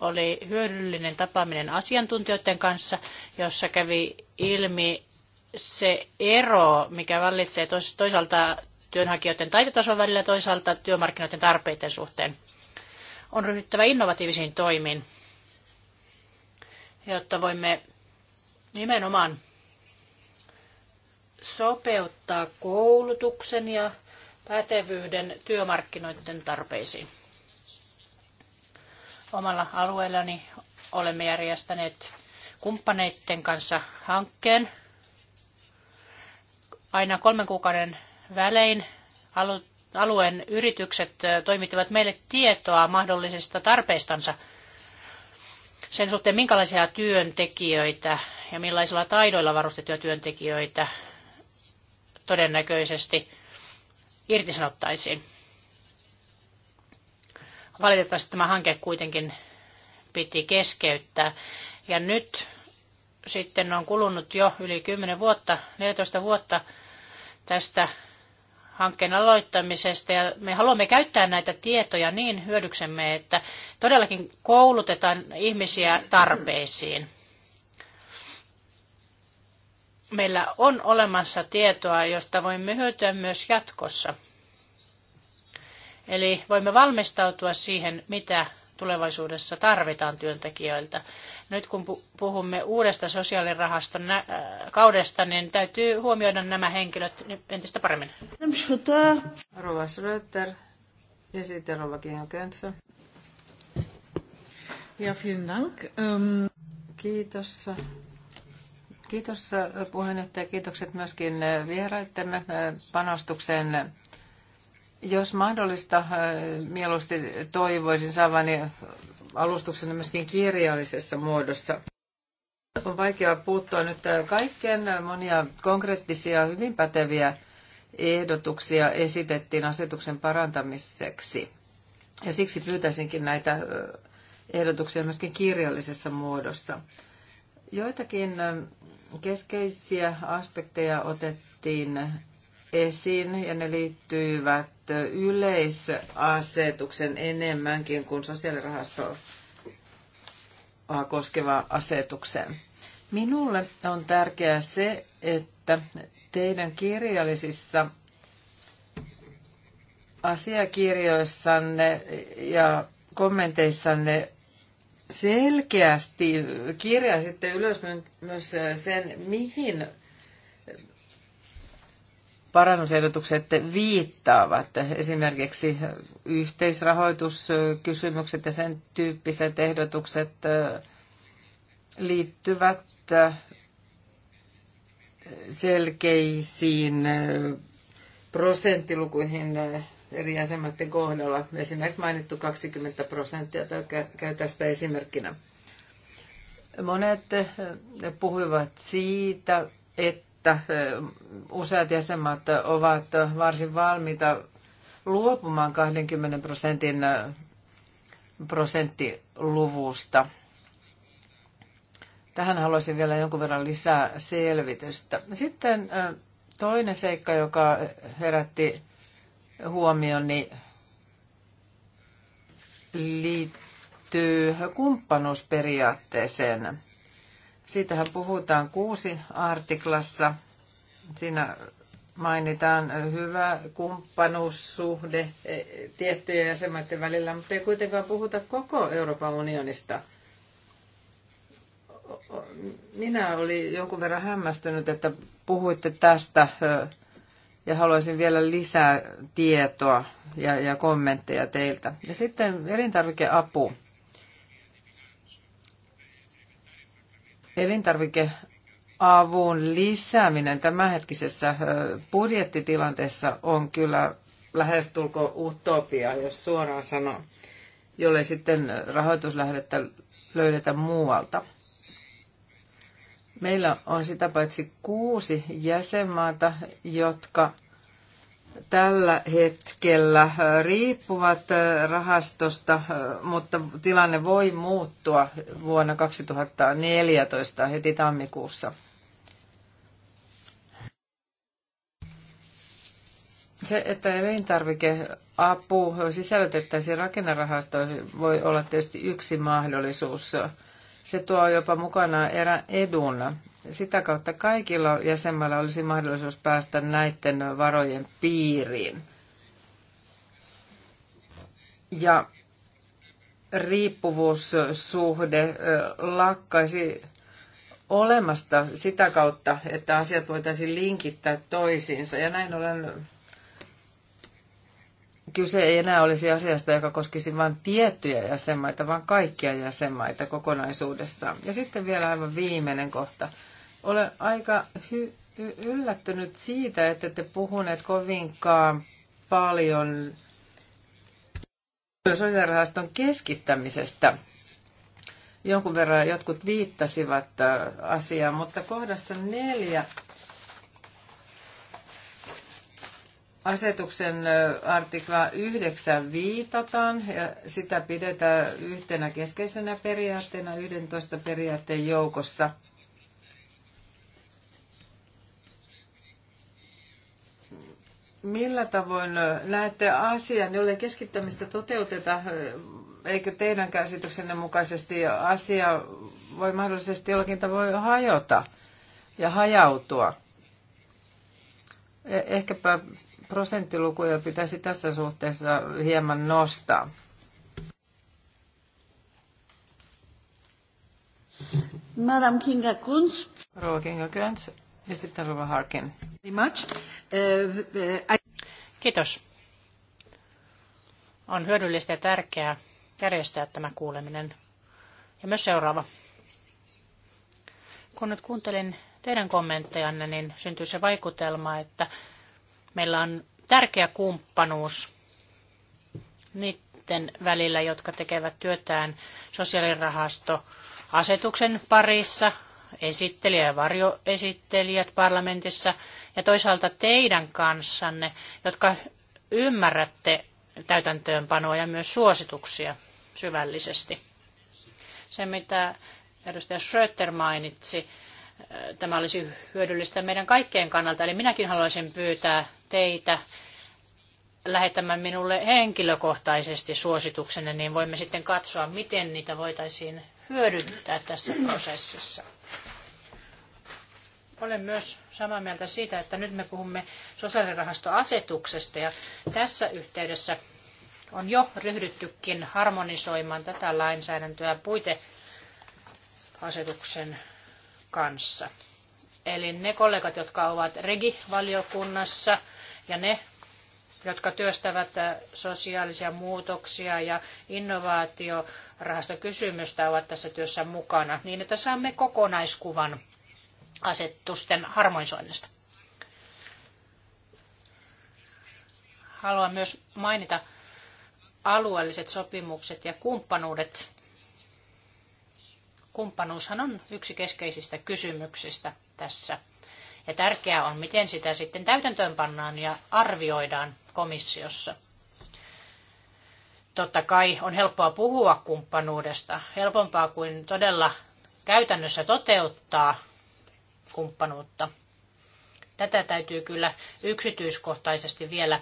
oli hyödyllinen tapaaminen asiantuntijoiden kanssa, jossa kävi ilmi se ero, mikä vallitsee toisaalta työnhakijoiden taitotason välillä ja toisaalta työmarkkinoiden tarpeiden suhteen. On ryhdyttävä innovatiivisiin toimiin, jotta voimme nimenomaan sopeuttaa koulutuksen ja pätevyyden työmarkkinoiden tarpeisiin. Omalla alueellani olemme järjestäneet kumppaneiden kanssa hankkeen. Aina kolmen kuukauden välein alueen yritykset toimittivat meille tietoa mahdollisista tarpeistansa sen suhteen, minkälaisia työntekijöitä ja millaisilla taidoilla varustettuja työntekijöitä todennäköisesti irtisanottaisiin. Valitettavasti tämä hanke kuitenkin piti keskeyttää. Ja nyt sitten on kulunut jo yli 10 vuotta, 14 vuotta tästä hankkeen aloittamisesta ja me haluamme käyttää näitä tietoja niin hyödyksemme, että todellakin koulutetaan ihmisiä tarpeisiin meillä on olemassa tietoa, josta voimme hyötyä myös jatkossa. Eli voimme valmistautua siihen, mitä tulevaisuudessa tarvitaan työntekijöiltä. Nyt kun puhumme uudesta sosiaalirahaston äh, kaudesta, niin täytyy huomioida nämä henkilöt entistä paremmin. Rova Schröter ja sitten Rova Kihankönsä. Ja vielen dank. Um, kiitos. Kiitos äh, puheenjohtaja. Kiitokset myöskin äh, vieraittemme äh, panostukseen. Jos mahdollista, mieluusti toivoisin saavani alustuksen myöskin kirjallisessa muodossa. On vaikea puuttua nyt kaikkeen. Monia konkreettisia, hyvin päteviä ehdotuksia esitettiin asetuksen parantamiseksi. Ja siksi pyytäisinkin näitä ehdotuksia myöskin kirjallisessa muodossa. Joitakin Keskeisiä aspekteja otettiin esiin ja ne liittyivät yleisasetuksen enemmänkin kuin sosiaalirahastoa koskeva asetukseen. Minulle on tärkeää se, että teidän kirjallisissa asiakirjoissanne ja kommenteissanne selkeästi kirjaa sitten ylös myös äh, sen, mihin parannusehdotukset viittaavat. Esimerkiksi yhteisrahoituskysymykset ja sen tyyppiset ehdotukset äh, liittyvät äh, selkeisiin prosenttilukuihin eri jäsenmaiden kohdalla. Esimerkiksi mainittu 20 prosenttia, tai käy tästä esimerkkinä. Monet eh, puhuivat siitä, että eh, useat jäsenmaat ovat varsin valmiita luopumaan 20 prosentin eh, prosenttiluvusta. Tähän haluaisin vielä jonkun verran lisää selvitystä. Sitten toinen seikka, joka herätti huomioni liittyy kumppanuusperiaatteeseen. Siitähän puhutaan kuusi artiklassa. Siinä mainitaan hyvä kumppanuussuhde e, tiettyjen jäsenmaiden välillä, mutta ei kuitenkaan puhuta koko Euroopan unionista. Minä olin jonkun verran hämmästynyt, että puhuitte tästä ja haluaisin vielä lisää tietoa ja, ja kommentteja teiltä. Ja sitten elintarvikeapu. Elintarvikeavun lisääminen tämänhetkisessä budjettitilanteessa on kyllä lähestulko utopia, jos suoraan sanoo, jolle sitten rahoituslähdettä löydetä muualta. Meillä on sitä paitsi kuusi jäsenmaata, jotka tällä hetkellä äh, riippuvat äh, rahastosta, äh, mutta tilanne voi muuttua vuonna 2014 heti tammikuussa. Se, että elintarvikeapu sisällytettäisiin rakennerahastoihin, voi olla tietysti yksi mahdollisuus. Se tuo jopa mukana erä edun. Sitä kautta kaikilla jäsenmailla olisi mahdollisuus päästä näiden varojen piiriin. Ja riippuvuussuhde lakkaisi olemasta sitä kautta, että asiat voitaisiin linkittää toisiinsa. Ja näin ollen kyse ei enää olisi asiasta, joka koskisi vain tiettyjä jäsenmaita, vaan kaikkia jäsenmaita kokonaisuudessaan. Ja sitten vielä aivan viimeinen kohta. Olen aika hy- yllättynyt siitä, että te puhuneet kovinkaan paljon sosiaalirahaston keskittämisestä. Jonkun verran jotkut viittasivat äh, asiaan, mutta kohdassa neljä asetuksen artikla 9 viitataan ja sitä pidetään yhtenä keskeisenä periaatteena 11 periaatteen joukossa. Millä tavoin näette asian, jolle keskittämistä toteuteta? Eikö teidän käsityksenne mukaisesti asia voi mahdollisesti jollakin tavoin hajota ja hajautua? E, ehkäpä prosenttilukuja pitäisi tässä suhteessa hieman nostaa. Madame Kinga Kunz. Rouva Kinga Kunz ja sitten Rouva Harkin. Uh, uh, Kiitos. On hyödyllistä ja tärkeää järjestää tämä kuuleminen. Ja myös seuraava. Kun nyt kuuntelin teidän kommenttejanne, niin syntyi se vaikutelma, että Meillä on tärkeä kumppanuus niiden välillä, jotka tekevät työtään sosiaalirahastoasetuksen parissa, esittelijä ja varjoesittelijät parlamentissa, ja toisaalta teidän kanssanne, jotka ymmärrätte täytäntöönpanoa ja myös suosituksia syvällisesti. Se, mitä edustaja Schröter mainitsi, tämä olisi hyödyllistä meidän kaikkien kannalta. Eli minäkin haluaisin pyytää teitä lähettämään minulle henkilökohtaisesti suosituksenne, niin voimme sitten katsoa, miten niitä voitaisiin hyödyntää tässä prosessissa. Olen myös samaa mieltä siitä, että nyt me puhumme sosiaalirahastoasetuksesta ja tässä yhteydessä on jo ryhdyttykin harmonisoimaan tätä lainsäädäntöä puiteasetuksen kanssa. Eli ne kollegat, jotka ovat regivaliokunnassa ja ne, jotka työstävät äh, sosiaalisia muutoksia ja innovaatiorahastokysymystä ovat tässä työssä mukana, niin että saamme kokonaiskuvan asetusten harmonisoinnista. Haluan myös mainita alueelliset sopimukset ja kumppanuudet kumppanuushan on yksi keskeisistä kysymyksistä tässä. Ja tärkeää on, miten sitä sitten täytäntöön pannaan ja arvioidaan komissiossa. Totta kai on helppoa puhua kumppanuudesta, helpompaa kuin todella käytännössä toteuttaa kumppanuutta. Tätä täytyy kyllä yksityiskohtaisesti vielä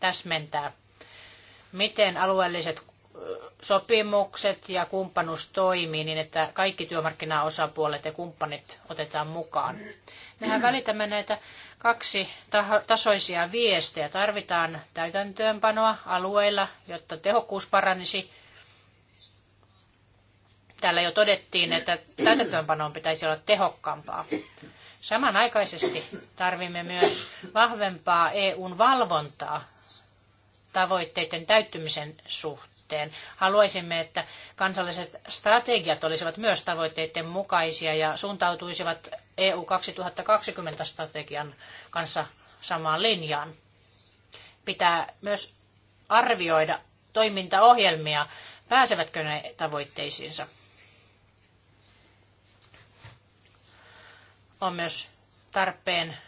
täsmentää. Miten alueelliset sopimukset ja kumppanuus toimii niin, että kaikki työmarkkinaosapuolet ja kumppanit otetaan mukaan. Mehän välitämme näitä kaksi tasoisia viestejä. Tarvitaan täytäntöönpanoa alueilla, jotta tehokkuus paranisi. Täällä jo todettiin, että täytäntöönpanoon pitäisi olla tehokkaampaa. Samanaikaisesti tarvimme myös vahvempaa EUn valvontaa tavoitteiden täyttymisen suhteen suhteen. Haluaisimme, että kansalliset strategiat olisivat myös tavoitteiden mukaisia ja suuntautuisivat EU 2020-strategian kanssa samaan linjaan. Pitää myös arvioida toimintaohjelmia, pääsevätkö ne tavoitteisiinsa. On myös tarpeen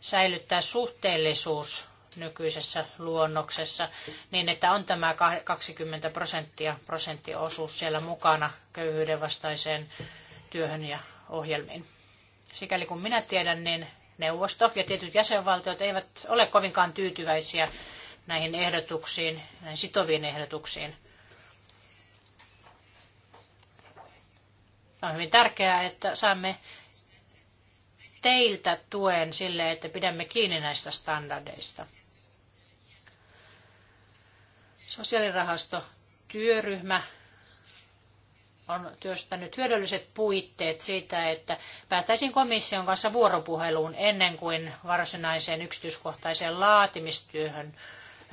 säilyttää suhteellisuus nykyisessä luonnoksessa, niin että on tämä 20 prosenttia prosenttiosuus siellä mukana köyhyyden vastaiseen työhön ja ohjelmiin. Sikäli kun minä tiedän, niin neuvosto ja tietyt jäsenvaltiot eivät ole kovinkaan tyytyväisiä näihin ehdotuksiin, näihin sitoviin ehdotuksiin. On hyvin tärkeää, että saamme teiltä tuen sille, että pidämme kiinni näistä standardeista. Sosiaalirahasto työryhmä on työstänyt hyödylliset puitteet siitä, että päättäisiin komission kanssa vuoropuheluun ennen kuin varsinaiseen yksityiskohtaiseen laatimistyöhön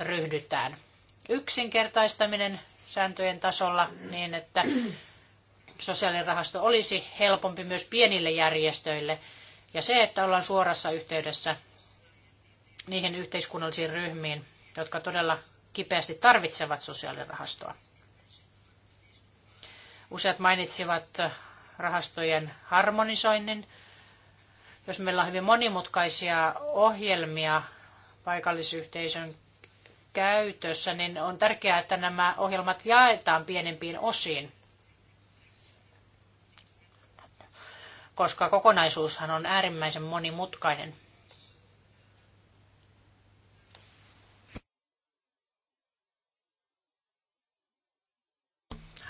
ryhdytään. Yksinkertaistaminen sääntöjen tasolla niin, että sosiaalirahasto olisi helpompi myös pienille järjestöille ja se, että ollaan suorassa yhteydessä niihin yhteiskunnallisiin ryhmiin, jotka todella kipeästi tarvitsevat sosiaalirahastoa. Useat mainitsivat rahastojen harmonisoinnin. Jos meillä on hyvin monimutkaisia ohjelmia paikallisyhteisön käytössä, niin on tärkeää, että nämä ohjelmat jaetaan pienempiin osiin, koska kokonaisuushan on äärimmäisen monimutkainen.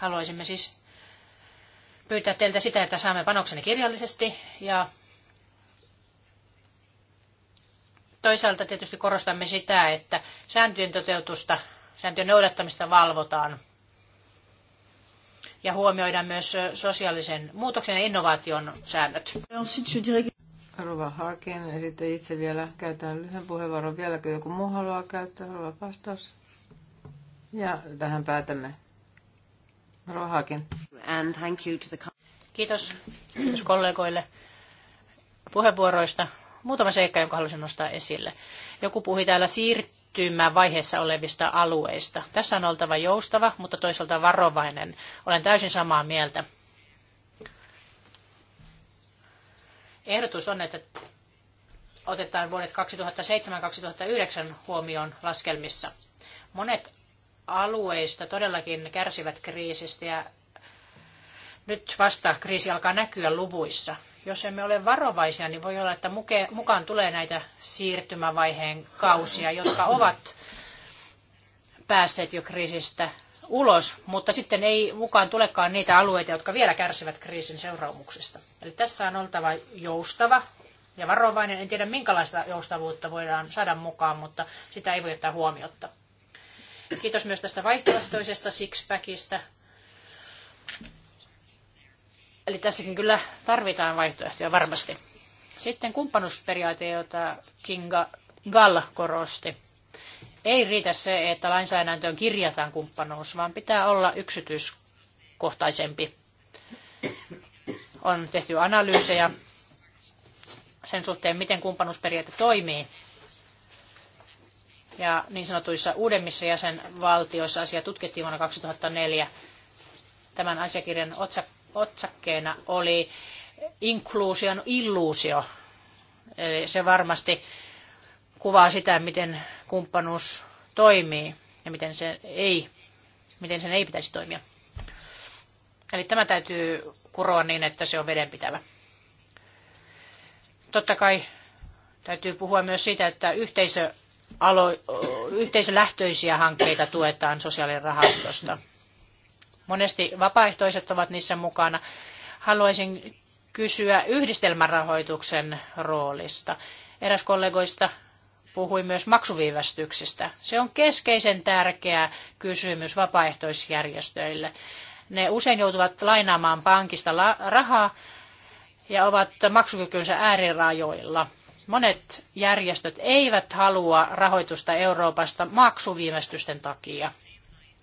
Haluaisimme siis pyytää teiltä sitä, että saamme panoksenne kirjallisesti ja toisaalta tietysti korostamme sitä, että sääntöjen toteutusta, sääntöjen noudattamista valvotaan ja huomioidaan myös sosiaalisen muutoksen ja innovaation säännöt. Rova Harkin ja sitten itse vielä käytän lyhyen puheenvuoron. Vieläkö joku muu haluaa käyttää? Rova vastaus. Ja tähän päätämme. Rohakin. And thank you to the... Kiitos, kiitos kollegoille puheenvuoroista. Muutama seikka, jonka haluaisin nostaa esille. Joku puhui täällä siirtymävaiheessa olevista alueista. Tässä on oltava joustava, mutta toisaalta varovainen. Olen täysin samaa mieltä. Ehdotus on, että otetaan vuodet 2007-2009 huomioon laskelmissa. Monet alueista todellakin kärsivät kriisistä ja nyt vasta kriisi alkaa näkyä luvuissa. Jos emme ole varovaisia, niin voi olla, että mukaan tulee näitä siirtymävaiheen kausia, jotka ovat päässeet jo kriisistä ulos, mutta sitten ei mukaan tulekaan niitä alueita, jotka vielä kärsivät kriisin seuraamuksista. Eli tässä on oltava joustava ja varovainen. En tiedä, minkälaista joustavuutta voidaan saada mukaan, mutta sitä ei voi jättää huomiotta. Kiitos myös tästä vaihtoehtoisesta sixpackista. Eli tässäkin kyllä tarvitaan vaihtoehtoja varmasti. Sitten kumppanusperiaate, jota Kinga Gall korosti. Ei riitä se, että lainsäädäntöön kirjataan kumppanuus, vaan pitää olla yksityiskohtaisempi. On tehty analyysejä sen suhteen, miten kumppanuusperiaate toimii ja niin sanotuissa uudemmissa jäsenvaltioissa asia tutkittiin vuonna 2004. Tämän asiakirjan otsakkeena oli inkluusion illuusio. Eli se varmasti kuvaa sitä, miten kumppanuus toimii ja miten, se ei, miten sen ei pitäisi toimia. Eli tämä täytyy kuroa niin, että se on vedenpitävä. Totta kai täytyy puhua myös siitä, että yhteisö alo- yhteisölähtöisiä hankkeita tuetaan sosiaalirahastosta. Monesti vapaaehtoiset ovat niissä mukana. Haluaisin kysyä yhdistelmärahoituksen roolista. Eräs kollegoista puhui myös maksuviivästyksistä. Se on keskeisen tärkeä kysymys vapaaehtoisjärjestöille. Ne usein joutuvat lainaamaan pankista rahaa ja ovat maksukykynsä äärirajoilla – Monet järjestöt eivät halua rahoitusta Euroopasta maksuviivästysten takia.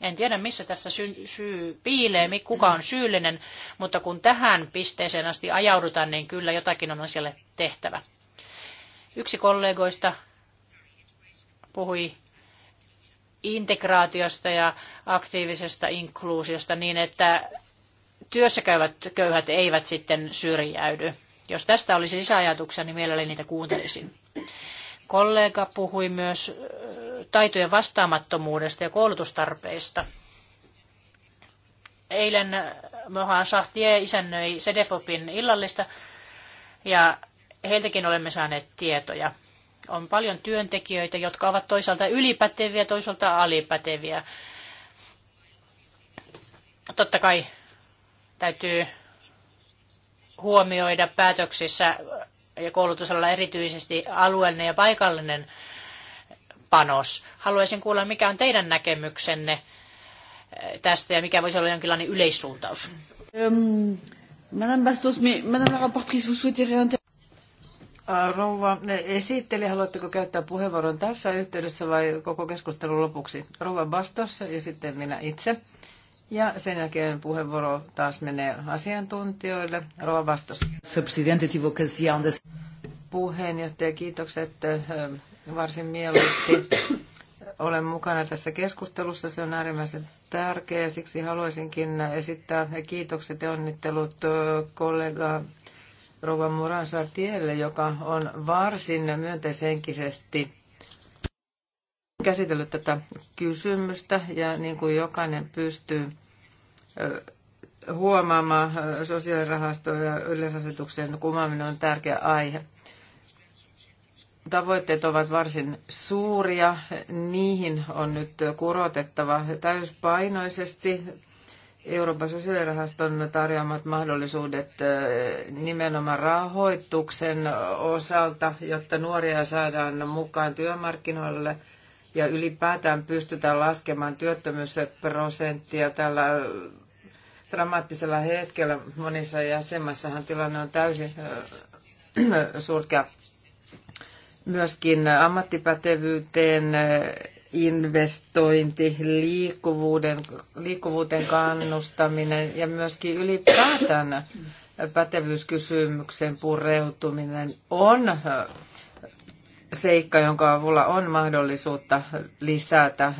En tiedä, missä tässä sy- syy piilee, kuka on syyllinen, mutta kun tähän pisteeseen asti ajaudutaan, niin kyllä jotakin on asialle tehtävä. Yksi kollegoista puhui integraatiosta ja aktiivisesta inkluusiosta niin, että työssä käyvät köyhät eivät sitten syrjäydy. Jos tästä olisi lisäajatuksia, niin mielelläni niitä kuuntelisin. Kollega puhui myös taitojen vastaamattomuudesta ja koulutustarpeista. Eilen Mohan Sahtie isännöi Sedefopin illallista ja heiltäkin olemme saaneet tietoja. On paljon työntekijöitä, jotka ovat toisaalta ylipäteviä, toisaalta alipäteviä. Totta kai täytyy huomioida päätöksissä ja koulutusalalla erityisesti alueellinen ja paikallinen panos. Haluaisin kuulla, mikä on teidän näkemyksenne tästä ja mikä voisi olla jonkinlainen yleissuuntaus. Um, Madame Bastos, Madame la rapportrice, vous souhaitez äh, Rouva esitteli, haluatteko käyttää puheenvuoron tässä yhteydessä vai koko keskustelun lopuksi? Rouva Bastos ja sitten minä itse. Ja sen jälkeen puheenvuoro taas menee asiantuntijoille. Rova vastus. Puheenjohtaja, kiitokset varsin mieluusti. Olen mukana tässä keskustelussa, se on äärimmäisen tärkeä siksi haluaisinkin esittää kiitokset ja onnittelut kollega Rova Moran Sartielle, joka on varsin myönteishenkisesti käsitellyt tätä kysymystä ja niin kuin jokainen pystyy huomaamaan sosiaalirahasto ja yleisasetuksen kumaaminen on tärkeä aihe. Tavoitteet ovat varsin suuria. Niihin on nyt kurotettava täyspainoisesti. Euroopan sosiaalirahaston tarjoamat mahdollisuudet nimenomaan rahoituksen osalta, jotta nuoria saadaan mukaan työmarkkinoille – ja ylipäätään pystytään laskemaan työttömyysprosenttia tällä äh, dramaattisella hetkellä. Monissa jäsenmaissahan tilanne on täysin äh, surkea. Myöskin ammattipätevyyteen äh, investointi, liikkuvuuden, liikkuvuuteen kannustaminen ja myöskin ylipäätään pätevyyskysymyksen pureutuminen on seikka, jonka avulla on mahdollisuutta lisätä äh,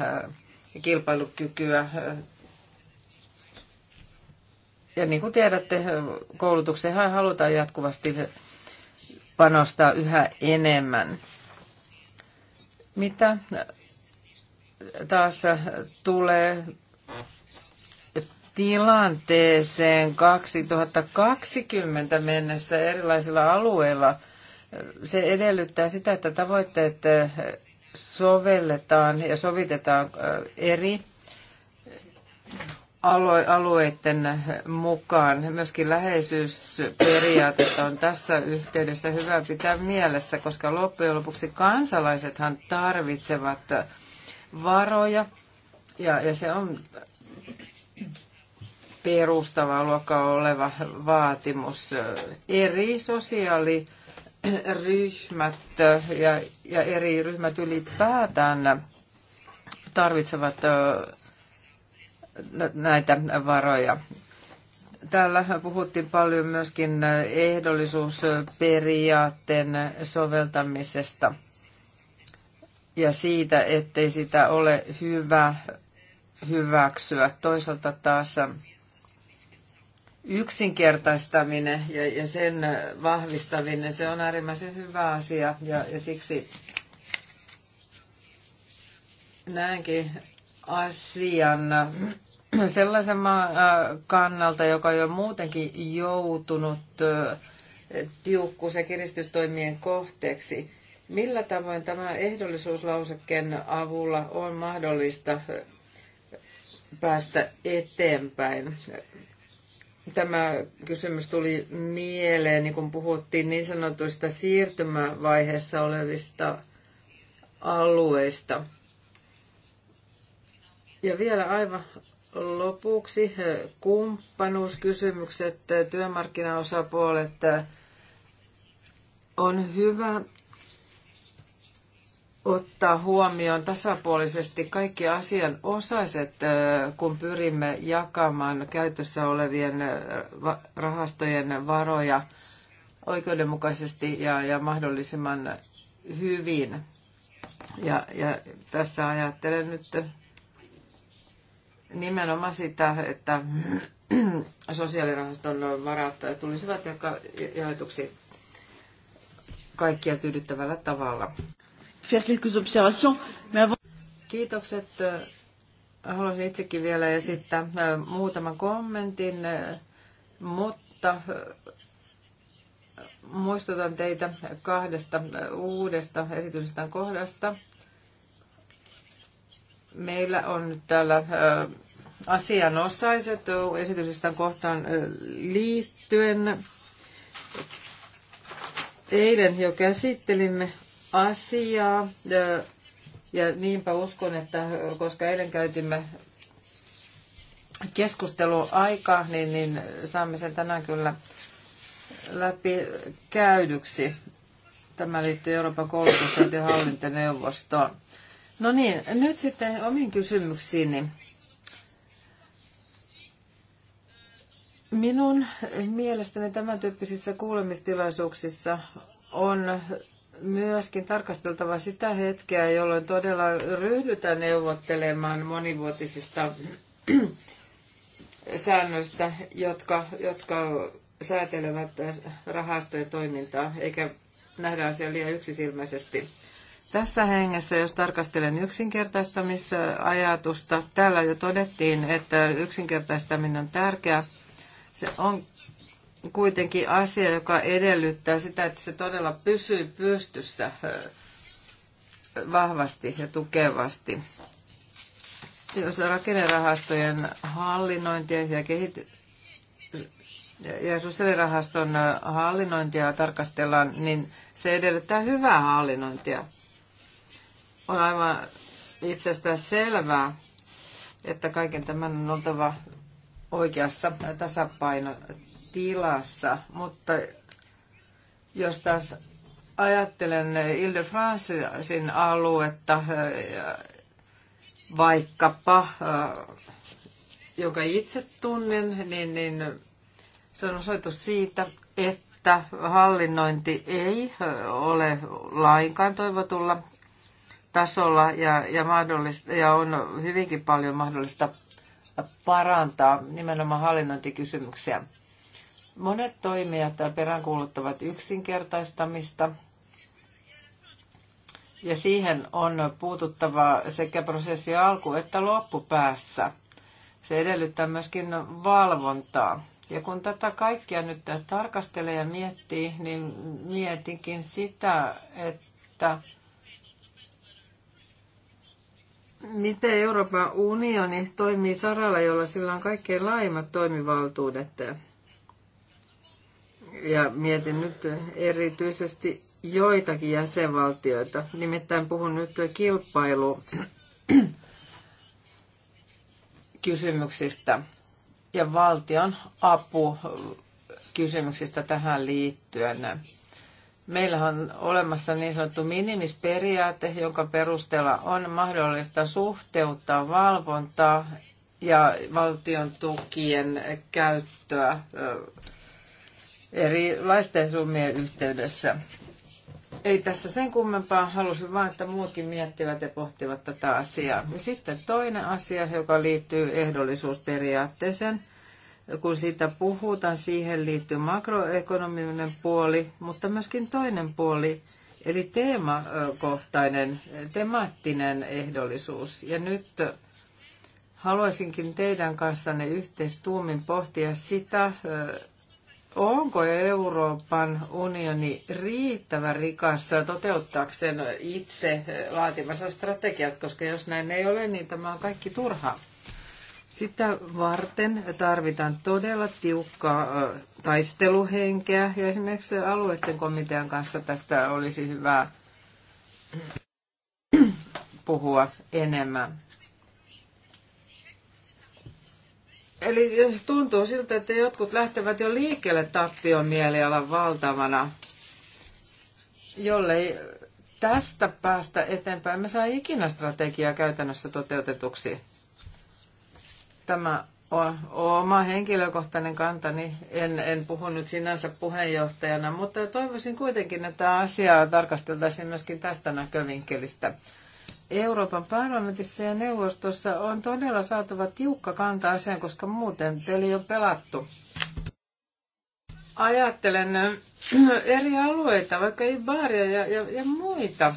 kilpailukykyä. Äh. Ja niin kuin tiedätte, äh, koulutukseen halutaan jatkuvasti panostaa yhä enemmän. Mitä taas tulee tilanteeseen 2020 mennessä erilaisilla alueilla – se edellyttää sitä, että tavoitteet sovelletaan ja sovitetaan eri alueiden mukaan. Myöskin läheisyysperiaatetta on tässä yhteydessä hyvä pitää mielessä, koska loppujen lopuksi kansalaisethan tarvitsevat varoja ja, ja se on perustava luokka oleva vaatimus. Eri sosiaali- ryhmät ja, ja eri ryhmät ylipäätään tarvitsevat näitä varoja. Täällä puhuttiin paljon myöskin ehdollisuusperiaatteen soveltamisesta ja siitä, ettei sitä ole hyvä hyväksyä. Toisaalta taas yksinkertaistaminen ja, ja sen vahvistaminen, se on äärimmäisen hyvä asia ja, ja siksi näenkin asian sellaisen äh, kannalta, joka on jo muutenkin joutunut äh, tiukkuus- ja kiristystoimien kohteeksi. Millä tavoin tämä ehdollisuuslausekkeen avulla on mahdollista äh, päästä eteenpäin? Tämä kysymys tuli mieleen, niin kun puhuttiin niin sanotuista siirtymävaiheessa olevista alueista. Ja vielä aivan lopuksi eh, kumppanuuskysymykset, eh, työmarkkinaosapuolet. Eh, on hyvä, ottaa huomioon tasapuolisesti kaikki asian osaiset, kun pyrimme jakamaan käytössä olevien rahastojen varoja oikeudenmukaisesti ja, ja mahdollisimman hyvin. Ja, ja tässä ajattelen nyt nimenomaan sitä, että sosiaalirahaston varat tulisivat jaetuksi kaikkia tyydyttävällä tavalla faire quelques observations. Mais avant... Kiitokset. Äh, haluaisin itsekin vielä esittää äh, muutaman kommentin, äh, mutta muistutan teitä kahdesta uudesta esityksestä kohdasta. Meillä on nyt täällä asianosaiset esityksestä kohtaan liittyen. Eilen jo käsittelimme asiaa. Ja niinpä uskon, että koska eilen käytimme keskusteluaikaa, niin, niin saamme sen tänään kyllä läpi käydyksi. Tämä liittyy Euroopan koulutus- ja hallintoneuvostoon. No niin, nyt sitten omiin kysymyksiini. Minun mielestäni tämän tyyppisissä kuulemistilaisuuksissa on myöskin tarkasteltava sitä hetkeä, jolloin todella ryhdytään neuvottelemaan monivuotisista säännöistä, jotka, jotka säätelevät rahastojen toimintaa, eikä nähdä asiaa liian yksisilmäisesti. Tässä hengessä, jos tarkastelen yksinkertaistamisajatusta, täällä jo todettiin, että yksinkertaistaminen on tärkeää. Se on kuitenkin asia, joka edellyttää sitä, että se todella pysyy pystyssä vahvasti ja tukevasti. Jos rakennerahastojen hallinnointia ja kehity- ja sosiaalirahaston hallinnointia tarkastellaan, niin se edellyttää hyvää hallinnointia. On aivan itsestään selvää, että kaiken tämän on oltava oikeassa tasapaino, tilassa, mutta jos taas ajattelen Ile-Francein aluetta, eh, vaikkapa, eh, joka itse tunnen, niin, niin se on osoitus siitä, että hallinnointi ei eh, ole lainkaan toivotulla tasolla ja, ja, mahdollista, ja on hyvinkin paljon mahdollista parantaa nimenomaan hallinnointikysymyksiä. Monet toimijat peräänkuuluttavat yksinkertaistamista, ja siihen on puututtava sekä prosessi alku- että loppupäässä. Se edellyttää myöskin valvontaa. Ja kun tätä kaikkia nyt tarkastelee ja miettii, niin mietinkin sitä, että miten Euroopan unioni toimii saralla, jolla sillä on kaikkein laajimmat toimivaltuudet ja mietin nyt erityisesti joitakin jäsenvaltioita. Nimittäin puhun nyt kilpailu kysymyksistä ja valtion apu kysymyksistä tähän liittyen. Meillähän on olemassa niin sanottu minimisperiaate, jonka perusteella on mahdollista suhteuttaa valvontaa ja valtion tukien käyttöä erilaisten summien yhteydessä. Ei tässä sen kummempaa, halusin vaan, että muutkin miettivät ja pohtivat tätä asiaa. Ja sitten toinen asia, joka liittyy ehdollisuusperiaatteeseen. Kun siitä puhutaan, siihen liittyy makroekonominen puoli, mutta myöskin toinen puoli, eli teemakohtainen, temaattinen ehdollisuus. Ja nyt haluaisinkin teidän kanssanne yhteistuumin pohtia sitä, onko Euroopan unioni riittävän rikas toteuttaakseen itse laatimansa strategiat, koska jos näin ei ole, niin tämä on kaikki turhaa. Sitä varten tarvitaan todella tiukkaa taisteluhenkeä ja esimerkiksi alueiden komitean kanssa tästä olisi hyvä puhua enemmän. Eli tuntuu siltä, että jotkut lähtevät jo liikkeelle tappion mielialan valtavana, jollei tästä päästä eteenpäin me saa ikinä strategiaa käytännössä toteutetuksi. Tämä on oma henkilökohtainen kantani. En, en puhu nyt sinänsä puheenjohtajana, mutta toivoisin kuitenkin, että asiaa tarkasteltaisiin myöskin tästä näkövinkkelistä. Euroopan parlamentissa ja neuvostossa on todella saatava tiukka kanta asiaan, koska muuten peli on pelattu. Ajattelen äh, eri alueita, vaikka baaria ja, ja, ja muita.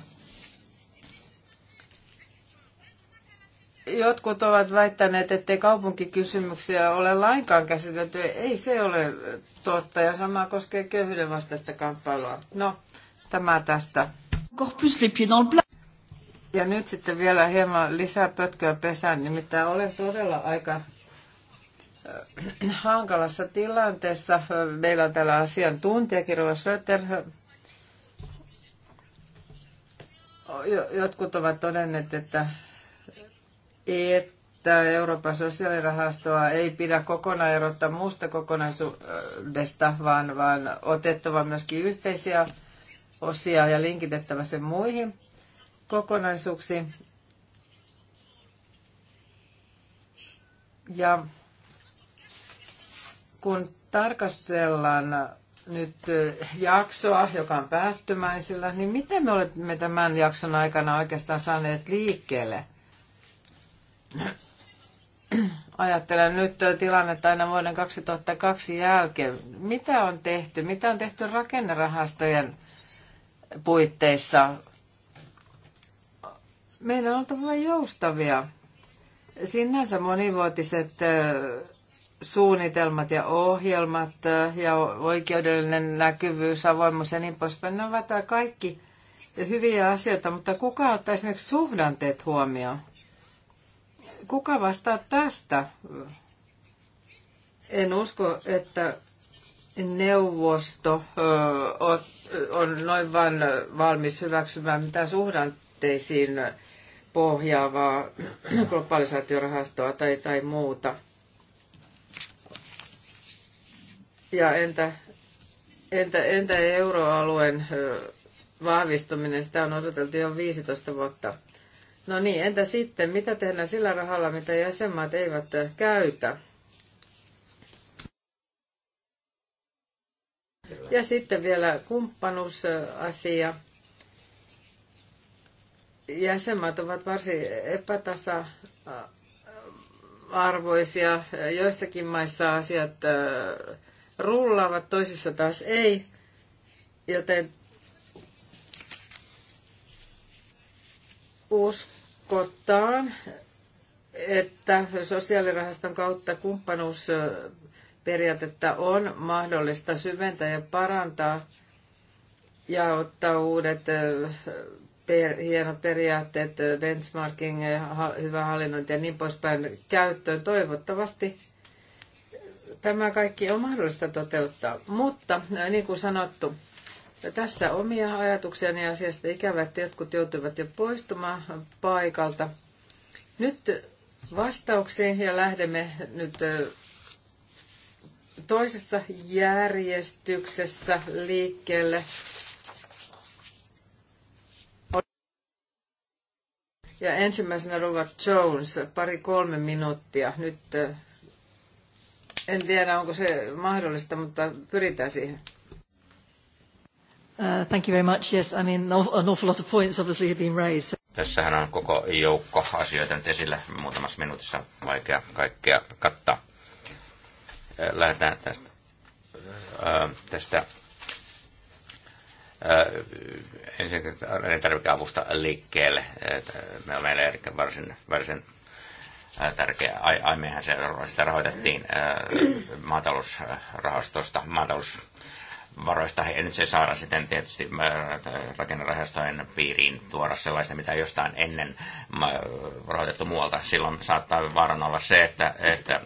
Jotkut ovat väittäneet, ettei kaupunkikysymyksiä ole lainkaan käsitelty. Ei se ole totta ja sama koskee köyhyyden vastaista kamppailua. No, tämä tästä. Encore plus les pieds dans ja nyt sitten vielä hieman lisää pötköä pesään, nimittäin olen todella aika äh, hankalassa tilanteessa. Meillä on täällä asiantuntija, Rova Schröter. Jotkut ovat todenneet, että, että Euroopan sosiaalirahastoa ei pidä kokonaan erottaa muusta kokonaisuudesta, vaan, vaan otettava myöskin yhteisiä osia ja linkitettävä sen muihin kokonaisuuksi. Ja kun tarkastellaan nyt jaksoa, joka on päättymäisillä, niin miten me olemme tämän jakson aikana oikeastaan saaneet liikkeelle? Ajattelen nyt tilannetta aina vuoden 2002 jälkeen. Mitä on tehty? Mitä on tehty rakennerahastojen puitteissa meidän on oltava joustavia. Sinänsä monivuotiset suunnitelmat ja ohjelmat ja oikeudellinen näkyvyys, avoimuus ja niin poispäin, ne ovat kaikki hyviä asioita, mutta kuka ottaa esimerkiksi suhdanteet huomioon? Kuka vastaa tästä? En usko, että neuvosto on noin vain valmis hyväksymään mitä suhdanteisiin pohjaavaa globalisaatiorahastoa tai, tai muuta. Ja entä, entä, entä euroalueen vahvistuminen? Sitä on odoteltu jo 15 vuotta. No niin, entä sitten, mitä tehdään sillä rahalla, mitä jäsenmaat eivät käytä? Ja sitten vielä kumppanuusasia jäsenmaat ovat varsin epätasa arvoisia. Joissakin maissa asiat rullaavat, toisissa taas ei. Joten uskotaan, että sosiaalirahaston kautta kumppanuusperiaatetta on mahdollista syventää ja parantaa ja ottaa uudet per, hienot periaatteet, benchmarking, hyvä hallinnointi ja niin poispäin käyttöön. Toivottavasti tämä kaikki on mahdollista toteuttaa. Mutta äh, niin kuin sanottu, tässä omia ajatuksiani asiasta. Ikävä, että jotkut joutuivat jo poistumaan paikalta. Nyt vastauksiin ja lähdemme nyt äh, toisessa järjestyksessä liikkeelle. Ja ensimmäisenä Rova Jones, pari-kolme minuuttia. Nyt eh, en tiedä, onko se mahdollista, mutta pyritään siihen. Uh, thank you very much. Yes, I mean, an awful lot of points obviously have been raised. Tässähän on koko joukko asioita nyt esillä muutamassa minuutissa. Vaikea kaikkea kattaa. Eh, lähdetään tästä, eh, tästä Äh, ensinnäkin elintarvikeavusta liikkeelle. Äh, me on meille erittäin varsin, varsin äh, tärkeä. Ai, se, sitä rahoitettiin maatalousrahastosta, maatalousvaroista. Ja nyt se saadaan sitten tietysti rakennerahastojen piiriin tuoda sellaista, mitä jostain ennen rahoitettu muualta. Silloin saattaa vaaran olla se, että, että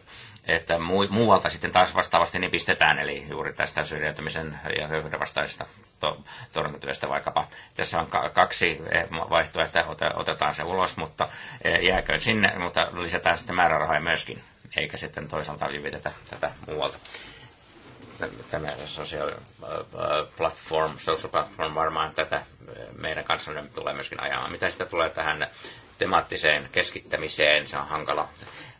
että muualta sitten taas vastaavasti niin pistetään, eli juuri tästä syrjäytymisen ja köyhyyden vastaisesta to- torjuntatyöstä vaikkapa. Tässä on kaksi eh, vaihtoehtoa, otetaan se ulos, mutta eh, jääköön sinne, mutta lisätään sitten määrärahoja myöskin, eikä sitten toisaalta jyvitetä tätä muualta. Tämä social eh, platform, social platform varmaan tätä meidän kanssamme tulee myöskin ajamaan. Mitä sitä tulee tähän temaattiseen keskittämiseen, se on hankala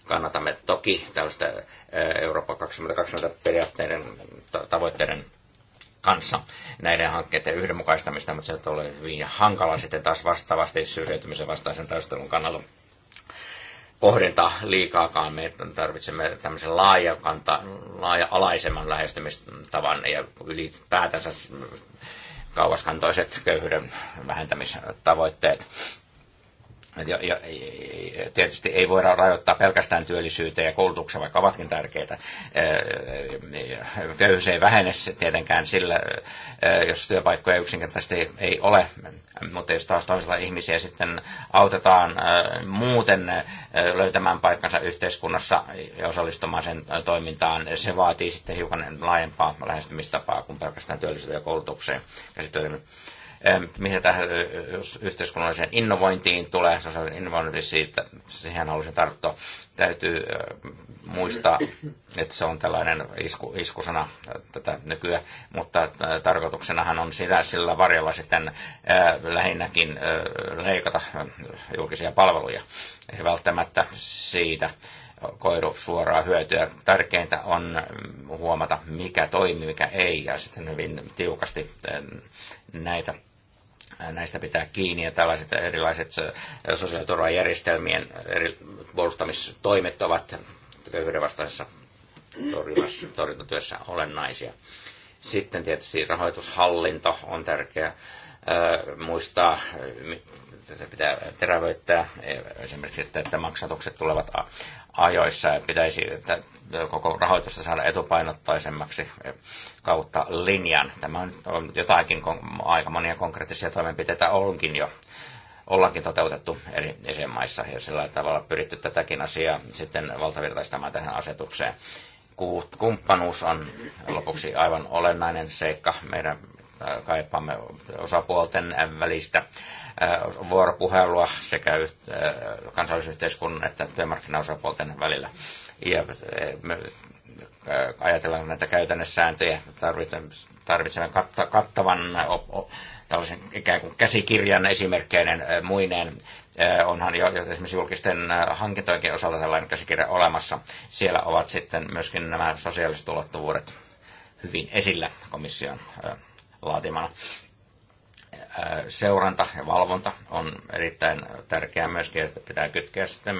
kannatamme toki tällaista Eurooppa 2020 periaatteiden tavoitteiden kanssa näiden hankkeiden yhdenmukaistamista, mutta se on hyvin hankala sitten taas vastaavasti syrjäytymisen vastaisen taistelun kannalta kohdentaa liikaakaan. Me tarvitsemme tämmöisen laajakanta, laaja-alaisemman lähestymistavan ja ylipäätänsä kauaskantoiset köyhyyden vähentämistavoitteet ja, ja, tietysti ei voida rajoittaa pelkästään työllisyyteen ja koulutukseen, vaikka ovatkin tärkeitä. Köyhyys ei vähene tietenkään sillä, jos työpaikkoja yksinkertaisesti ei ole, mutta jos taas toisella ihmisiä sitten autetaan muuten löytämään paikkansa yhteiskunnassa ja osallistumaan sen toimintaan, se vaatii sitten hiukan laajempaa lähestymistapaa kuin pelkästään työllisyyteen ja koulutukseen käsityöhön mihin tähän yhteiskunnalliseen innovointiin tulee, sosiaalinen innovointi siitä, siihen haluaisin tarttua. Täytyy muistaa, että se on tällainen isku, iskusana tätä nykyään, mutta tarkoituksenahan on sitä sillä varjolla sitten lähinnäkin leikata julkisia palveluja. Ei välttämättä siitä koidu suoraa hyötyä. Tärkeintä on mm, huomata, mikä toimii, mikä ei, ja sitten hyvin tiukasti näitä näistä pitää kiinni ja tällaiset erilaiset sosiaaliturvajärjestelmien eri puolustamistoimet ovat köyhyyden vastaisessa torjuntatyössä olennaisia. Sitten tietysti rahoitushallinto on tärkeä muistaa, tätä pitää terävöittää esimerkiksi, että maksatukset tulevat ajoissa ja pitäisi koko rahoitusta saada etupainottaisemmaksi kautta linjan. Tämä on jotakin, aika monia konkreettisia toimenpiteitä onkin jo ollakin toteutettu eri jäsenmaissa ja sillä tavalla pyritty tätäkin asiaa sitten valtavirtaistamaan tähän asetukseen. Kumppanuus on lopuksi aivan olennainen seikka meidän kaipaamme osapuolten välistä vuoropuhelua sekä kansallisyhteiskunnan että työmarkkinaosapuolten välillä. Ja ajatellaan näitä käytännön sääntöjä, tarvitsemme kattavan tällaisen ikään kuin käsikirjan esimerkkeinen muineen. Onhan jo esimerkiksi julkisten hankintojenkin osalta tällainen käsikirja olemassa. Siellä ovat sitten myöskin nämä sosiaaliset ulottuvuudet hyvin esillä komission laatimana. Seuranta ja valvonta on erittäin tärkeää myöskin, että pitää kytkeä sitten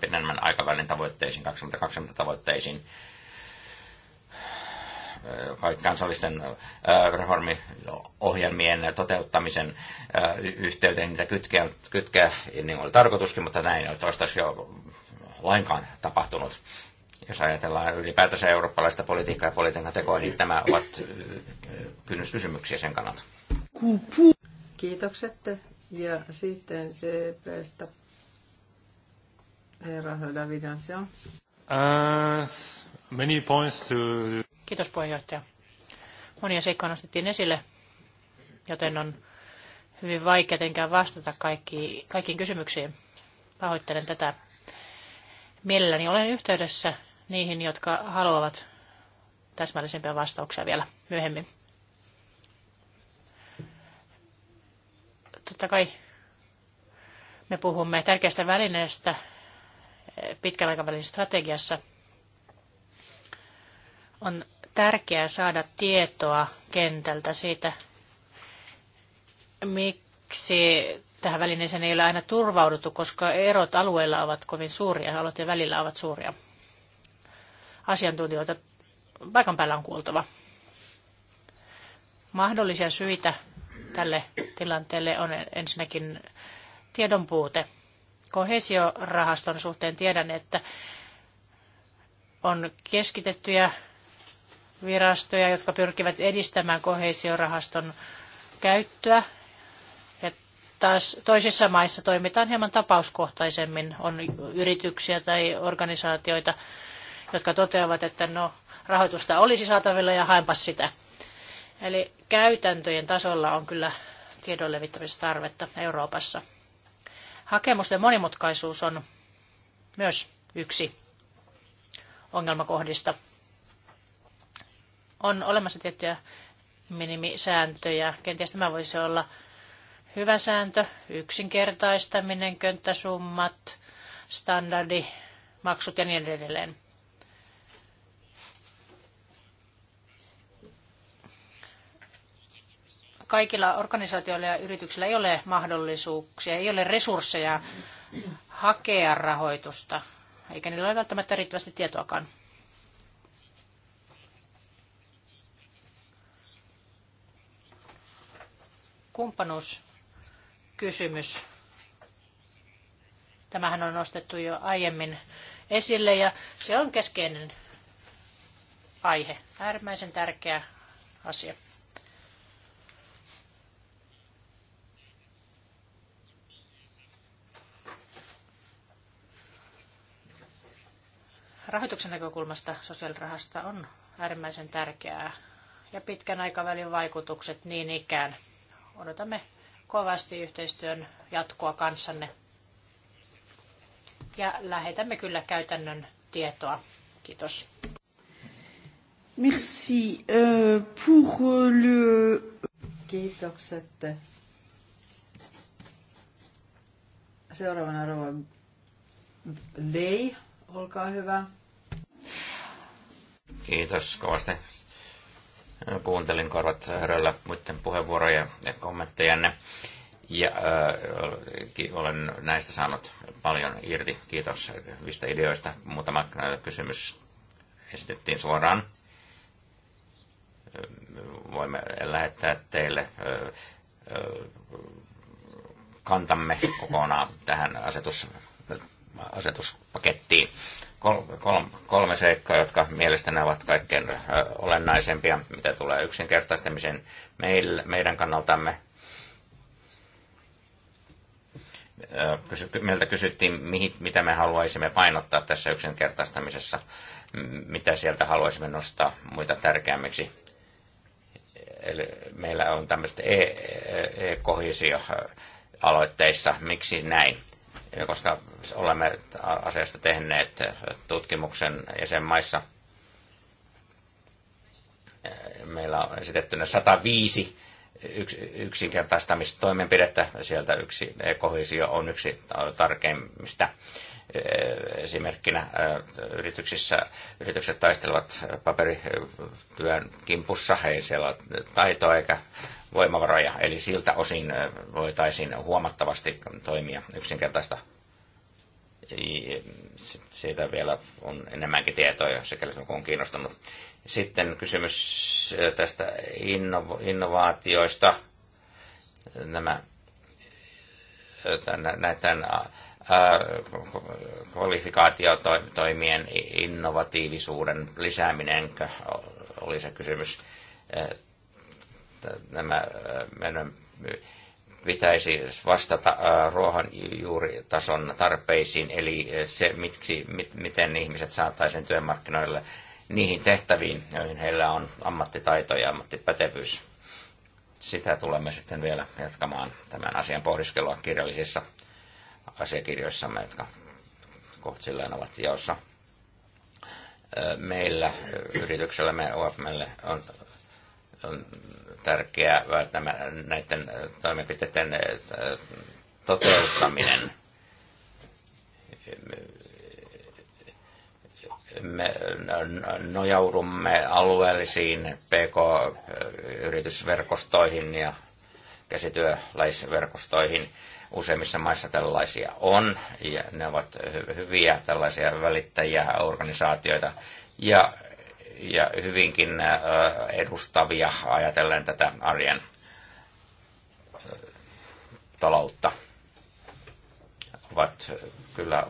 pidemmän aikavälin tavoitteisiin, 2020 tavoitteisiin kansallisten reformiohjelmien toteuttamisen yhteyteen niitä kytkeä, kytkeä niin oli tarkoituskin, mutta näin ei toistaiseksi jo lainkaan tapahtunut jos ajatellaan ylipäätänsä eurooppalaista politiikkaa ja politiikan tekoa, niin nämä ovat kynnyskysymyksiä sen kannalta. Kiitokset. Ja sitten se päästä herra Hödavidansio. Uh, many points to... Kiitos puheenjohtaja. Monia seikkoja nostettiin esille, joten on hyvin vaikea tietenkään vastata kaikki, kaikkiin kysymyksiin. Pahoittelen tätä mielelläni olen yhteydessä niihin, jotka haluavat täsmällisempiä vastauksia vielä myöhemmin. Totta kai me puhumme tärkeästä välineestä pitkän aikavälin strategiassa. On tärkeää saada tietoa kentältä siitä, miksi tähän välineeseen ei ole aina turvauduttu, koska erot alueilla ovat kovin suuria, aloitteen välillä ovat suuria asiantuntijoita paikan päällä on kuultava. Mahdollisia syitä tälle tilanteelle on ensinnäkin tiedon puute. Kohesiorahaston suhteen tiedän, että on keskitettyjä virastoja, jotka pyrkivät edistämään kohesiorahaston käyttöä. Ja taas toisissa maissa toimitaan hieman tapauskohtaisemmin. On yrityksiä tai organisaatioita, jotka toteavat, että no, rahoitusta olisi saatavilla ja haenpas sitä. Eli käytäntöjen tasolla on kyllä tiedon levittämisessä tarvetta Euroopassa. Hakemusten monimutkaisuus on myös yksi ongelmakohdista. On olemassa tiettyjä minimisääntöjä. Kenties tämä voisi olla hyvä sääntö, yksinkertaistaminen, könttäsummat, standardi, maksut ja niin edelleen. kaikilla organisaatioilla ja yrityksillä ei ole mahdollisuuksia, ei ole resursseja hakea rahoitusta, eikä niillä ole välttämättä riittävästi tietoakaan. Kumppanuuskysymys. Tämähän on nostettu jo aiemmin esille ja se on keskeinen aihe, äärimmäisen tärkeä asia. rahoituksen näkökulmasta sosiaalirahasta on äärimmäisen tärkeää ja pitkän aikavälin vaikutukset niin ikään. Odotamme kovasti yhteistyön jatkoa kanssanne ja lähetämme kyllä käytännön tietoa. Kiitos. Merci euh, pour euh, le... Kiitokset. Seuraavana rouva Lei, olkaa hyvä. Kiitos kovasti. Kuuntelin korvat höröllä muiden puheenvuoroja ja kommenttejanne. Ja äh, olen näistä saanut paljon irti. Kiitos hyvistä ideoista. Muutama äh, kysymys esitettiin suoraan. Äh, voimme lähettää teille äh, äh, kantamme kokonaan tähän asetus, asetuspakettiin kolme seikkaa, jotka mielestäni ovat kaikkein olennaisempia, mitä tulee yksinkertaistamisen meidän kannaltamme. Meiltä kysyttiin, mitä me haluaisimme painottaa tässä yksinkertaistamisessa, mitä sieltä haluaisimme nostaa muita tärkeämmiksi. Eli meillä on tämmöistä e-kohisio-aloitteissa, e-, e-, e-, miksi näin? koska olemme asiasta tehneet tutkimuksen jäsenmaissa. Meillä on esitettynä 105 yks, yksinkertaistamistoimenpidettä. Sieltä yksi ekohisio on yksi tarkeimmista esimerkkinä yrityksissä, yritykset taistelevat paperityön kimpussa, ei siellä ole taitoa eikä voimavaroja, eli siltä osin voitaisiin huomattavasti toimia yksinkertaista. Siitä vielä on enemmänkin tietoa, sikäli joku on kiinnostunut. Sitten kysymys tästä innovaatioista. Nämä näiden kvalifikaatiotoimien innovatiivisuuden lisääminen oli se kysymys nämä äh, meidän pitäisi vastata äh, ruohonjuuritason tarpeisiin, eli äh, se, miksi, miten ihmiset saataisiin työmarkkinoille niihin tehtäviin, joihin heillä on ammattitaito ja ammattipätevyys. Sitä tulemme sitten vielä jatkamaan tämän asian pohdiskelua kirjallisissa asiakirjoissamme, jotka kohtsillaan ovat jaossa. Meillä yrityksellämme OFMlle on, on tärkeä nämä, näiden äh, toimenpiteiden äh, toteuttaminen. Me äh, nojaudumme alueellisiin PK-yritysverkostoihin ja käsityöläisverkostoihin. Useimmissa maissa tällaisia on, ja ne ovat hyviä tällaisia välittäjiä, organisaatioita, ja ja hyvinkin äh, edustavia ajatellen tätä arjen äh, taloutta ovat äh, kyllä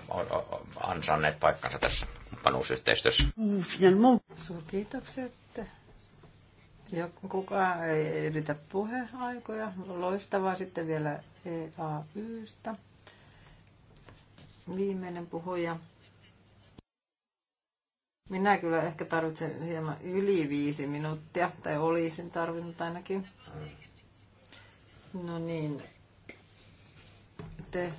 ansanneet paikkansa tässä panuusyhteistyössä. Mm, Suurkiitokset. Ja kukaan ei yritä puheaikoja. Loistavaa sitten vielä EAYstä. Viimeinen puhuja. Minä kyllä ehkä tarvitsen hieman yli viisi minuuttia, tai olisin tarvinnut ainakin. No niin, te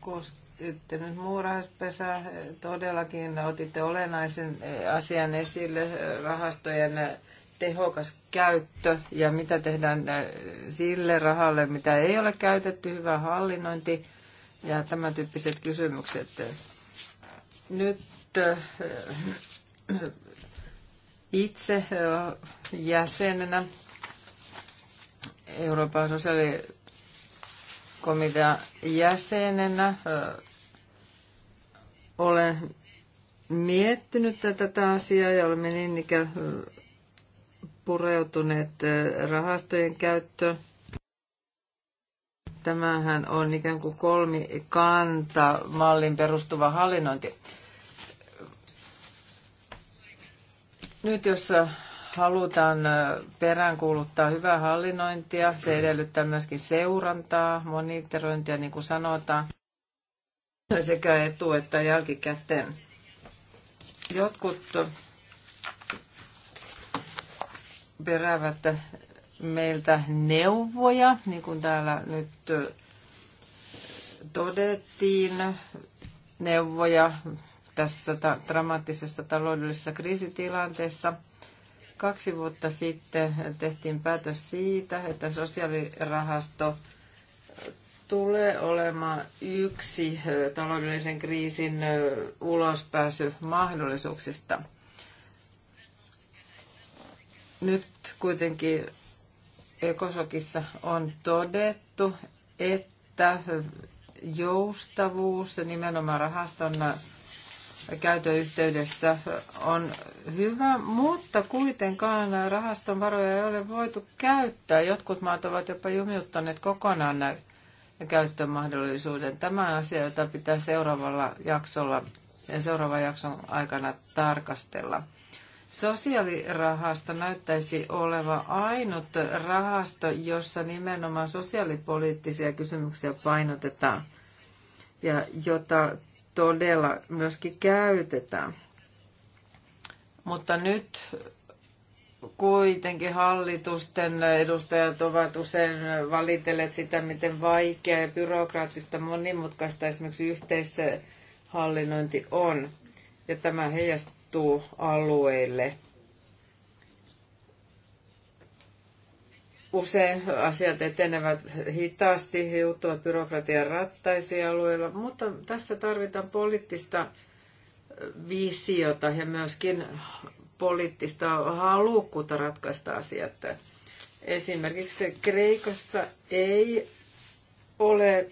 kostitte nyt muurahaispesää. Todellakin otitte olennaisen e, asian esille, rahastojen tehokas käyttö ja mitä tehdään e, sille rahalle, mitä ei ole käytetty, hyvä hallinnointi ja tämän tyyppiset kysymykset. Nyt e, itse jäsenenä Euroopan sosiaalikomitean jäsenenä olen miettinyt tätä asiaa ja olemme niin ikään pureutuneet rahastojen käyttöön. Tämähän on ikään kuin kolmikanta mallin perustuva hallinnointi. Nyt jos äh, halutaan äh, peräänkuuluttaa hyvää hallinnointia, se edellyttää myöskin seurantaa, monitorointia, niin kuin sanotaan, sekä etu- että jälkikäteen. Jotkut äh, peräävät meiltä neuvoja, niin kuin täällä nyt todettiin, neuvoja tässä ta- dramaattisessa taloudellisessa kriisitilanteessa. Kaksi vuotta sitten tehtiin päätös siitä, että sosiaalirahasto tulee olemaan yksi taloudellisen kriisin ulospääsymahdollisuuksista. Nyt kuitenkin Ekosokissa on todettu, että joustavuus nimenomaan rahaston käytön yhteydessä on hyvä, mutta kuitenkaan rahaston varoja ei ole voitu käyttää. Jotkut maat ovat jopa jumiuttaneet kokonaan näitä käyttömahdollisuuden. Tämä on asia, jota pitää seuraavalla jaksolla ja seuraavan jakson aikana tarkastella. Sosiaalirahasto näyttäisi oleva ainut rahasto, jossa nimenomaan sosiaalipoliittisia kysymyksiä painotetaan ja jota todella myöskin käytetään. Mutta nyt kuitenkin hallitusten edustajat ovat usein valitelleet sitä, miten vaikeaa ja byrokraattista monimutkaista esimerkiksi yhteishallinnointi on. Ja tämä heijastuu alueille. Usein asiat etenevät hitaasti, he joutuvat byrokratian rattaisiin alueilla, mutta tässä tarvitaan poliittista visiota ja myöskin poliittista halukkuutta ratkaista asiat. Esimerkiksi Kreikassa ei ole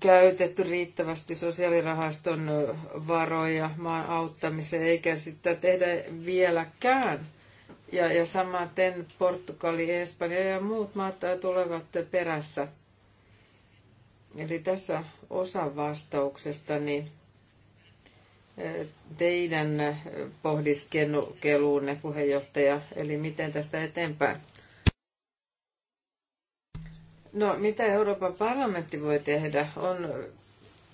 käytetty riittävästi sosiaalirahaston varoja maan auttamiseen, eikä sitä tehdä vieläkään. Ja, ja samaten Portugali, Espanja ja muut maat tulevat perässä. Eli tässä osa vastauksesta niin eh, teidän pohdiskeluunne puheenjohtaja, eli miten tästä eteenpäin? No, mitä Euroopan parlamentti voi tehdä? On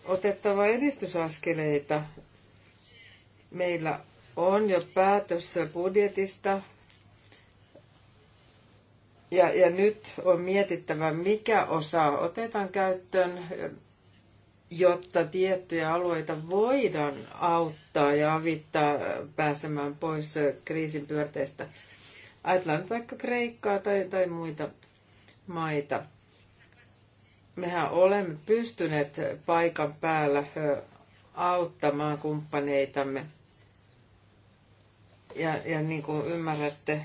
otettava edistysaskeleita. Meillä on jo päätös budjetista ja, ja nyt on mietittävä, mikä osa otetaan käyttöön, jotta tiettyjä alueita voidaan auttaa ja avittaa pääsemään pois kriisin pyörteistä. Ajatellaan vaikka Kreikkaa tai, tai muita maita. Mehän olemme pystyneet paikan päällä auttamaan kumppaneitamme. Ja, ja niin kuin ymmärrätte,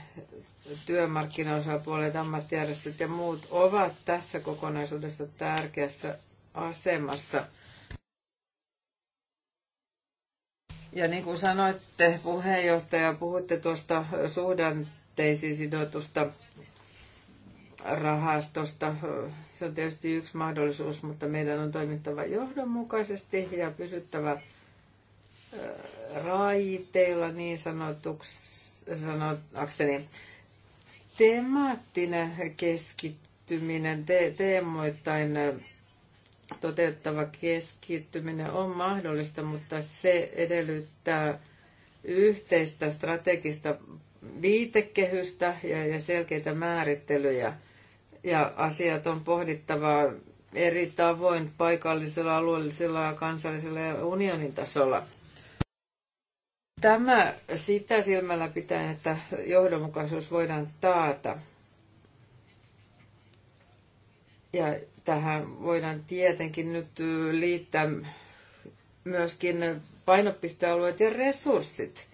työmarkkinaosapuolet, ammattijärjestöt ja muut ovat tässä kokonaisuudessa tärkeässä asemassa. Ja niin kuin sanoitte, puheenjohtaja, puhutte tuosta suhdanteisiin sidotusta rahastosta. Se on tietysti yksi mahdollisuus, mutta meidän on toimittava johdonmukaisesti ja pysyttävä raiteilla niin sanotuksi, sanot, akseni, temaattinen keskittyminen, te- teemoittain toteuttava keskittyminen on mahdollista, mutta se edellyttää yhteistä strategista viitekehystä ja, ja selkeitä määrittelyjä. Ja asiat on pohdittava eri tavoin paikallisella, alueellisella, kansallisella ja unionin tasolla. Tämä sitä silmällä pitää, että johdonmukaisuus voidaan taata. Ja tähän voidaan tietenkin nyt liittää myöskin painopistealueet ja resurssit.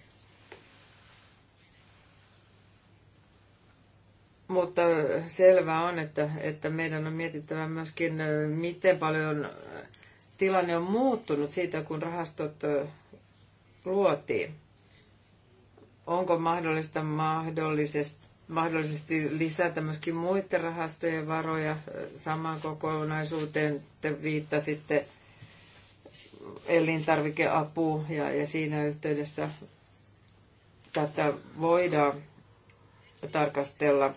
Mutta selvää on, että, että meidän on mietittävä myöskin, miten paljon tilanne on muuttunut siitä, kun rahastot luotiin. Onko mahdollista mahdollisesti, mahdollisesti lisätä myöskin muiden rahastojen varoja samaan kokonaisuuteen? Te viittasitte elintarvikeapuun ja, ja siinä yhteydessä tätä voidaan tarkastella.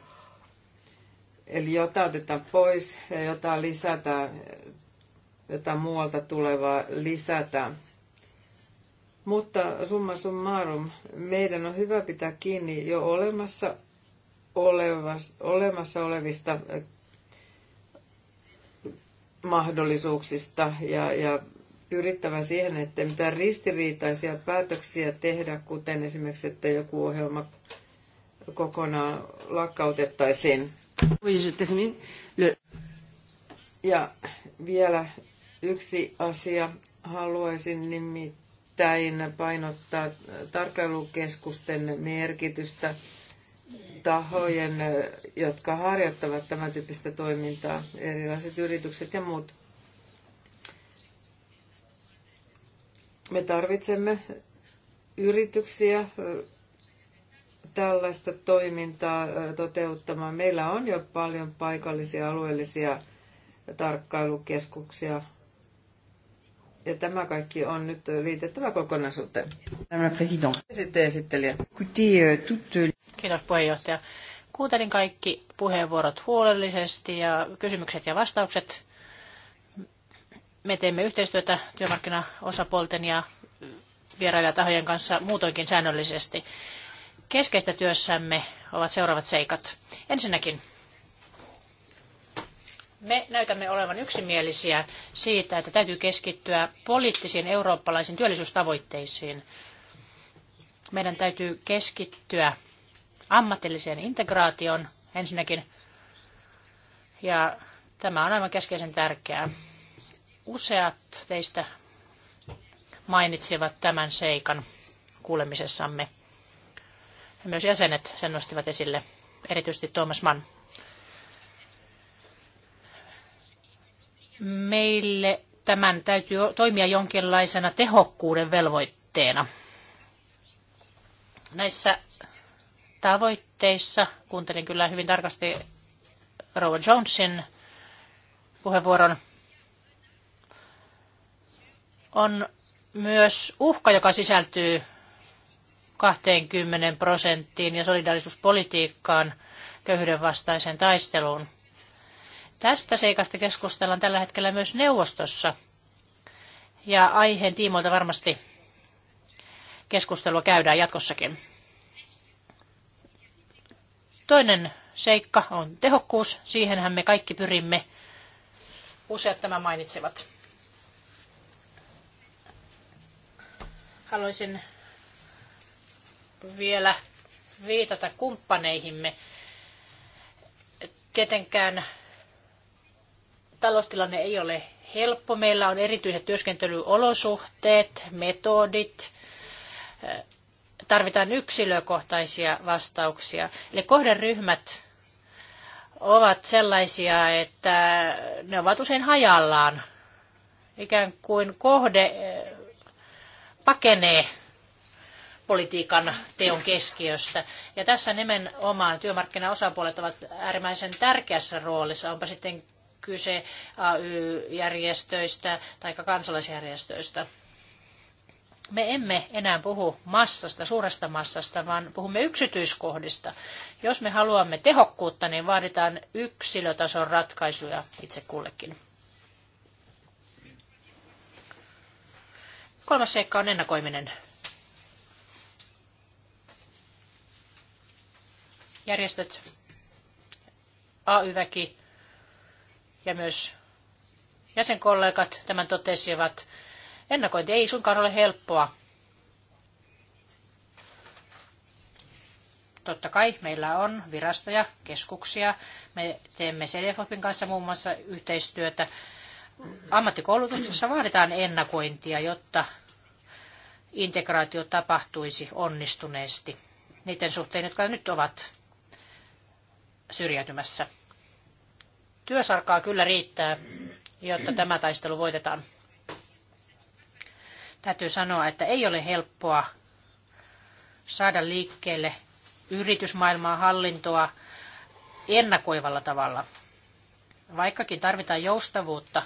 Eli jotain otetaan pois ja jotain lisätään, jotain muualta tulevaa lisätään. Mutta summa summarum, meidän on hyvä pitää kiinni jo olemassa, olevas, olemassa olevista eh, mahdollisuuksista ja, ja pyrittävä siihen, että mitään ristiriitaisia päätöksiä tehdä, kuten esimerkiksi, että joku ohjelma kokonaan lakkautettaisiin. Ja vielä yksi asia haluaisin nimittää erittäin painottaa tarkkailukeskusten merkitystä tahojen, jotka harjoittavat tämän tyyppistä toimintaa, erilaiset yritykset ja muut. Me tarvitsemme yrityksiä tällaista toimintaa toteuttamaan. Meillä on jo paljon paikallisia alueellisia tarkkailukeskuksia ja tämä kaikki on nyt liitettävä kokonaisuuteen. Tämä president. Sitten esittelijä. Euh, Kiitos puheenjohtaja. Kuuntelin kaikki puheenvuorot huolellisesti ja kysymykset ja vastaukset. Me teemme yhteistyötä työmarkkinaosapuolten ja vierailijatahojen kanssa muutoinkin säännöllisesti. Keskeistä työssämme ovat seuraavat seikat. Ensinnäkin me näytämme olevan yksimielisiä siitä, että täytyy keskittyä poliittisiin eurooppalaisiin työllisyystavoitteisiin. Meidän täytyy keskittyä ammatilliseen integraation ensinnäkin. Ja tämä on aivan keskeisen tärkeää. Useat teistä mainitsivat tämän seikan kuulemisessamme. Myös jäsenet sen nostivat esille, erityisesti Thomas Mann. Meille tämän täytyy toimia jonkinlaisena tehokkuuden velvoitteena. Näissä tavoitteissa, kuuntelin kyllä hyvin tarkasti Rowan Johnson puheenvuoron, on myös uhka, joka sisältyy 20 prosenttiin ja solidaarisuuspolitiikkaan, köyhyyden vastaiseen taisteluun. Tästä seikasta keskustellaan tällä hetkellä myös neuvostossa. Ja aiheen tiimoilta varmasti keskustelua käydään jatkossakin. Toinen seikka on tehokkuus. Siihenhän me kaikki pyrimme. Useat tämä mainitsevat. Haluaisin vielä viitata kumppaneihimme. Tietenkään taloustilanne ei ole helppo. Meillä on erityiset työskentelyolosuhteet, metodit, tarvitaan yksilökohtaisia vastauksia. Eli kohderyhmät ovat sellaisia, että ne ovat usein hajallaan. Ikään kuin kohde eh, pakenee politiikan teon keskiöstä. Ja tässä nimenomaan työmarkkinaosapuolet ovat äärimmäisen tärkeässä roolissa, onpa sitten kyse AY-järjestöistä tai kansalaisjärjestöistä. Me emme enää puhu massasta, suuresta massasta, vaan puhumme yksityiskohdista. Jos me haluamme tehokkuutta, niin vaaditaan yksilötason ratkaisuja itse kullekin. Kolmas seikka on ennakoiminen. Järjestöt, AY-väki ja myös jäsenkollegat tämän totesivat. Ennakointi ei suinkaan ole helppoa. Totta kai meillä on virastoja, keskuksia. Me teemme CDFOPin kanssa muun muassa yhteistyötä. Ammattikoulutuksessa vaaditaan ennakointia, jotta integraatio tapahtuisi onnistuneesti niiden suhteen, jotka nyt ovat syrjäytymässä. Työsarkaa kyllä riittää, jotta tämä taistelu voitetaan. Täytyy sanoa, että ei ole helppoa saada liikkeelle yritysmaailmaa hallintoa ennakoivalla tavalla. Vaikkakin tarvitaan joustavuutta,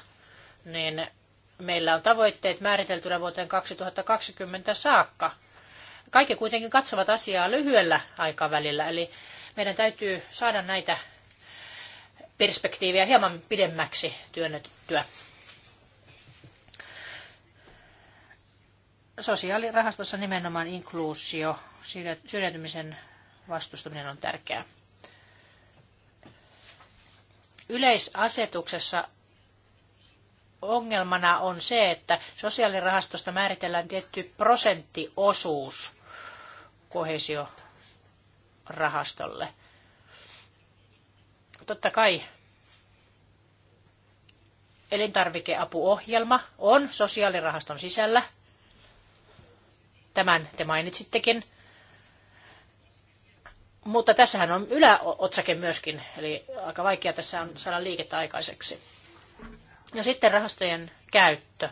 niin meillä on tavoitteet määriteltynä vuoteen 2020 saakka. Kaikki kuitenkin katsovat asiaa lyhyellä aikavälillä, eli meidän täytyy saada näitä perspektiiviä hieman pidemmäksi työnnettyä. Sosiaalirahastossa nimenomaan inkluusio, syrjäytymisen vastustaminen on tärkeää. Yleisasetuksessa ongelmana on se, että sosiaalirahastosta määritellään tietty prosenttiosuus kohesiorahastolle. Totta kai elintarvikeapuohjelma on sosiaalirahaston sisällä. Tämän te mainitsittekin. Mutta tässähän on yläotsake myöskin, eli aika vaikea tässä on saada liikettä aikaiseksi. No sitten rahastojen käyttö.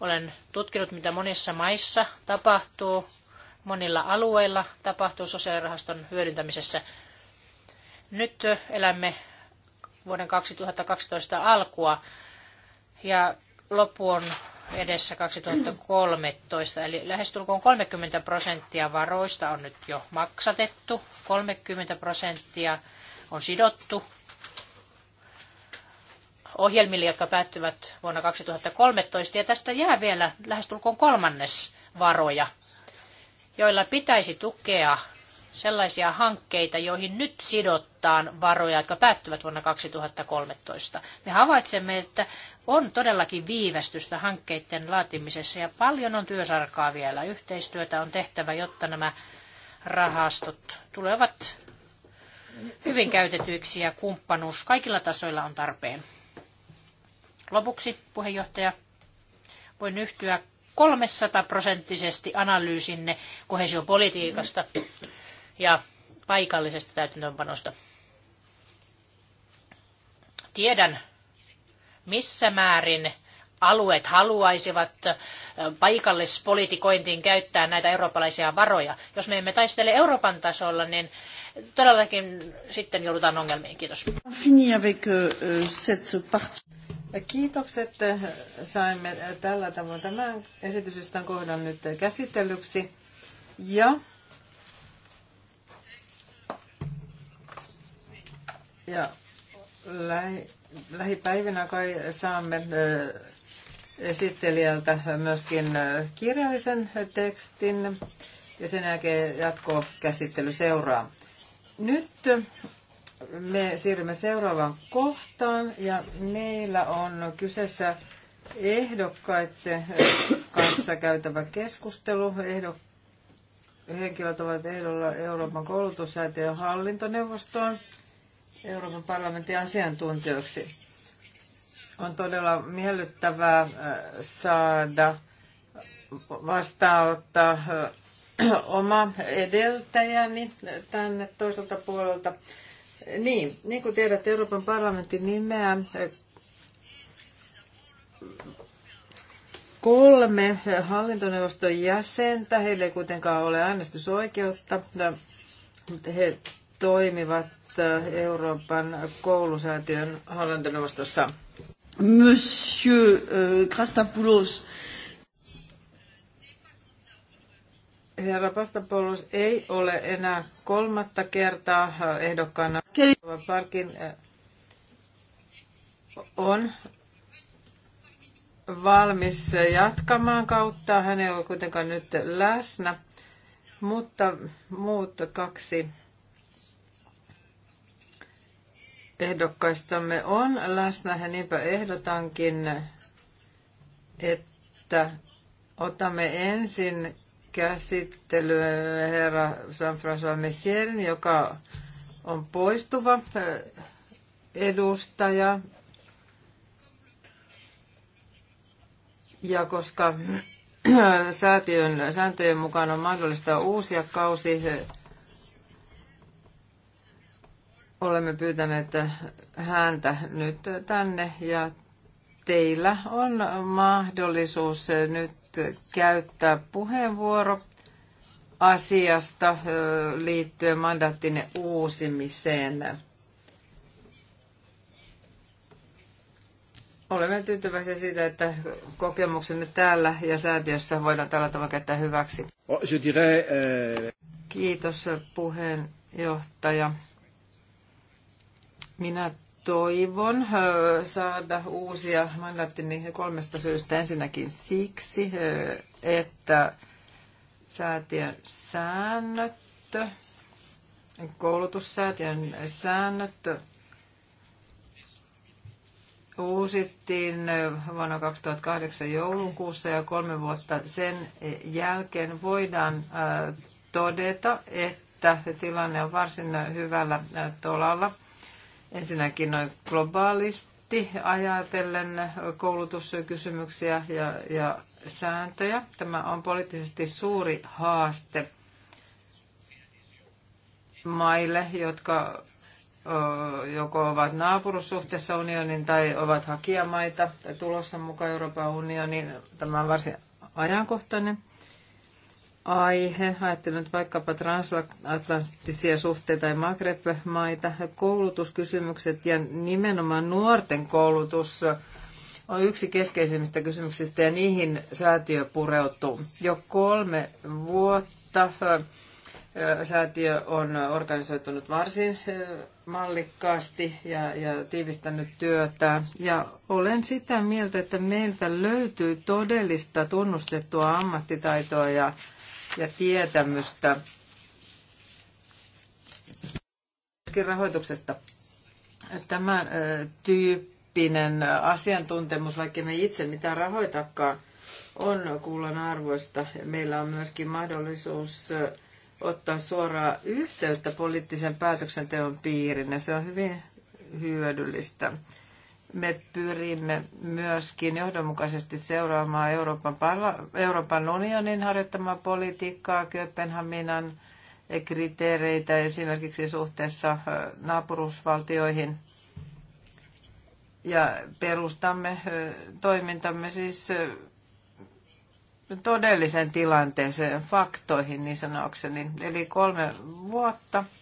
Olen tutkinut, mitä monissa maissa tapahtuu, monilla alueilla tapahtuu sosiaalirahaston hyödyntämisessä – nyt elämme vuoden 2012 alkua ja loppu on edessä 2013, eli lähestulkoon 30 prosenttia varoista on nyt jo maksatettu, 30 prosenttia on sidottu ohjelmille, jotka päättyvät vuonna 2013, ja tästä jää vielä lähestulkoon kolmannes varoja, joilla pitäisi tukea sellaisia hankkeita, joihin nyt sidottaan varoja, jotka päättyvät vuonna 2013. Me havaitsemme, että on todellakin viivästystä hankkeiden laatimisessa ja paljon on työsarkaa vielä. Yhteistyötä on tehtävä, jotta nämä rahastot tulevat hyvin käytetyiksi ja kumppanuus kaikilla tasoilla on tarpeen. Lopuksi, puheenjohtaja, voin yhtyä 300 prosenttisesti analyysinne kohesiopolitiikasta ja paikallisesta täytäntöönpanosta. Tiedän, missä määrin alueet haluaisivat paikallispolitikointiin käyttää näitä eurooppalaisia varoja. Jos me emme taistele Euroopan tasolla, niin todellakin sitten joudutaan ongelmiin. Kiitos. Kiitokset. Saimme tällä tavalla tämän esitysistan kohdan nyt käsittelyksi. Ja Ja lähi, lähipäivinä kai saamme esittelijältä myöskin kirjallisen tekstin ja sen jälkeen jatkokäsittely seuraa. Nyt me siirrymme seuraavaan kohtaan ja meillä on kyseessä ehdokkaiden kanssa käytävä keskustelu. Ehdok- henkilöt ovat ehdolla Euroopan koulutussäätiön hallintoneuvostoon. Euroopan parlamentin asiantuntijoiksi. On todella miellyttävää äh, saada vastaanottaa äh, oma edeltäjäni tänne toiselta puolelta. Niin, niin kuin tiedät, Euroopan parlamentin nimeä äh, kolme hallintoneuvoston jäsentä. Heillä ei kuitenkaan ole äänestysoikeutta. He toimivat Euroopan koulusäätiön hallintoneuvostossa. Monsieur euh, Krastapoulos. Herra Pastapoulos ei ole enää kolmatta kertaa äh, ehdokkaana. Parkin äh, on valmis jatkamaan kautta. Hän ei ole kuitenkaan nyt läsnä, mutta muut kaksi ehdokkaistamme on läsnä ja niinpä ehdotankin, että otamme ensin käsittelyyn herra Jean-François Messierin, joka on poistuva edustaja. Ja koska säätiön sääntöjen mukaan on mahdollista uusia kausi olemme pyytäneet häntä nyt tänne ja teillä on mahdollisuus nyt käyttää puheenvuoro asiasta liittyen mandaattinne uusimiseen. Olemme tyytyväisiä siitä, että kokemuksenne täällä ja säätiössä voidaan tällä tavalla käyttää hyväksi. Oh, euh, Kiitos puheenjohtaja. Minä toivon äh, saada uusia mandaattini kolmesta syystä. Ensinnäkin siksi, äh, että säätiön säännöt, koulutussäätiön säännöt uusittiin äh, vuonna 2008 joulukuussa ja kolme vuotta sen jälkeen voidaan todeta, että tilanne on varsin hyvällä tolalla – Ensinnäkin noin globaalisti ajatellen koulutuskysymyksiä ja, ja sääntöjä. Tämä on poliittisesti suuri haaste maille, jotka joko ovat naapurussuhteessa unionin tai ovat hakijamaita tai tulossa mukaan Euroopan unioniin. Tämä on varsin ajankohtainen aihe. Ajattelen nyt vaikkapa transatlanttisia suhteita ja magreb maita Koulutuskysymykset ja nimenomaan nuorten koulutus on yksi keskeisimmistä kysymyksistä ja niihin säätiö pureutuu. Jo kolme vuotta säätiö on organisoitunut varsin mallikkaasti ja, ja tiivistänyt työtä. Ja olen sitä mieltä, että meiltä löytyy todellista tunnustettua ammattitaitoa ja ja tietämystä myöskin rahoituksesta. Tämän tyyppinen asiantuntemus, vaikka me itse mitään rahoitakaan, on kuulan arvoista. Meillä on myöskin mahdollisuus ottaa suoraa yhteyttä poliittisen päätöksenteon piirin ja se on hyvin hyödyllistä me pyrimme myöskin johdonmukaisesti seuraamaan Euroopan, Euroopan unionin harjoittamaa politiikkaa, Kööpenhaminan kriteereitä esimerkiksi suhteessa naapurusvaltioihin. Ja perustamme toimintamme siis todellisen tilanteeseen, faktoihin niin sanokseni. Eli kolme vuotta –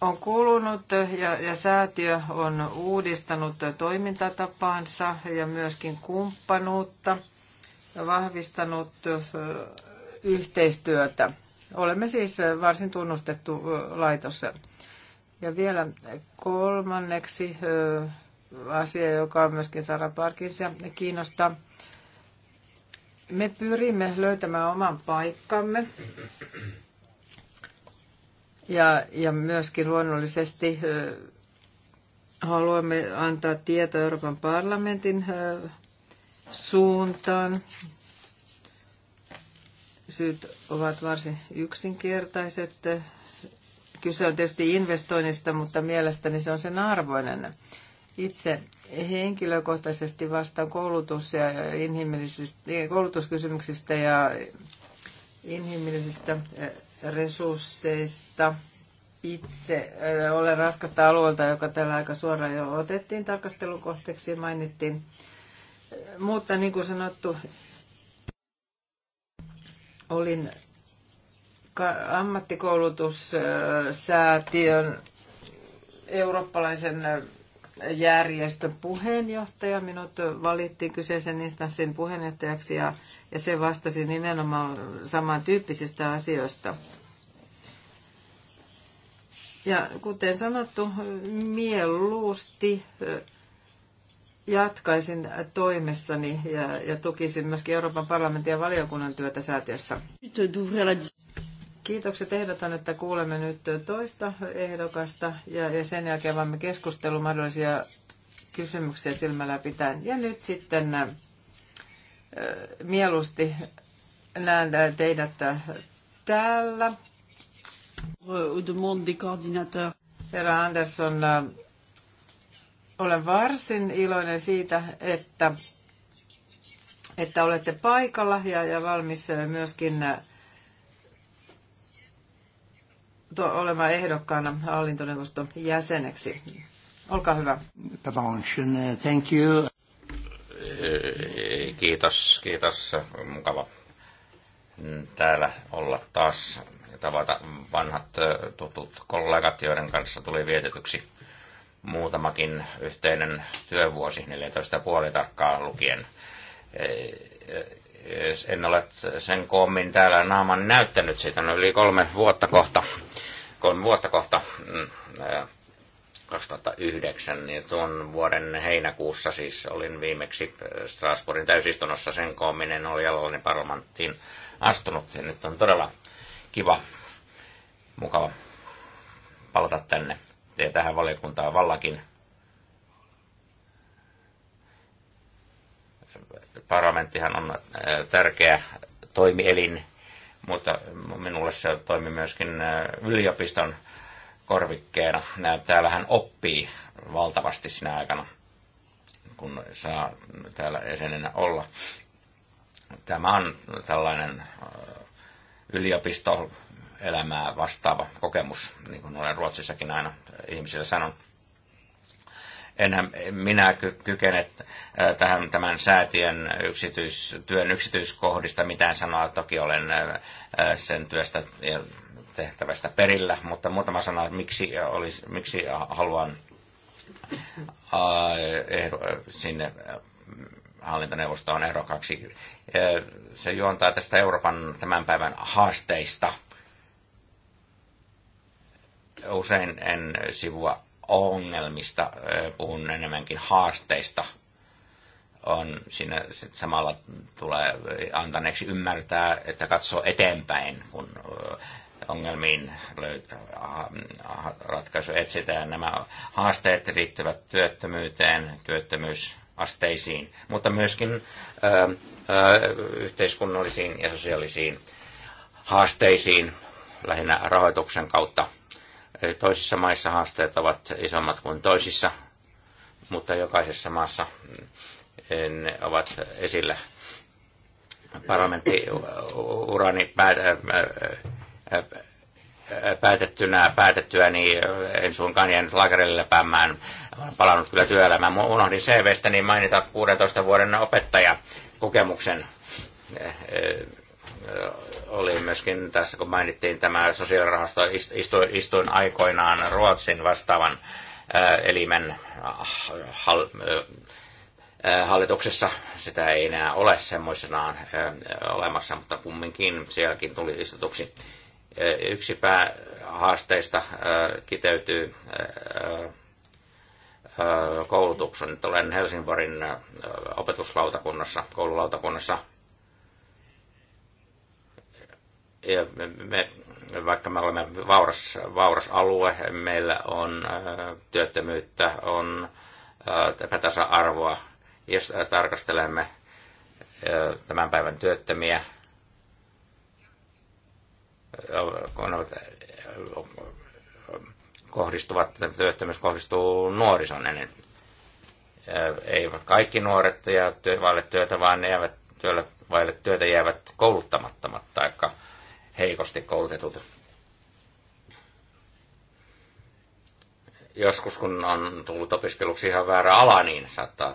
on kulunut ja, ja säätiö on uudistanut toimintatapaansa ja myöskin kumppanuutta ja vahvistanut yhteistyötä. Olemme siis varsin tunnustettu laitos. Ja vielä kolmanneksi asia, joka on myöskin Sara Parkinsia kiinnostaa. Me pyrimme löytämään oman paikkamme ja, ja myöskin luonnollisesti haluamme antaa tietoa Euroopan parlamentin suuntaan. Syyt ovat varsin yksinkertaiset. Kyse on tietysti investoinnista, mutta mielestäni se on sen arvoinen. Itse henkilökohtaisesti vastaan koulutus- ja koulutuskysymyksistä ja inhimillisistä resursseista. Itse olen raskasta alueelta, joka tällä aika suoraan jo otettiin tarkastelukohteeksi ja mainittiin. Mutta niin kuin sanottu, olin ammattikoulutussäätiön eurooppalaisen järjestö puheenjohtaja. Minut valittiin kyseisen instanssin puheenjohtajaksi ja, ja se vastasi nimenomaan samantyyppisistä asioista. Ja kuten sanottu, mieluusti jatkaisin toimessani ja, ja tukisin myöskin Euroopan parlamentin ja valiokunnan työtä säätiössä. Kiitokset. Ehdotan, että kuulemme nyt toista ehdokasta ja, ja sen jälkeen vaamme keskustelu mahdollisia kysymyksiä silmällä pitäen. Ja nyt sitten äh, mieluusti näen teidät täällä. Herra Andersson, äh, olen varsin iloinen siitä, että, että olette paikalla ja, ja valmis myöskin äh, olemaan ehdokkaana hallintoneuvoston jäseneksi. Olkaa hyvä. Eh, thank you. Eh, kiitos, kiitos. Mukava täällä olla taas ja tavata vanhat eh, tutut kollegat, joiden kanssa tuli vietetyksi muutamakin yhteinen työvuosi, 14,5 tarkkaan lukien en ole sen koommin täällä naaman näyttänyt. Siitä on yli kolme vuotta kohta, kolme vuotta kohta 2009, mm, niin tuon vuoden heinäkuussa siis olin viimeksi Strasbourgin täysistunnossa sen koommin, en ole jalollani parlamenttiin astunut. Ja nyt on todella kiva, mukava palata tänne ja tähän valiokuntaan vallakin Parlamenttihan on äh, tärkeä toimielin, mutta minulle se toimi myöskin äh, yliopiston korvikkeena. Täällähän oppii valtavasti sinä aikana, kun saa täällä jäsenenä olla. Tämä on tällainen äh, yliopistoelämää vastaava kokemus, niin kuin olen Ruotsissakin aina ihmisille sanonut enhän minä ky- kykene äh, tähän, tämän säätiön yksityis, työn yksityiskohdista mitään sanoa. Toki olen äh, äh, sen työstä ja tehtävästä perillä, mutta muutama sana, miksi, olisi, miksi haluan sinne hallintoneuvostoon ehdokkaaksi. Se juontaa tästä Euroopan tämän päivän haasteista. Usein en sivua ongelmista, puhun enemmänkin haasteista. On siinä samalla tulee antaneeksi ymmärtää, että katsoo eteenpäin, kun ongelmiin ratkaisu etsitään. Nämä haasteet liittyvät työttömyyteen, työttömyysasteisiin, mutta myöskin ö, ö, yhteiskunnallisiin ja sosiaalisiin haasteisiin lähinnä rahoituksen kautta – Toisissa maissa haasteet ovat isommat kuin toisissa, mutta jokaisessa maassa mm, ne ovat esillä. Parlamenttiurani päät, äh, äh, äh, päätettynä, päätettyä, niin en suinkaan jäänyt laakerille lepäämään. Olen palannut kyllä työelämään. unohdin CVstä niin mainita 16 vuoden opettaja kokemuksen oli myöskin tässä, kun mainittiin tämä sosiaalirahasto, istuin, istuin aikoinaan Ruotsin vastaavan elimen ah, hal, hallituksessa. Sitä ei enää ole semmoisenaan olemassa, mutta kumminkin sielläkin tuli istutuksi. Yksi päähaasteista kiteytyy koulutuksen. Nyt olen Helsingin opetuslautakunnassa, koululautakunnassa – Ja me, vaikka me olemme vauras, vauras alue, meillä on äh, työttömyyttä, on äh, epätasa-arvoa. Jos äh, tarkastelemme tämän päivän työttömiä, kohdistuvat, työttömyys kohdistuu nuorison ennen. Ei kaikki nuoret ja työ, vaille työtä, vaan ne jäävät työlle, vaille työtä jäävät kouluttamattomat tai heikosti koulutetut. Joskus kun on tullut opiskeluksi ihan väärä ala, niin saattaa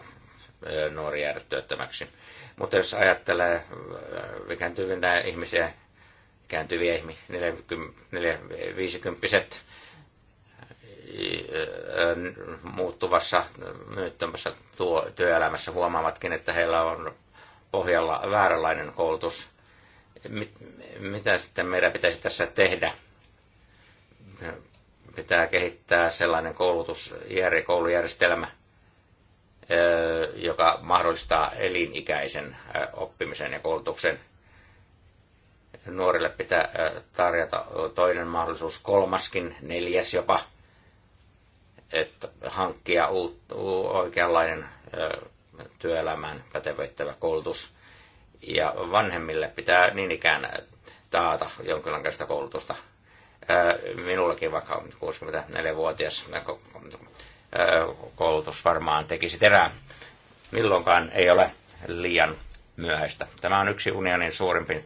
nuori jäädä työttömäksi. Mutta jos ajattelee ikääntyviä ihmisiä, ikääntyviä ihmisiä, 50 muuttuvassa, myyttömässä työelämässä huomaavatkin, että heillä on pohjalla vääränlainen koulutus mit, mitä sitten meidän pitäisi tässä tehdä? Pitää kehittää sellainen koulutus, koulujärjestelmä, joka mahdollistaa elinikäisen oppimisen ja koulutuksen. Nuorille pitää tarjota toinen mahdollisuus, kolmaskin, neljäs jopa, että hankkia uut, oikeanlainen työelämään pätevöittävä koulutus – ja vanhemmille pitää niin ikään taata jonkinlaista koulutusta. Minullakin vaikka 64-vuotias äh, koulutus varmaan tekisi terää. Milloinkaan ei ole liian myöhäistä. Tämä on yksi unionin suurimpin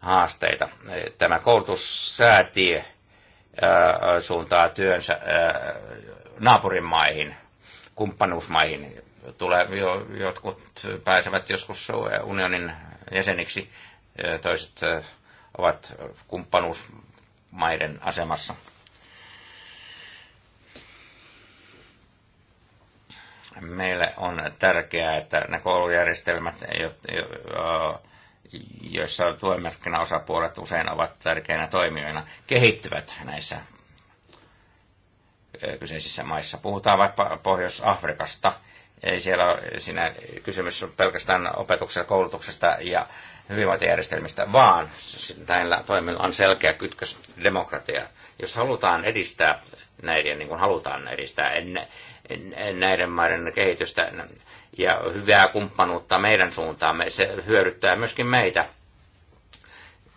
haasteita. Tämä koulutussäätiö suuntaa työnsä naapurimaihin, kumppanuusmaihin, tulee, jo, jotkut pääsevät joskus unionin jäseniksi, toiset ovat kumppanuusmaiden asemassa. Meille on tärkeää, että ne koulujärjestelmät, joissa työmarkkinaosapuolet usein ovat tärkeinä toimijoina, kehittyvät näissä kyseisissä maissa. Puhutaan vaikka Pohjois-Afrikasta – ei siellä ole siinä kysymys on pelkästään opetuksesta, koulutuksesta ja hyvinvointijärjestelmistä, vaan näillä toimilla on selkeä kytkös demokratiaa. Jos halutaan edistää näiden, niin kuin halutaan edistää en, näiden maiden kehitystä ja hyvää kumppanuutta meidän suuntaamme, se hyödyttää myöskin meitä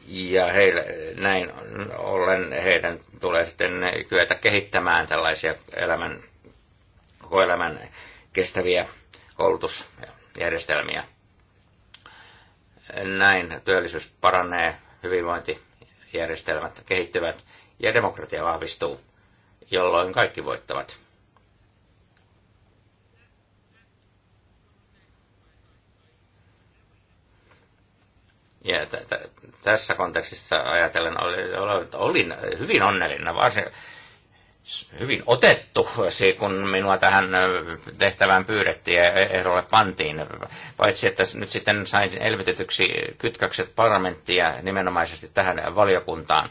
ja heille, näin ollen heidän tulee sitten kyetä kehittämään tällaisia elämän, koko elämän kestäviä koulutusjärjestelmiä. Näin työllisyys paranee, hyvinvointijärjestelmät kehittyvät ja demokratia vahvistuu, jolloin kaikki voittavat. Ja t- t- tässä kontekstissa ajatellen olin, olin hyvin onnellinen, varsin hyvin otettu, kun minua tähän tehtävään pyydettiin ja e- ehdolle pantiin. Paitsi, että nyt sitten sain elvytetyksi kytkökset parlamenttia nimenomaisesti tähän valiokuntaan.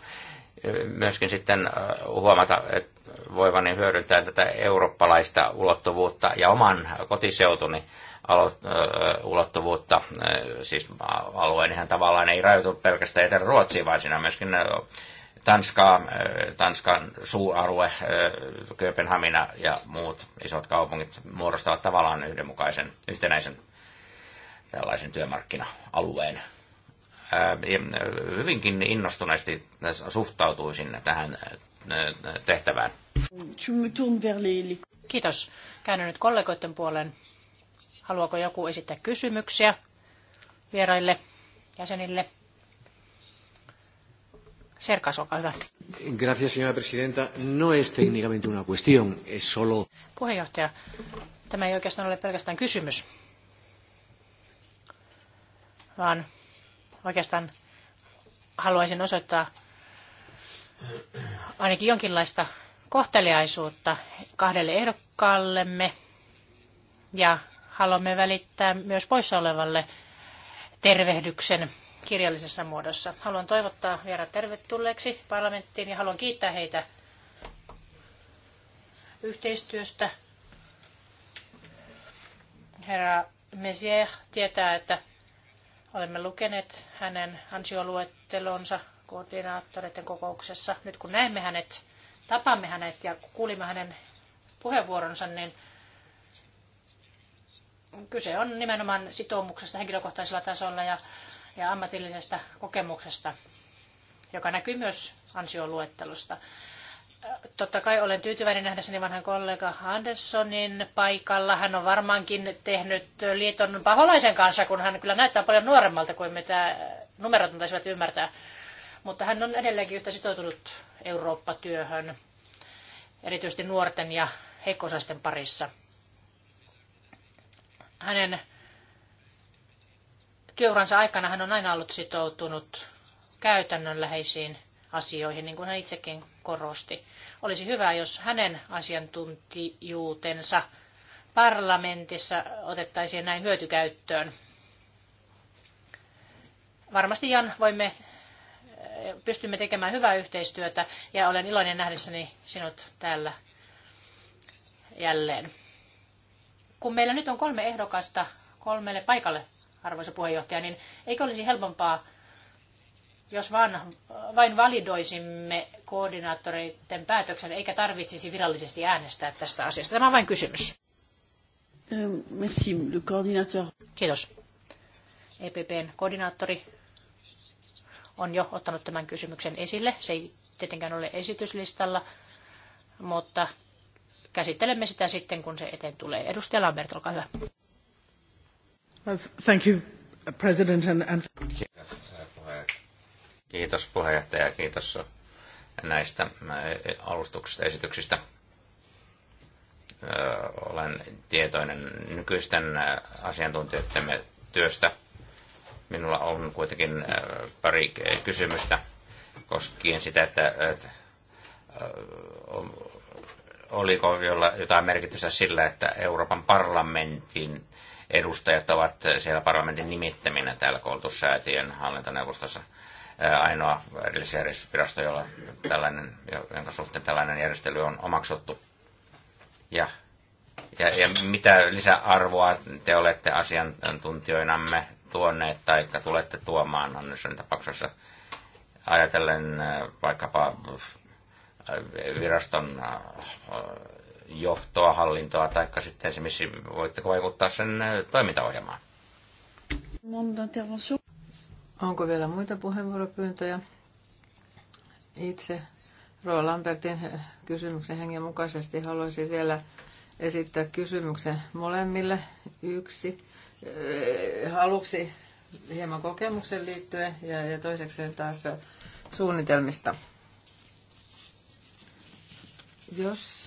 Myöskin sitten huomata, että voivani hyödyntää tätä eurooppalaista ulottuvuutta ja oman kotiseutuni ulottuvuutta. Siis alueen ihan tavallaan ei rajoitu pelkästään Etelä-Ruotsiin, vaan siinä myöskin Tanska, äh, Tanskan suualue, äh, Kööpenhamina ja muut isot kaupungit muodostavat tavallaan yhdenmukaisen, yhtenäisen tällaisen työmarkkina-alueen. Äh, hyvinkin innostuneesti suhtautuisin tähän tehtävään. Kiitos. Käännyn nyt kollegoiden puoleen. Haluaako joku esittää kysymyksiä vieraille, jäsenille? Serkas, olkaa hyvä. Gracias, señora presidenta. No es técnicamente una cuestión, es solo... Puheenjohtaja, tämä ei oikeastaan ole pelkästään kysymys, vaan oikeastaan haluaisin osoittaa ainakin jonkinlaista kohteliaisuutta kahdelle ehdokkaallemme ja haluamme välittää myös poissa olevalle tervehdyksen kirjallisessa muodossa. Haluan toivottaa vierat tervetulleeksi parlamenttiin ja haluan kiittää heitä yhteistyöstä. Herra Messier tietää, että olemme lukeneet hänen ansioluettelonsa koordinaattoreiden kokouksessa. Nyt kun näemme hänet, tapaamme hänet ja kuulimme hänen puheenvuoronsa, niin kyse on nimenomaan sitoumuksesta henkilökohtaisella tasolla ja ja ammatillisesta kokemuksesta, joka näkyy myös ansioluettelosta. Totta kai olen tyytyväinen sen vanhan kollega Anderssonin paikalla. Hän on varmaankin tehnyt liiton paholaisen kanssa, kun hän kyllä näyttää paljon nuoremmalta kuin mitä numerot taisivat ymmärtää. Mutta hän on edelleenkin yhtä sitoutunut Eurooppa-työhön, erityisesti nuorten ja heikkosaisten parissa. Hänen työuransa aikana hän on aina ollut sitoutunut käytännönläheisiin asioihin, niin kuin hän itsekin korosti. Olisi hyvä, jos hänen asiantuntijuutensa parlamentissa otettaisiin näin hyötykäyttöön. Varmasti Jan voimme, eh, pystymme tekemään hyvää yhteistyötä ja olen iloinen nähdessäni sinut täällä jälleen. Kun meillä nyt on kolme ehdokasta kolmelle paikalle arvoisa puheenjohtaja, niin eikö olisi helpompaa, jos vaan, vain validoisimme koordinaattoreiden päätöksen, eikä tarvitsisi virallisesti äänestää tästä asiasta? Tämä on vain kysymys. Euh, merci, le coordinateur. Kiitos. EPPn koordinaattori on jo ottanut tämän kysymyksen esille. Se ei tietenkään ole esityslistalla, mutta käsittelemme sitä sitten, kun se eteen tulee. Edustaja Lambert, olkaa hyvä. Uh, thank you, President. And, and... Kiitos, puheenjohtaja. kiitos puheenjohtaja, kiitos näistä äh, alustuksista, esityksistä. Äh, olen tietoinen nykyisten äh, asiantuntijoidemme työstä. Minulla on kuitenkin pari kysymystä koskien sitä, että, että oliko jotain merkitystä sillä, että Euroopan parlamentin edustajat ovat siellä parlamentin nimittäminä täällä koulutussäätiön hallintoneuvostossa ainoa erillisjärjestysvirasto, jolla tällainen, jonka suhteen tällainen järjestely on omaksuttu. Ja, ja, ja mitä lisäarvoa te olette asiantuntijoinamme tuoneet tai tulette tuomaan Andersonin tapauksessa ajatellen vaikkapa viraston johtoa, hallintoa, tai sitten missä voitteko vaikuttaa sen äh, toimintaohjelmaan? Onko vielä muita puheenvuoropyyntöjä? Itse Roa Lambertin kysymyksen hengen mukaisesti haluaisin vielä esittää kysymyksen molemmille. Yksi haluksi äh, hieman kokemuksen liittyen ja, ja toisekseen taas suunnitelmista. Jos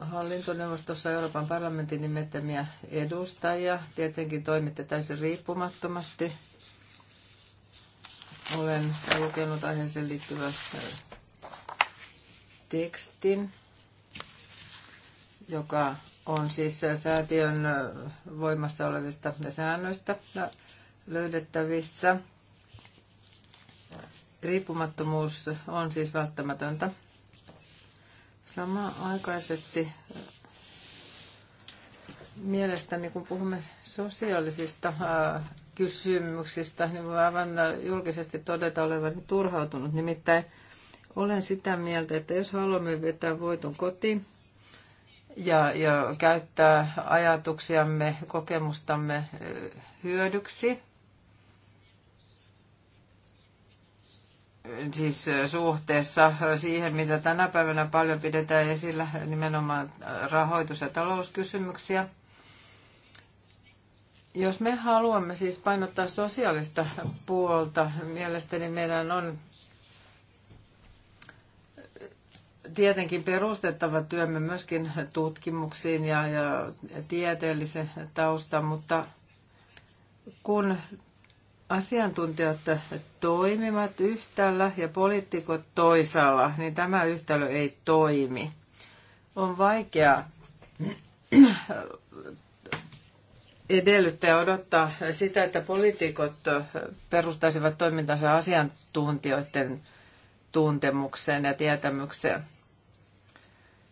hallintoneuvostossa Euroopan parlamentin nimettämiä edustajia. Tietenkin toimitte täysin riippumattomasti. Olen lukenut aiheeseen liittyvän äh, tekstin, joka on siis säätiön äh, voimassa olevista säännöistä äh, löydettävissä. Riippumattomuus on siis välttämätöntä Samanaikaisesti äh, mielestäni, kun puhumme sosiaalisista äh, kysymyksistä, niin voi aivan äh, julkisesti todeta olevani turhautunut. Nimittäin olen sitä mieltä, että jos haluamme vetää voiton kotiin ja, ja käyttää ajatuksiamme, kokemustamme hyödyksi, siis suhteessa siihen, mitä tänä päivänä paljon pidetään esillä, nimenomaan rahoitus- ja talouskysymyksiä. Jos me haluamme siis painottaa sosiaalista puolta, mielestäni meidän on tietenkin perustettava työmme myöskin tutkimuksiin ja, ja tieteellisen taustan, mutta kun asiantuntijat toimivat yhtäällä ja poliitikot toisaalla, niin tämä yhtälö ei toimi. On vaikea edellyttää odottaa sitä, että poliitikot perustaisivat toimintansa asiantuntijoiden tuntemukseen ja tietämykseen.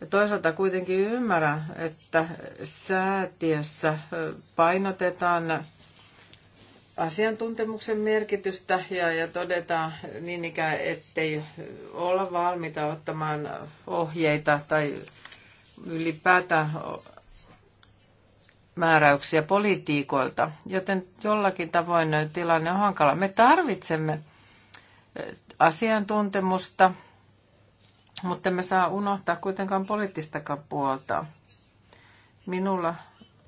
Ja toisaalta kuitenkin ymmärrän, että säätiössä painotetaan asiantuntemuksen merkitystä ja, ja todeta niin ikään, ettei olla valmiita ottamaan ohjeita tai ylipäätään määräyksiä politiikoilta, joten jollakin tavoin tilanne on hankala. Me tarvitsemme asiantuntemusta, mutta me saa unohtaa kuitenkaan poliittistakaan puolta. Minulla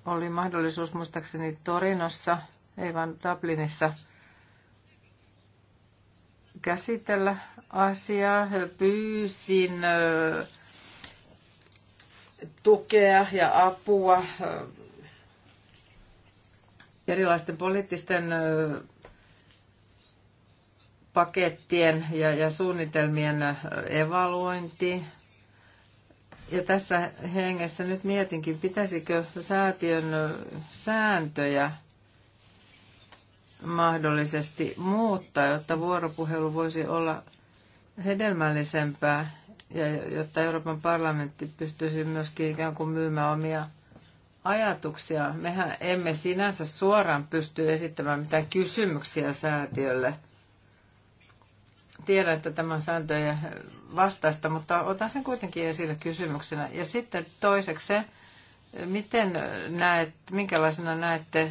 oli mahdollisuus muistaakseni Torinossa – ei vaan Dublinissa käsitellä asiaa. Pyysin tukea ja apua erilaisten poliittisten pakettien ja, ja suunnitelmien evaluointi. Ja tässä hengessä nyt mietinkin, pitäisikö säätiön sääntöjä – mahdollisesti muuttaa, jotta vuoropuhelu voisi olla hedelmällisempää ja jotta Euroopan parlamentti pystyisi myöskin ikään kuin myymään omia ajatuksia. Mehän emme sinänsä suoraan pysty esittämään mitään kysymyksiä säätiölle. Tiedän, että tämä on sääntöjen vastaista, mutta otan sen kuitenkin esille kysymyksenä. Ja sitten toiseksi se, miten näet, minkälaisena näette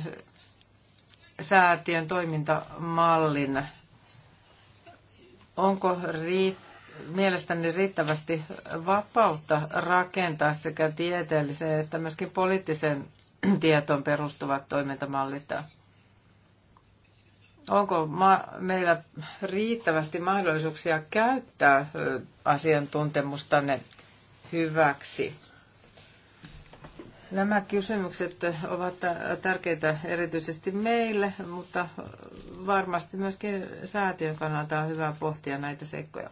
säätiön toimintamallin. Onko riitt- mielestäni riittävästi vapautta rakentaa sekä tieteelliseen että myöskin poliittiseen tietoon perustuvat toimintamallit? Onko meillä riittävästi mahdollisuuksia käyttää asiantuntemustanne hyväksi? Nämä kysymykset ovat tärkeitä erityisesti meille, mutta varmasti myöskin säätiön kannalta on hyvä pohtia näitä seikkoja.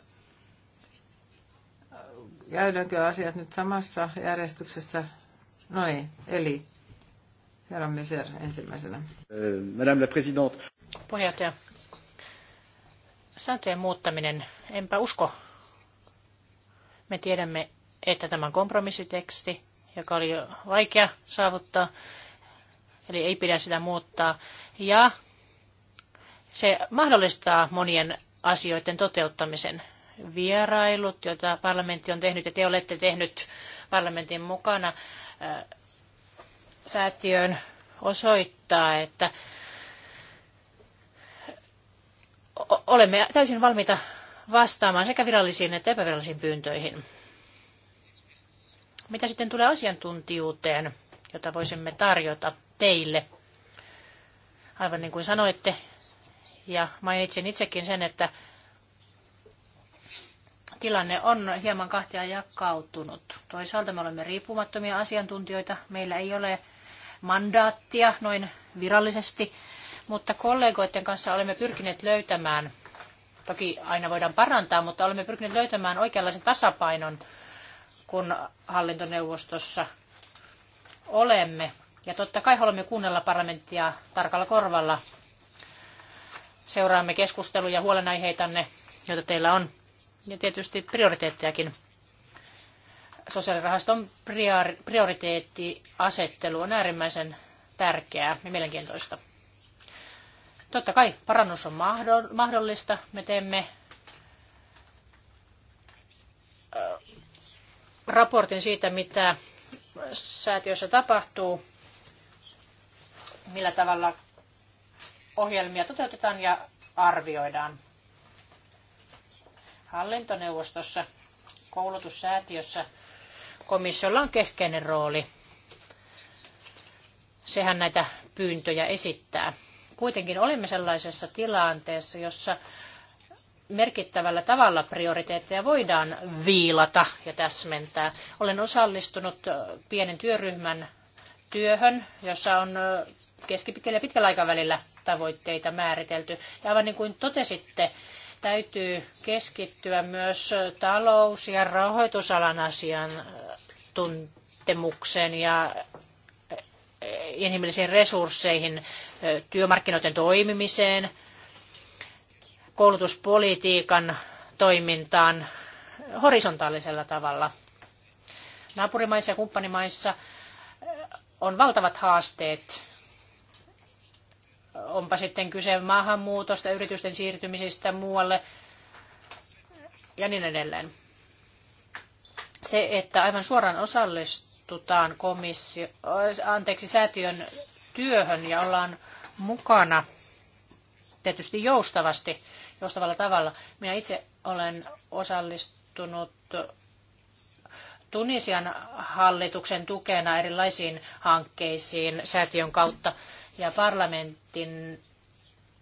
Käydäänkö asiat nyt samassa järjestyksessä? No niin, eli herra Miser ensimmäisenä. Madame la Présidente. Puheenjohtaja, sääntöjen muuttaminen, enpä usko. Me tiedämme, että tämä on kompromissiteksti, joka oli vaikea saavuttaa, eli ei pidä sitä muuttaa. Ja se mahdollistaa monien asioiden toteuttamisen. Vierailut, joita parlamentti on tehnyt ja te olette tehnyt parlamentin mukana säätiön osoittaa, että olemme täysin valmiita vastaamaan sekä virallisiin että epävirallisiin pyyntöihin. Mitä sitten tulee asiantuntijuuteen, jota voisimme tarjota teille? Aivan niin kuin sanoitte, ja mainitsin itsekin sen, että tilanne on hieman kahtia jakautunut. Toisaalta me olemme riippumattomia asiantuntijoita, meillä ei ole mandaattia noin virallisesti, mutta kollegoiden kanssa olemme pyrkineet löytämään, toki aina voidaan parantaa, mutta olemme pyrkineet löytämään oikeanlaisen tasapainon kun hallintoneuvostossa olemme. Ja totta kai haluamme kuunnella parlamenttia tarkalla korvalla. Seuraamme keskusteluja, huolenaiheitanne, joita teillä on, ja tietysti prioriteettejakin. Sosiaalirahaston prioriteettiasettelu on äärimmäisen tärkeää ja mielenkiintoista. Totta kai parannus on mahdollista. Me teemme raportin siitä, mitä säätiössä tapahtuu, millä tavalla ohjelmia toteutetaan ja arvioidaan. Hallintoneuvostossa, koulutussäätiössä komissiolla on keskeinen rooli. Sehän näitä pyyntöjä esittää. Kuitenkin olimme sellaisessa tilanteessa, jossa merkittävällä tavalla prioriteetteja voidaan viilata ja täsmentää. Olen osallistunut pienen työryhmän työhön, jossa on keskipitkällä ja pitkällä aikavälillä tavoitteita määritelty. Ja aivan niin kuin totesitte, täytyy keskittyä myös talous- ja rahoitusalan asian tuntemukseen ja e, inhimillisiin resursseihin, työmarkkinoiden toimimiseen, koulutuspolitiikan toimintaan horisontaalisella tavalla. Naapurimaissa ja kumppanimaissa eh, on valtavat haasteet. Onpa sitten kyse maahanmuutosta, yritysten siirtymisestä muualle ja niin edelleen. Se, että aivan suoraan osallistutaan komissio, eh, anteeksi, säätiön työhön ja ollaan mukana tietysti joustavasti, joustavalla tavalla. Minä itse olen osallistunut Tunisian hallituksen tukena erilaisiin hankkeisiin säätiön kautta ja parlamentin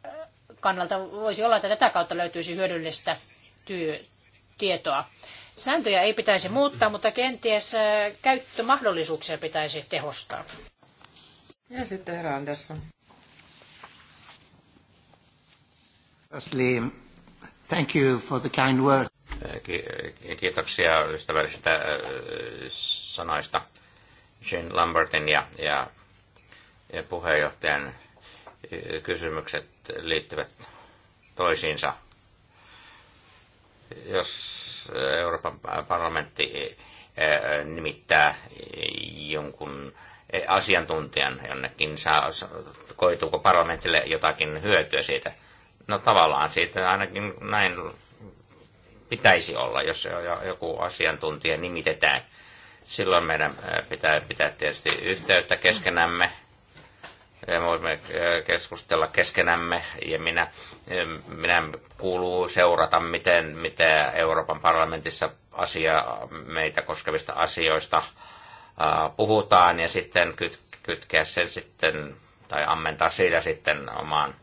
äh, kannalta voisi olla, että tätä kautta löytyisi hyödyllistä työ, tietoa. Sääntöjä ei pitäisi muuttaa, mutta kenties äh, käyttömahdollisuuksia pitäisi tehostaa. Ja sitten herra Andersson. Firstly, thank you for the kind words. Kiitoksia ystävällisistä äh, sanoista Jean Lambertin ja, ja, ja puheenjohtajan äh, kysymykset liittyvät toisiinsa. Jos Euroopan parlamentti äh, nimittää jonkun asiantuntijan jonnekin, saa, koituuko parlamentille jotakin hyötyä siitä – No tavallaan siitä ainakin näin pitäisi olla, jos joku asiantuntija nimitetään. Silloin meidän pitää pitää tietysti yhteyttä keskenämme ja voimme keskustella keskenämme ja minä, minä kuuluu seurata, miten, miten Euroopan parlamentissa asia, meitä koskevista asioista puhutaan ja sitten kytkeä sen sitten tai ammentaa siitä sitten omaan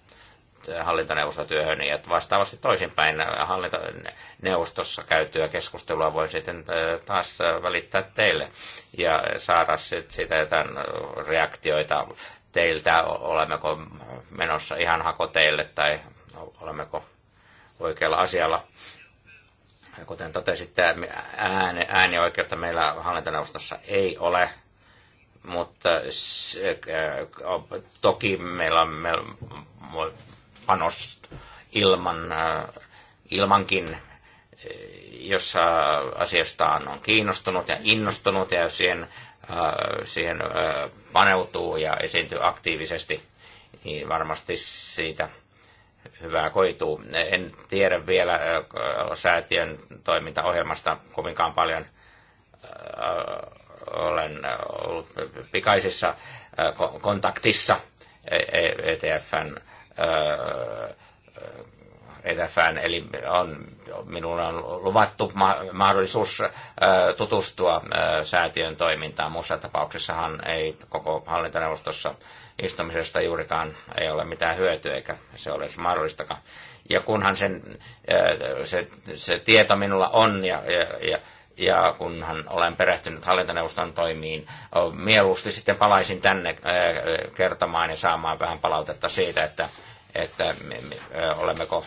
hallintoneuvostotyöhön ja niin vastaavasti toisinpäin hallintoneuvostossa käytyä keskustelua voi sitten taas välittää teille ja saada sitä jotain reaktioita teiltä, olemmeko menossa ihan hakoteille tai olemmeko oikealla asialla. Kuten totesitte, ääni, äänioikeutta meillä hallintoneuvostossa ei ole, mutta se, toki meillä on, meillä on panos ilman, äh, ilmankin, äh, jos asiasta on kiinnostunut ja innostunut ja siihen, äh, siihen paneutuu ja esiintyy aktiivisesti, niin varmasti siitä hyvää koituu. En tiedä vielä säätiön toimintaohjelmasta kovinkaan paljon. Olen ollut pikaisissa kontaktissa ETFn e-, e EDFään, eli on, minulla on luvattu ma- mahdollisuus ö, tutustua ö, säätiön toimintaan. Muussa tapauksessahan ei koko hallintoneuvostossa istumisesta juurikaan ei ole mitään hyötyä, eikä se ole mahdollistakaan. Ja kunhan sen, ö, se, se tieto minulla on ja, ja, ja ja kunhan olen perehtynyt hallintoneuvoston toimiin, mieluusti sitten palaisin tänne kertomaan ja saamaan vähän palautetta siitä, että, että olemmeko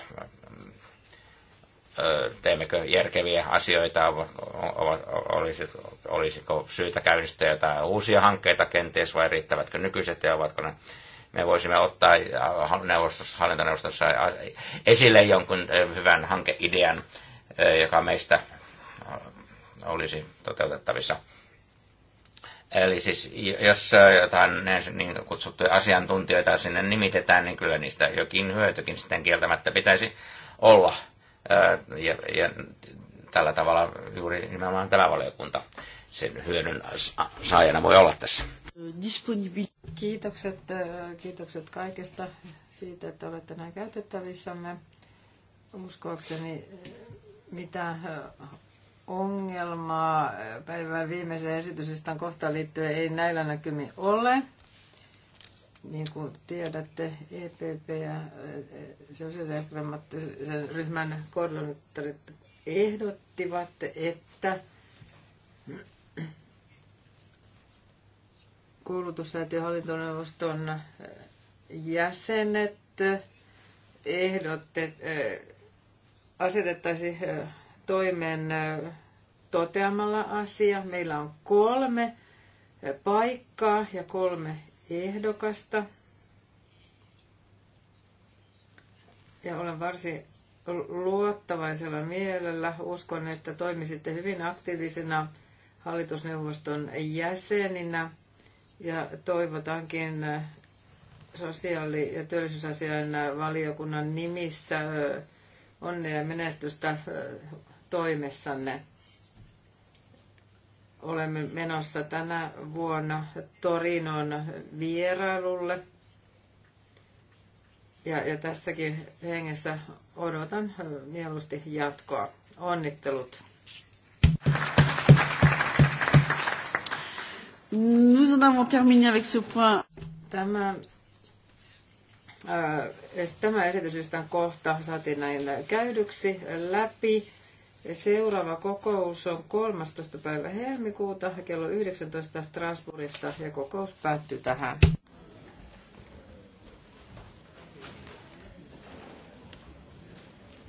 teemmekö järkeviä asioita, olisiko, olisiko syytä käynnistää jotain uusia hankkeita kenties vai riittävätkö nykyiset ja ovatko ne me voisimme ottaa neuvostossa, hallintoneuvostossa esille jonkun hyvän hankeidean, joka meistä olisi toteutettavissa. Eli siis jos äh, jotain niin kutsuttuja asiantuntijoita sinne nimitetään, niin kyllä niistä jokin hyötykin sitten kieltämättä pitäisi olla. Äh, ja, ja tällä tavalla juuri nimenomaan tämä valiokunta sen hyödyn saajana voi olla tässä. Kiitokset, äh, kiitokset kaikesta siitä, että olette näin käytettävissämme. Uskoakseni mitä ongelmaa päivän viimeisen esityslistan kohtaan liittyen ei näillä näkymin ole. Niin kuin tiedätte, EPP ja eh, sosiaalidemokraattisen ryhmän koordinaattorit ehdottivat, että koulutussäätiön hallintoneuvoston jäsenet ehdotte, eh, asetettaisiin eh, toimen toteamalla asia. Meillä on kolme paikkaa ja kolme ehdokasta. Ja olen varsin luottavaisella mielellä. Uskon, että toimisitte hyvin aktiivisena hallitusneuvoston jäseninä ja toivotankin sosiaali- ja työllisyysasian valiokunnan nimissä onnea ja menestystä toimessanne. Olemme menossa tänä vuonna Torinon vierailulle. Ja, ja tässäkin hengessä odotan mieluusti jatkoa. Onnittelut. Nous en avons terminé avec ce point. Tämä, ää, tämä esitys, kohta saatiin näin käydyksi läpi. Seuraava kokous on 13. päivä helmikuuta kello 19 Strasbourgissa ja kokous päättyy tähän.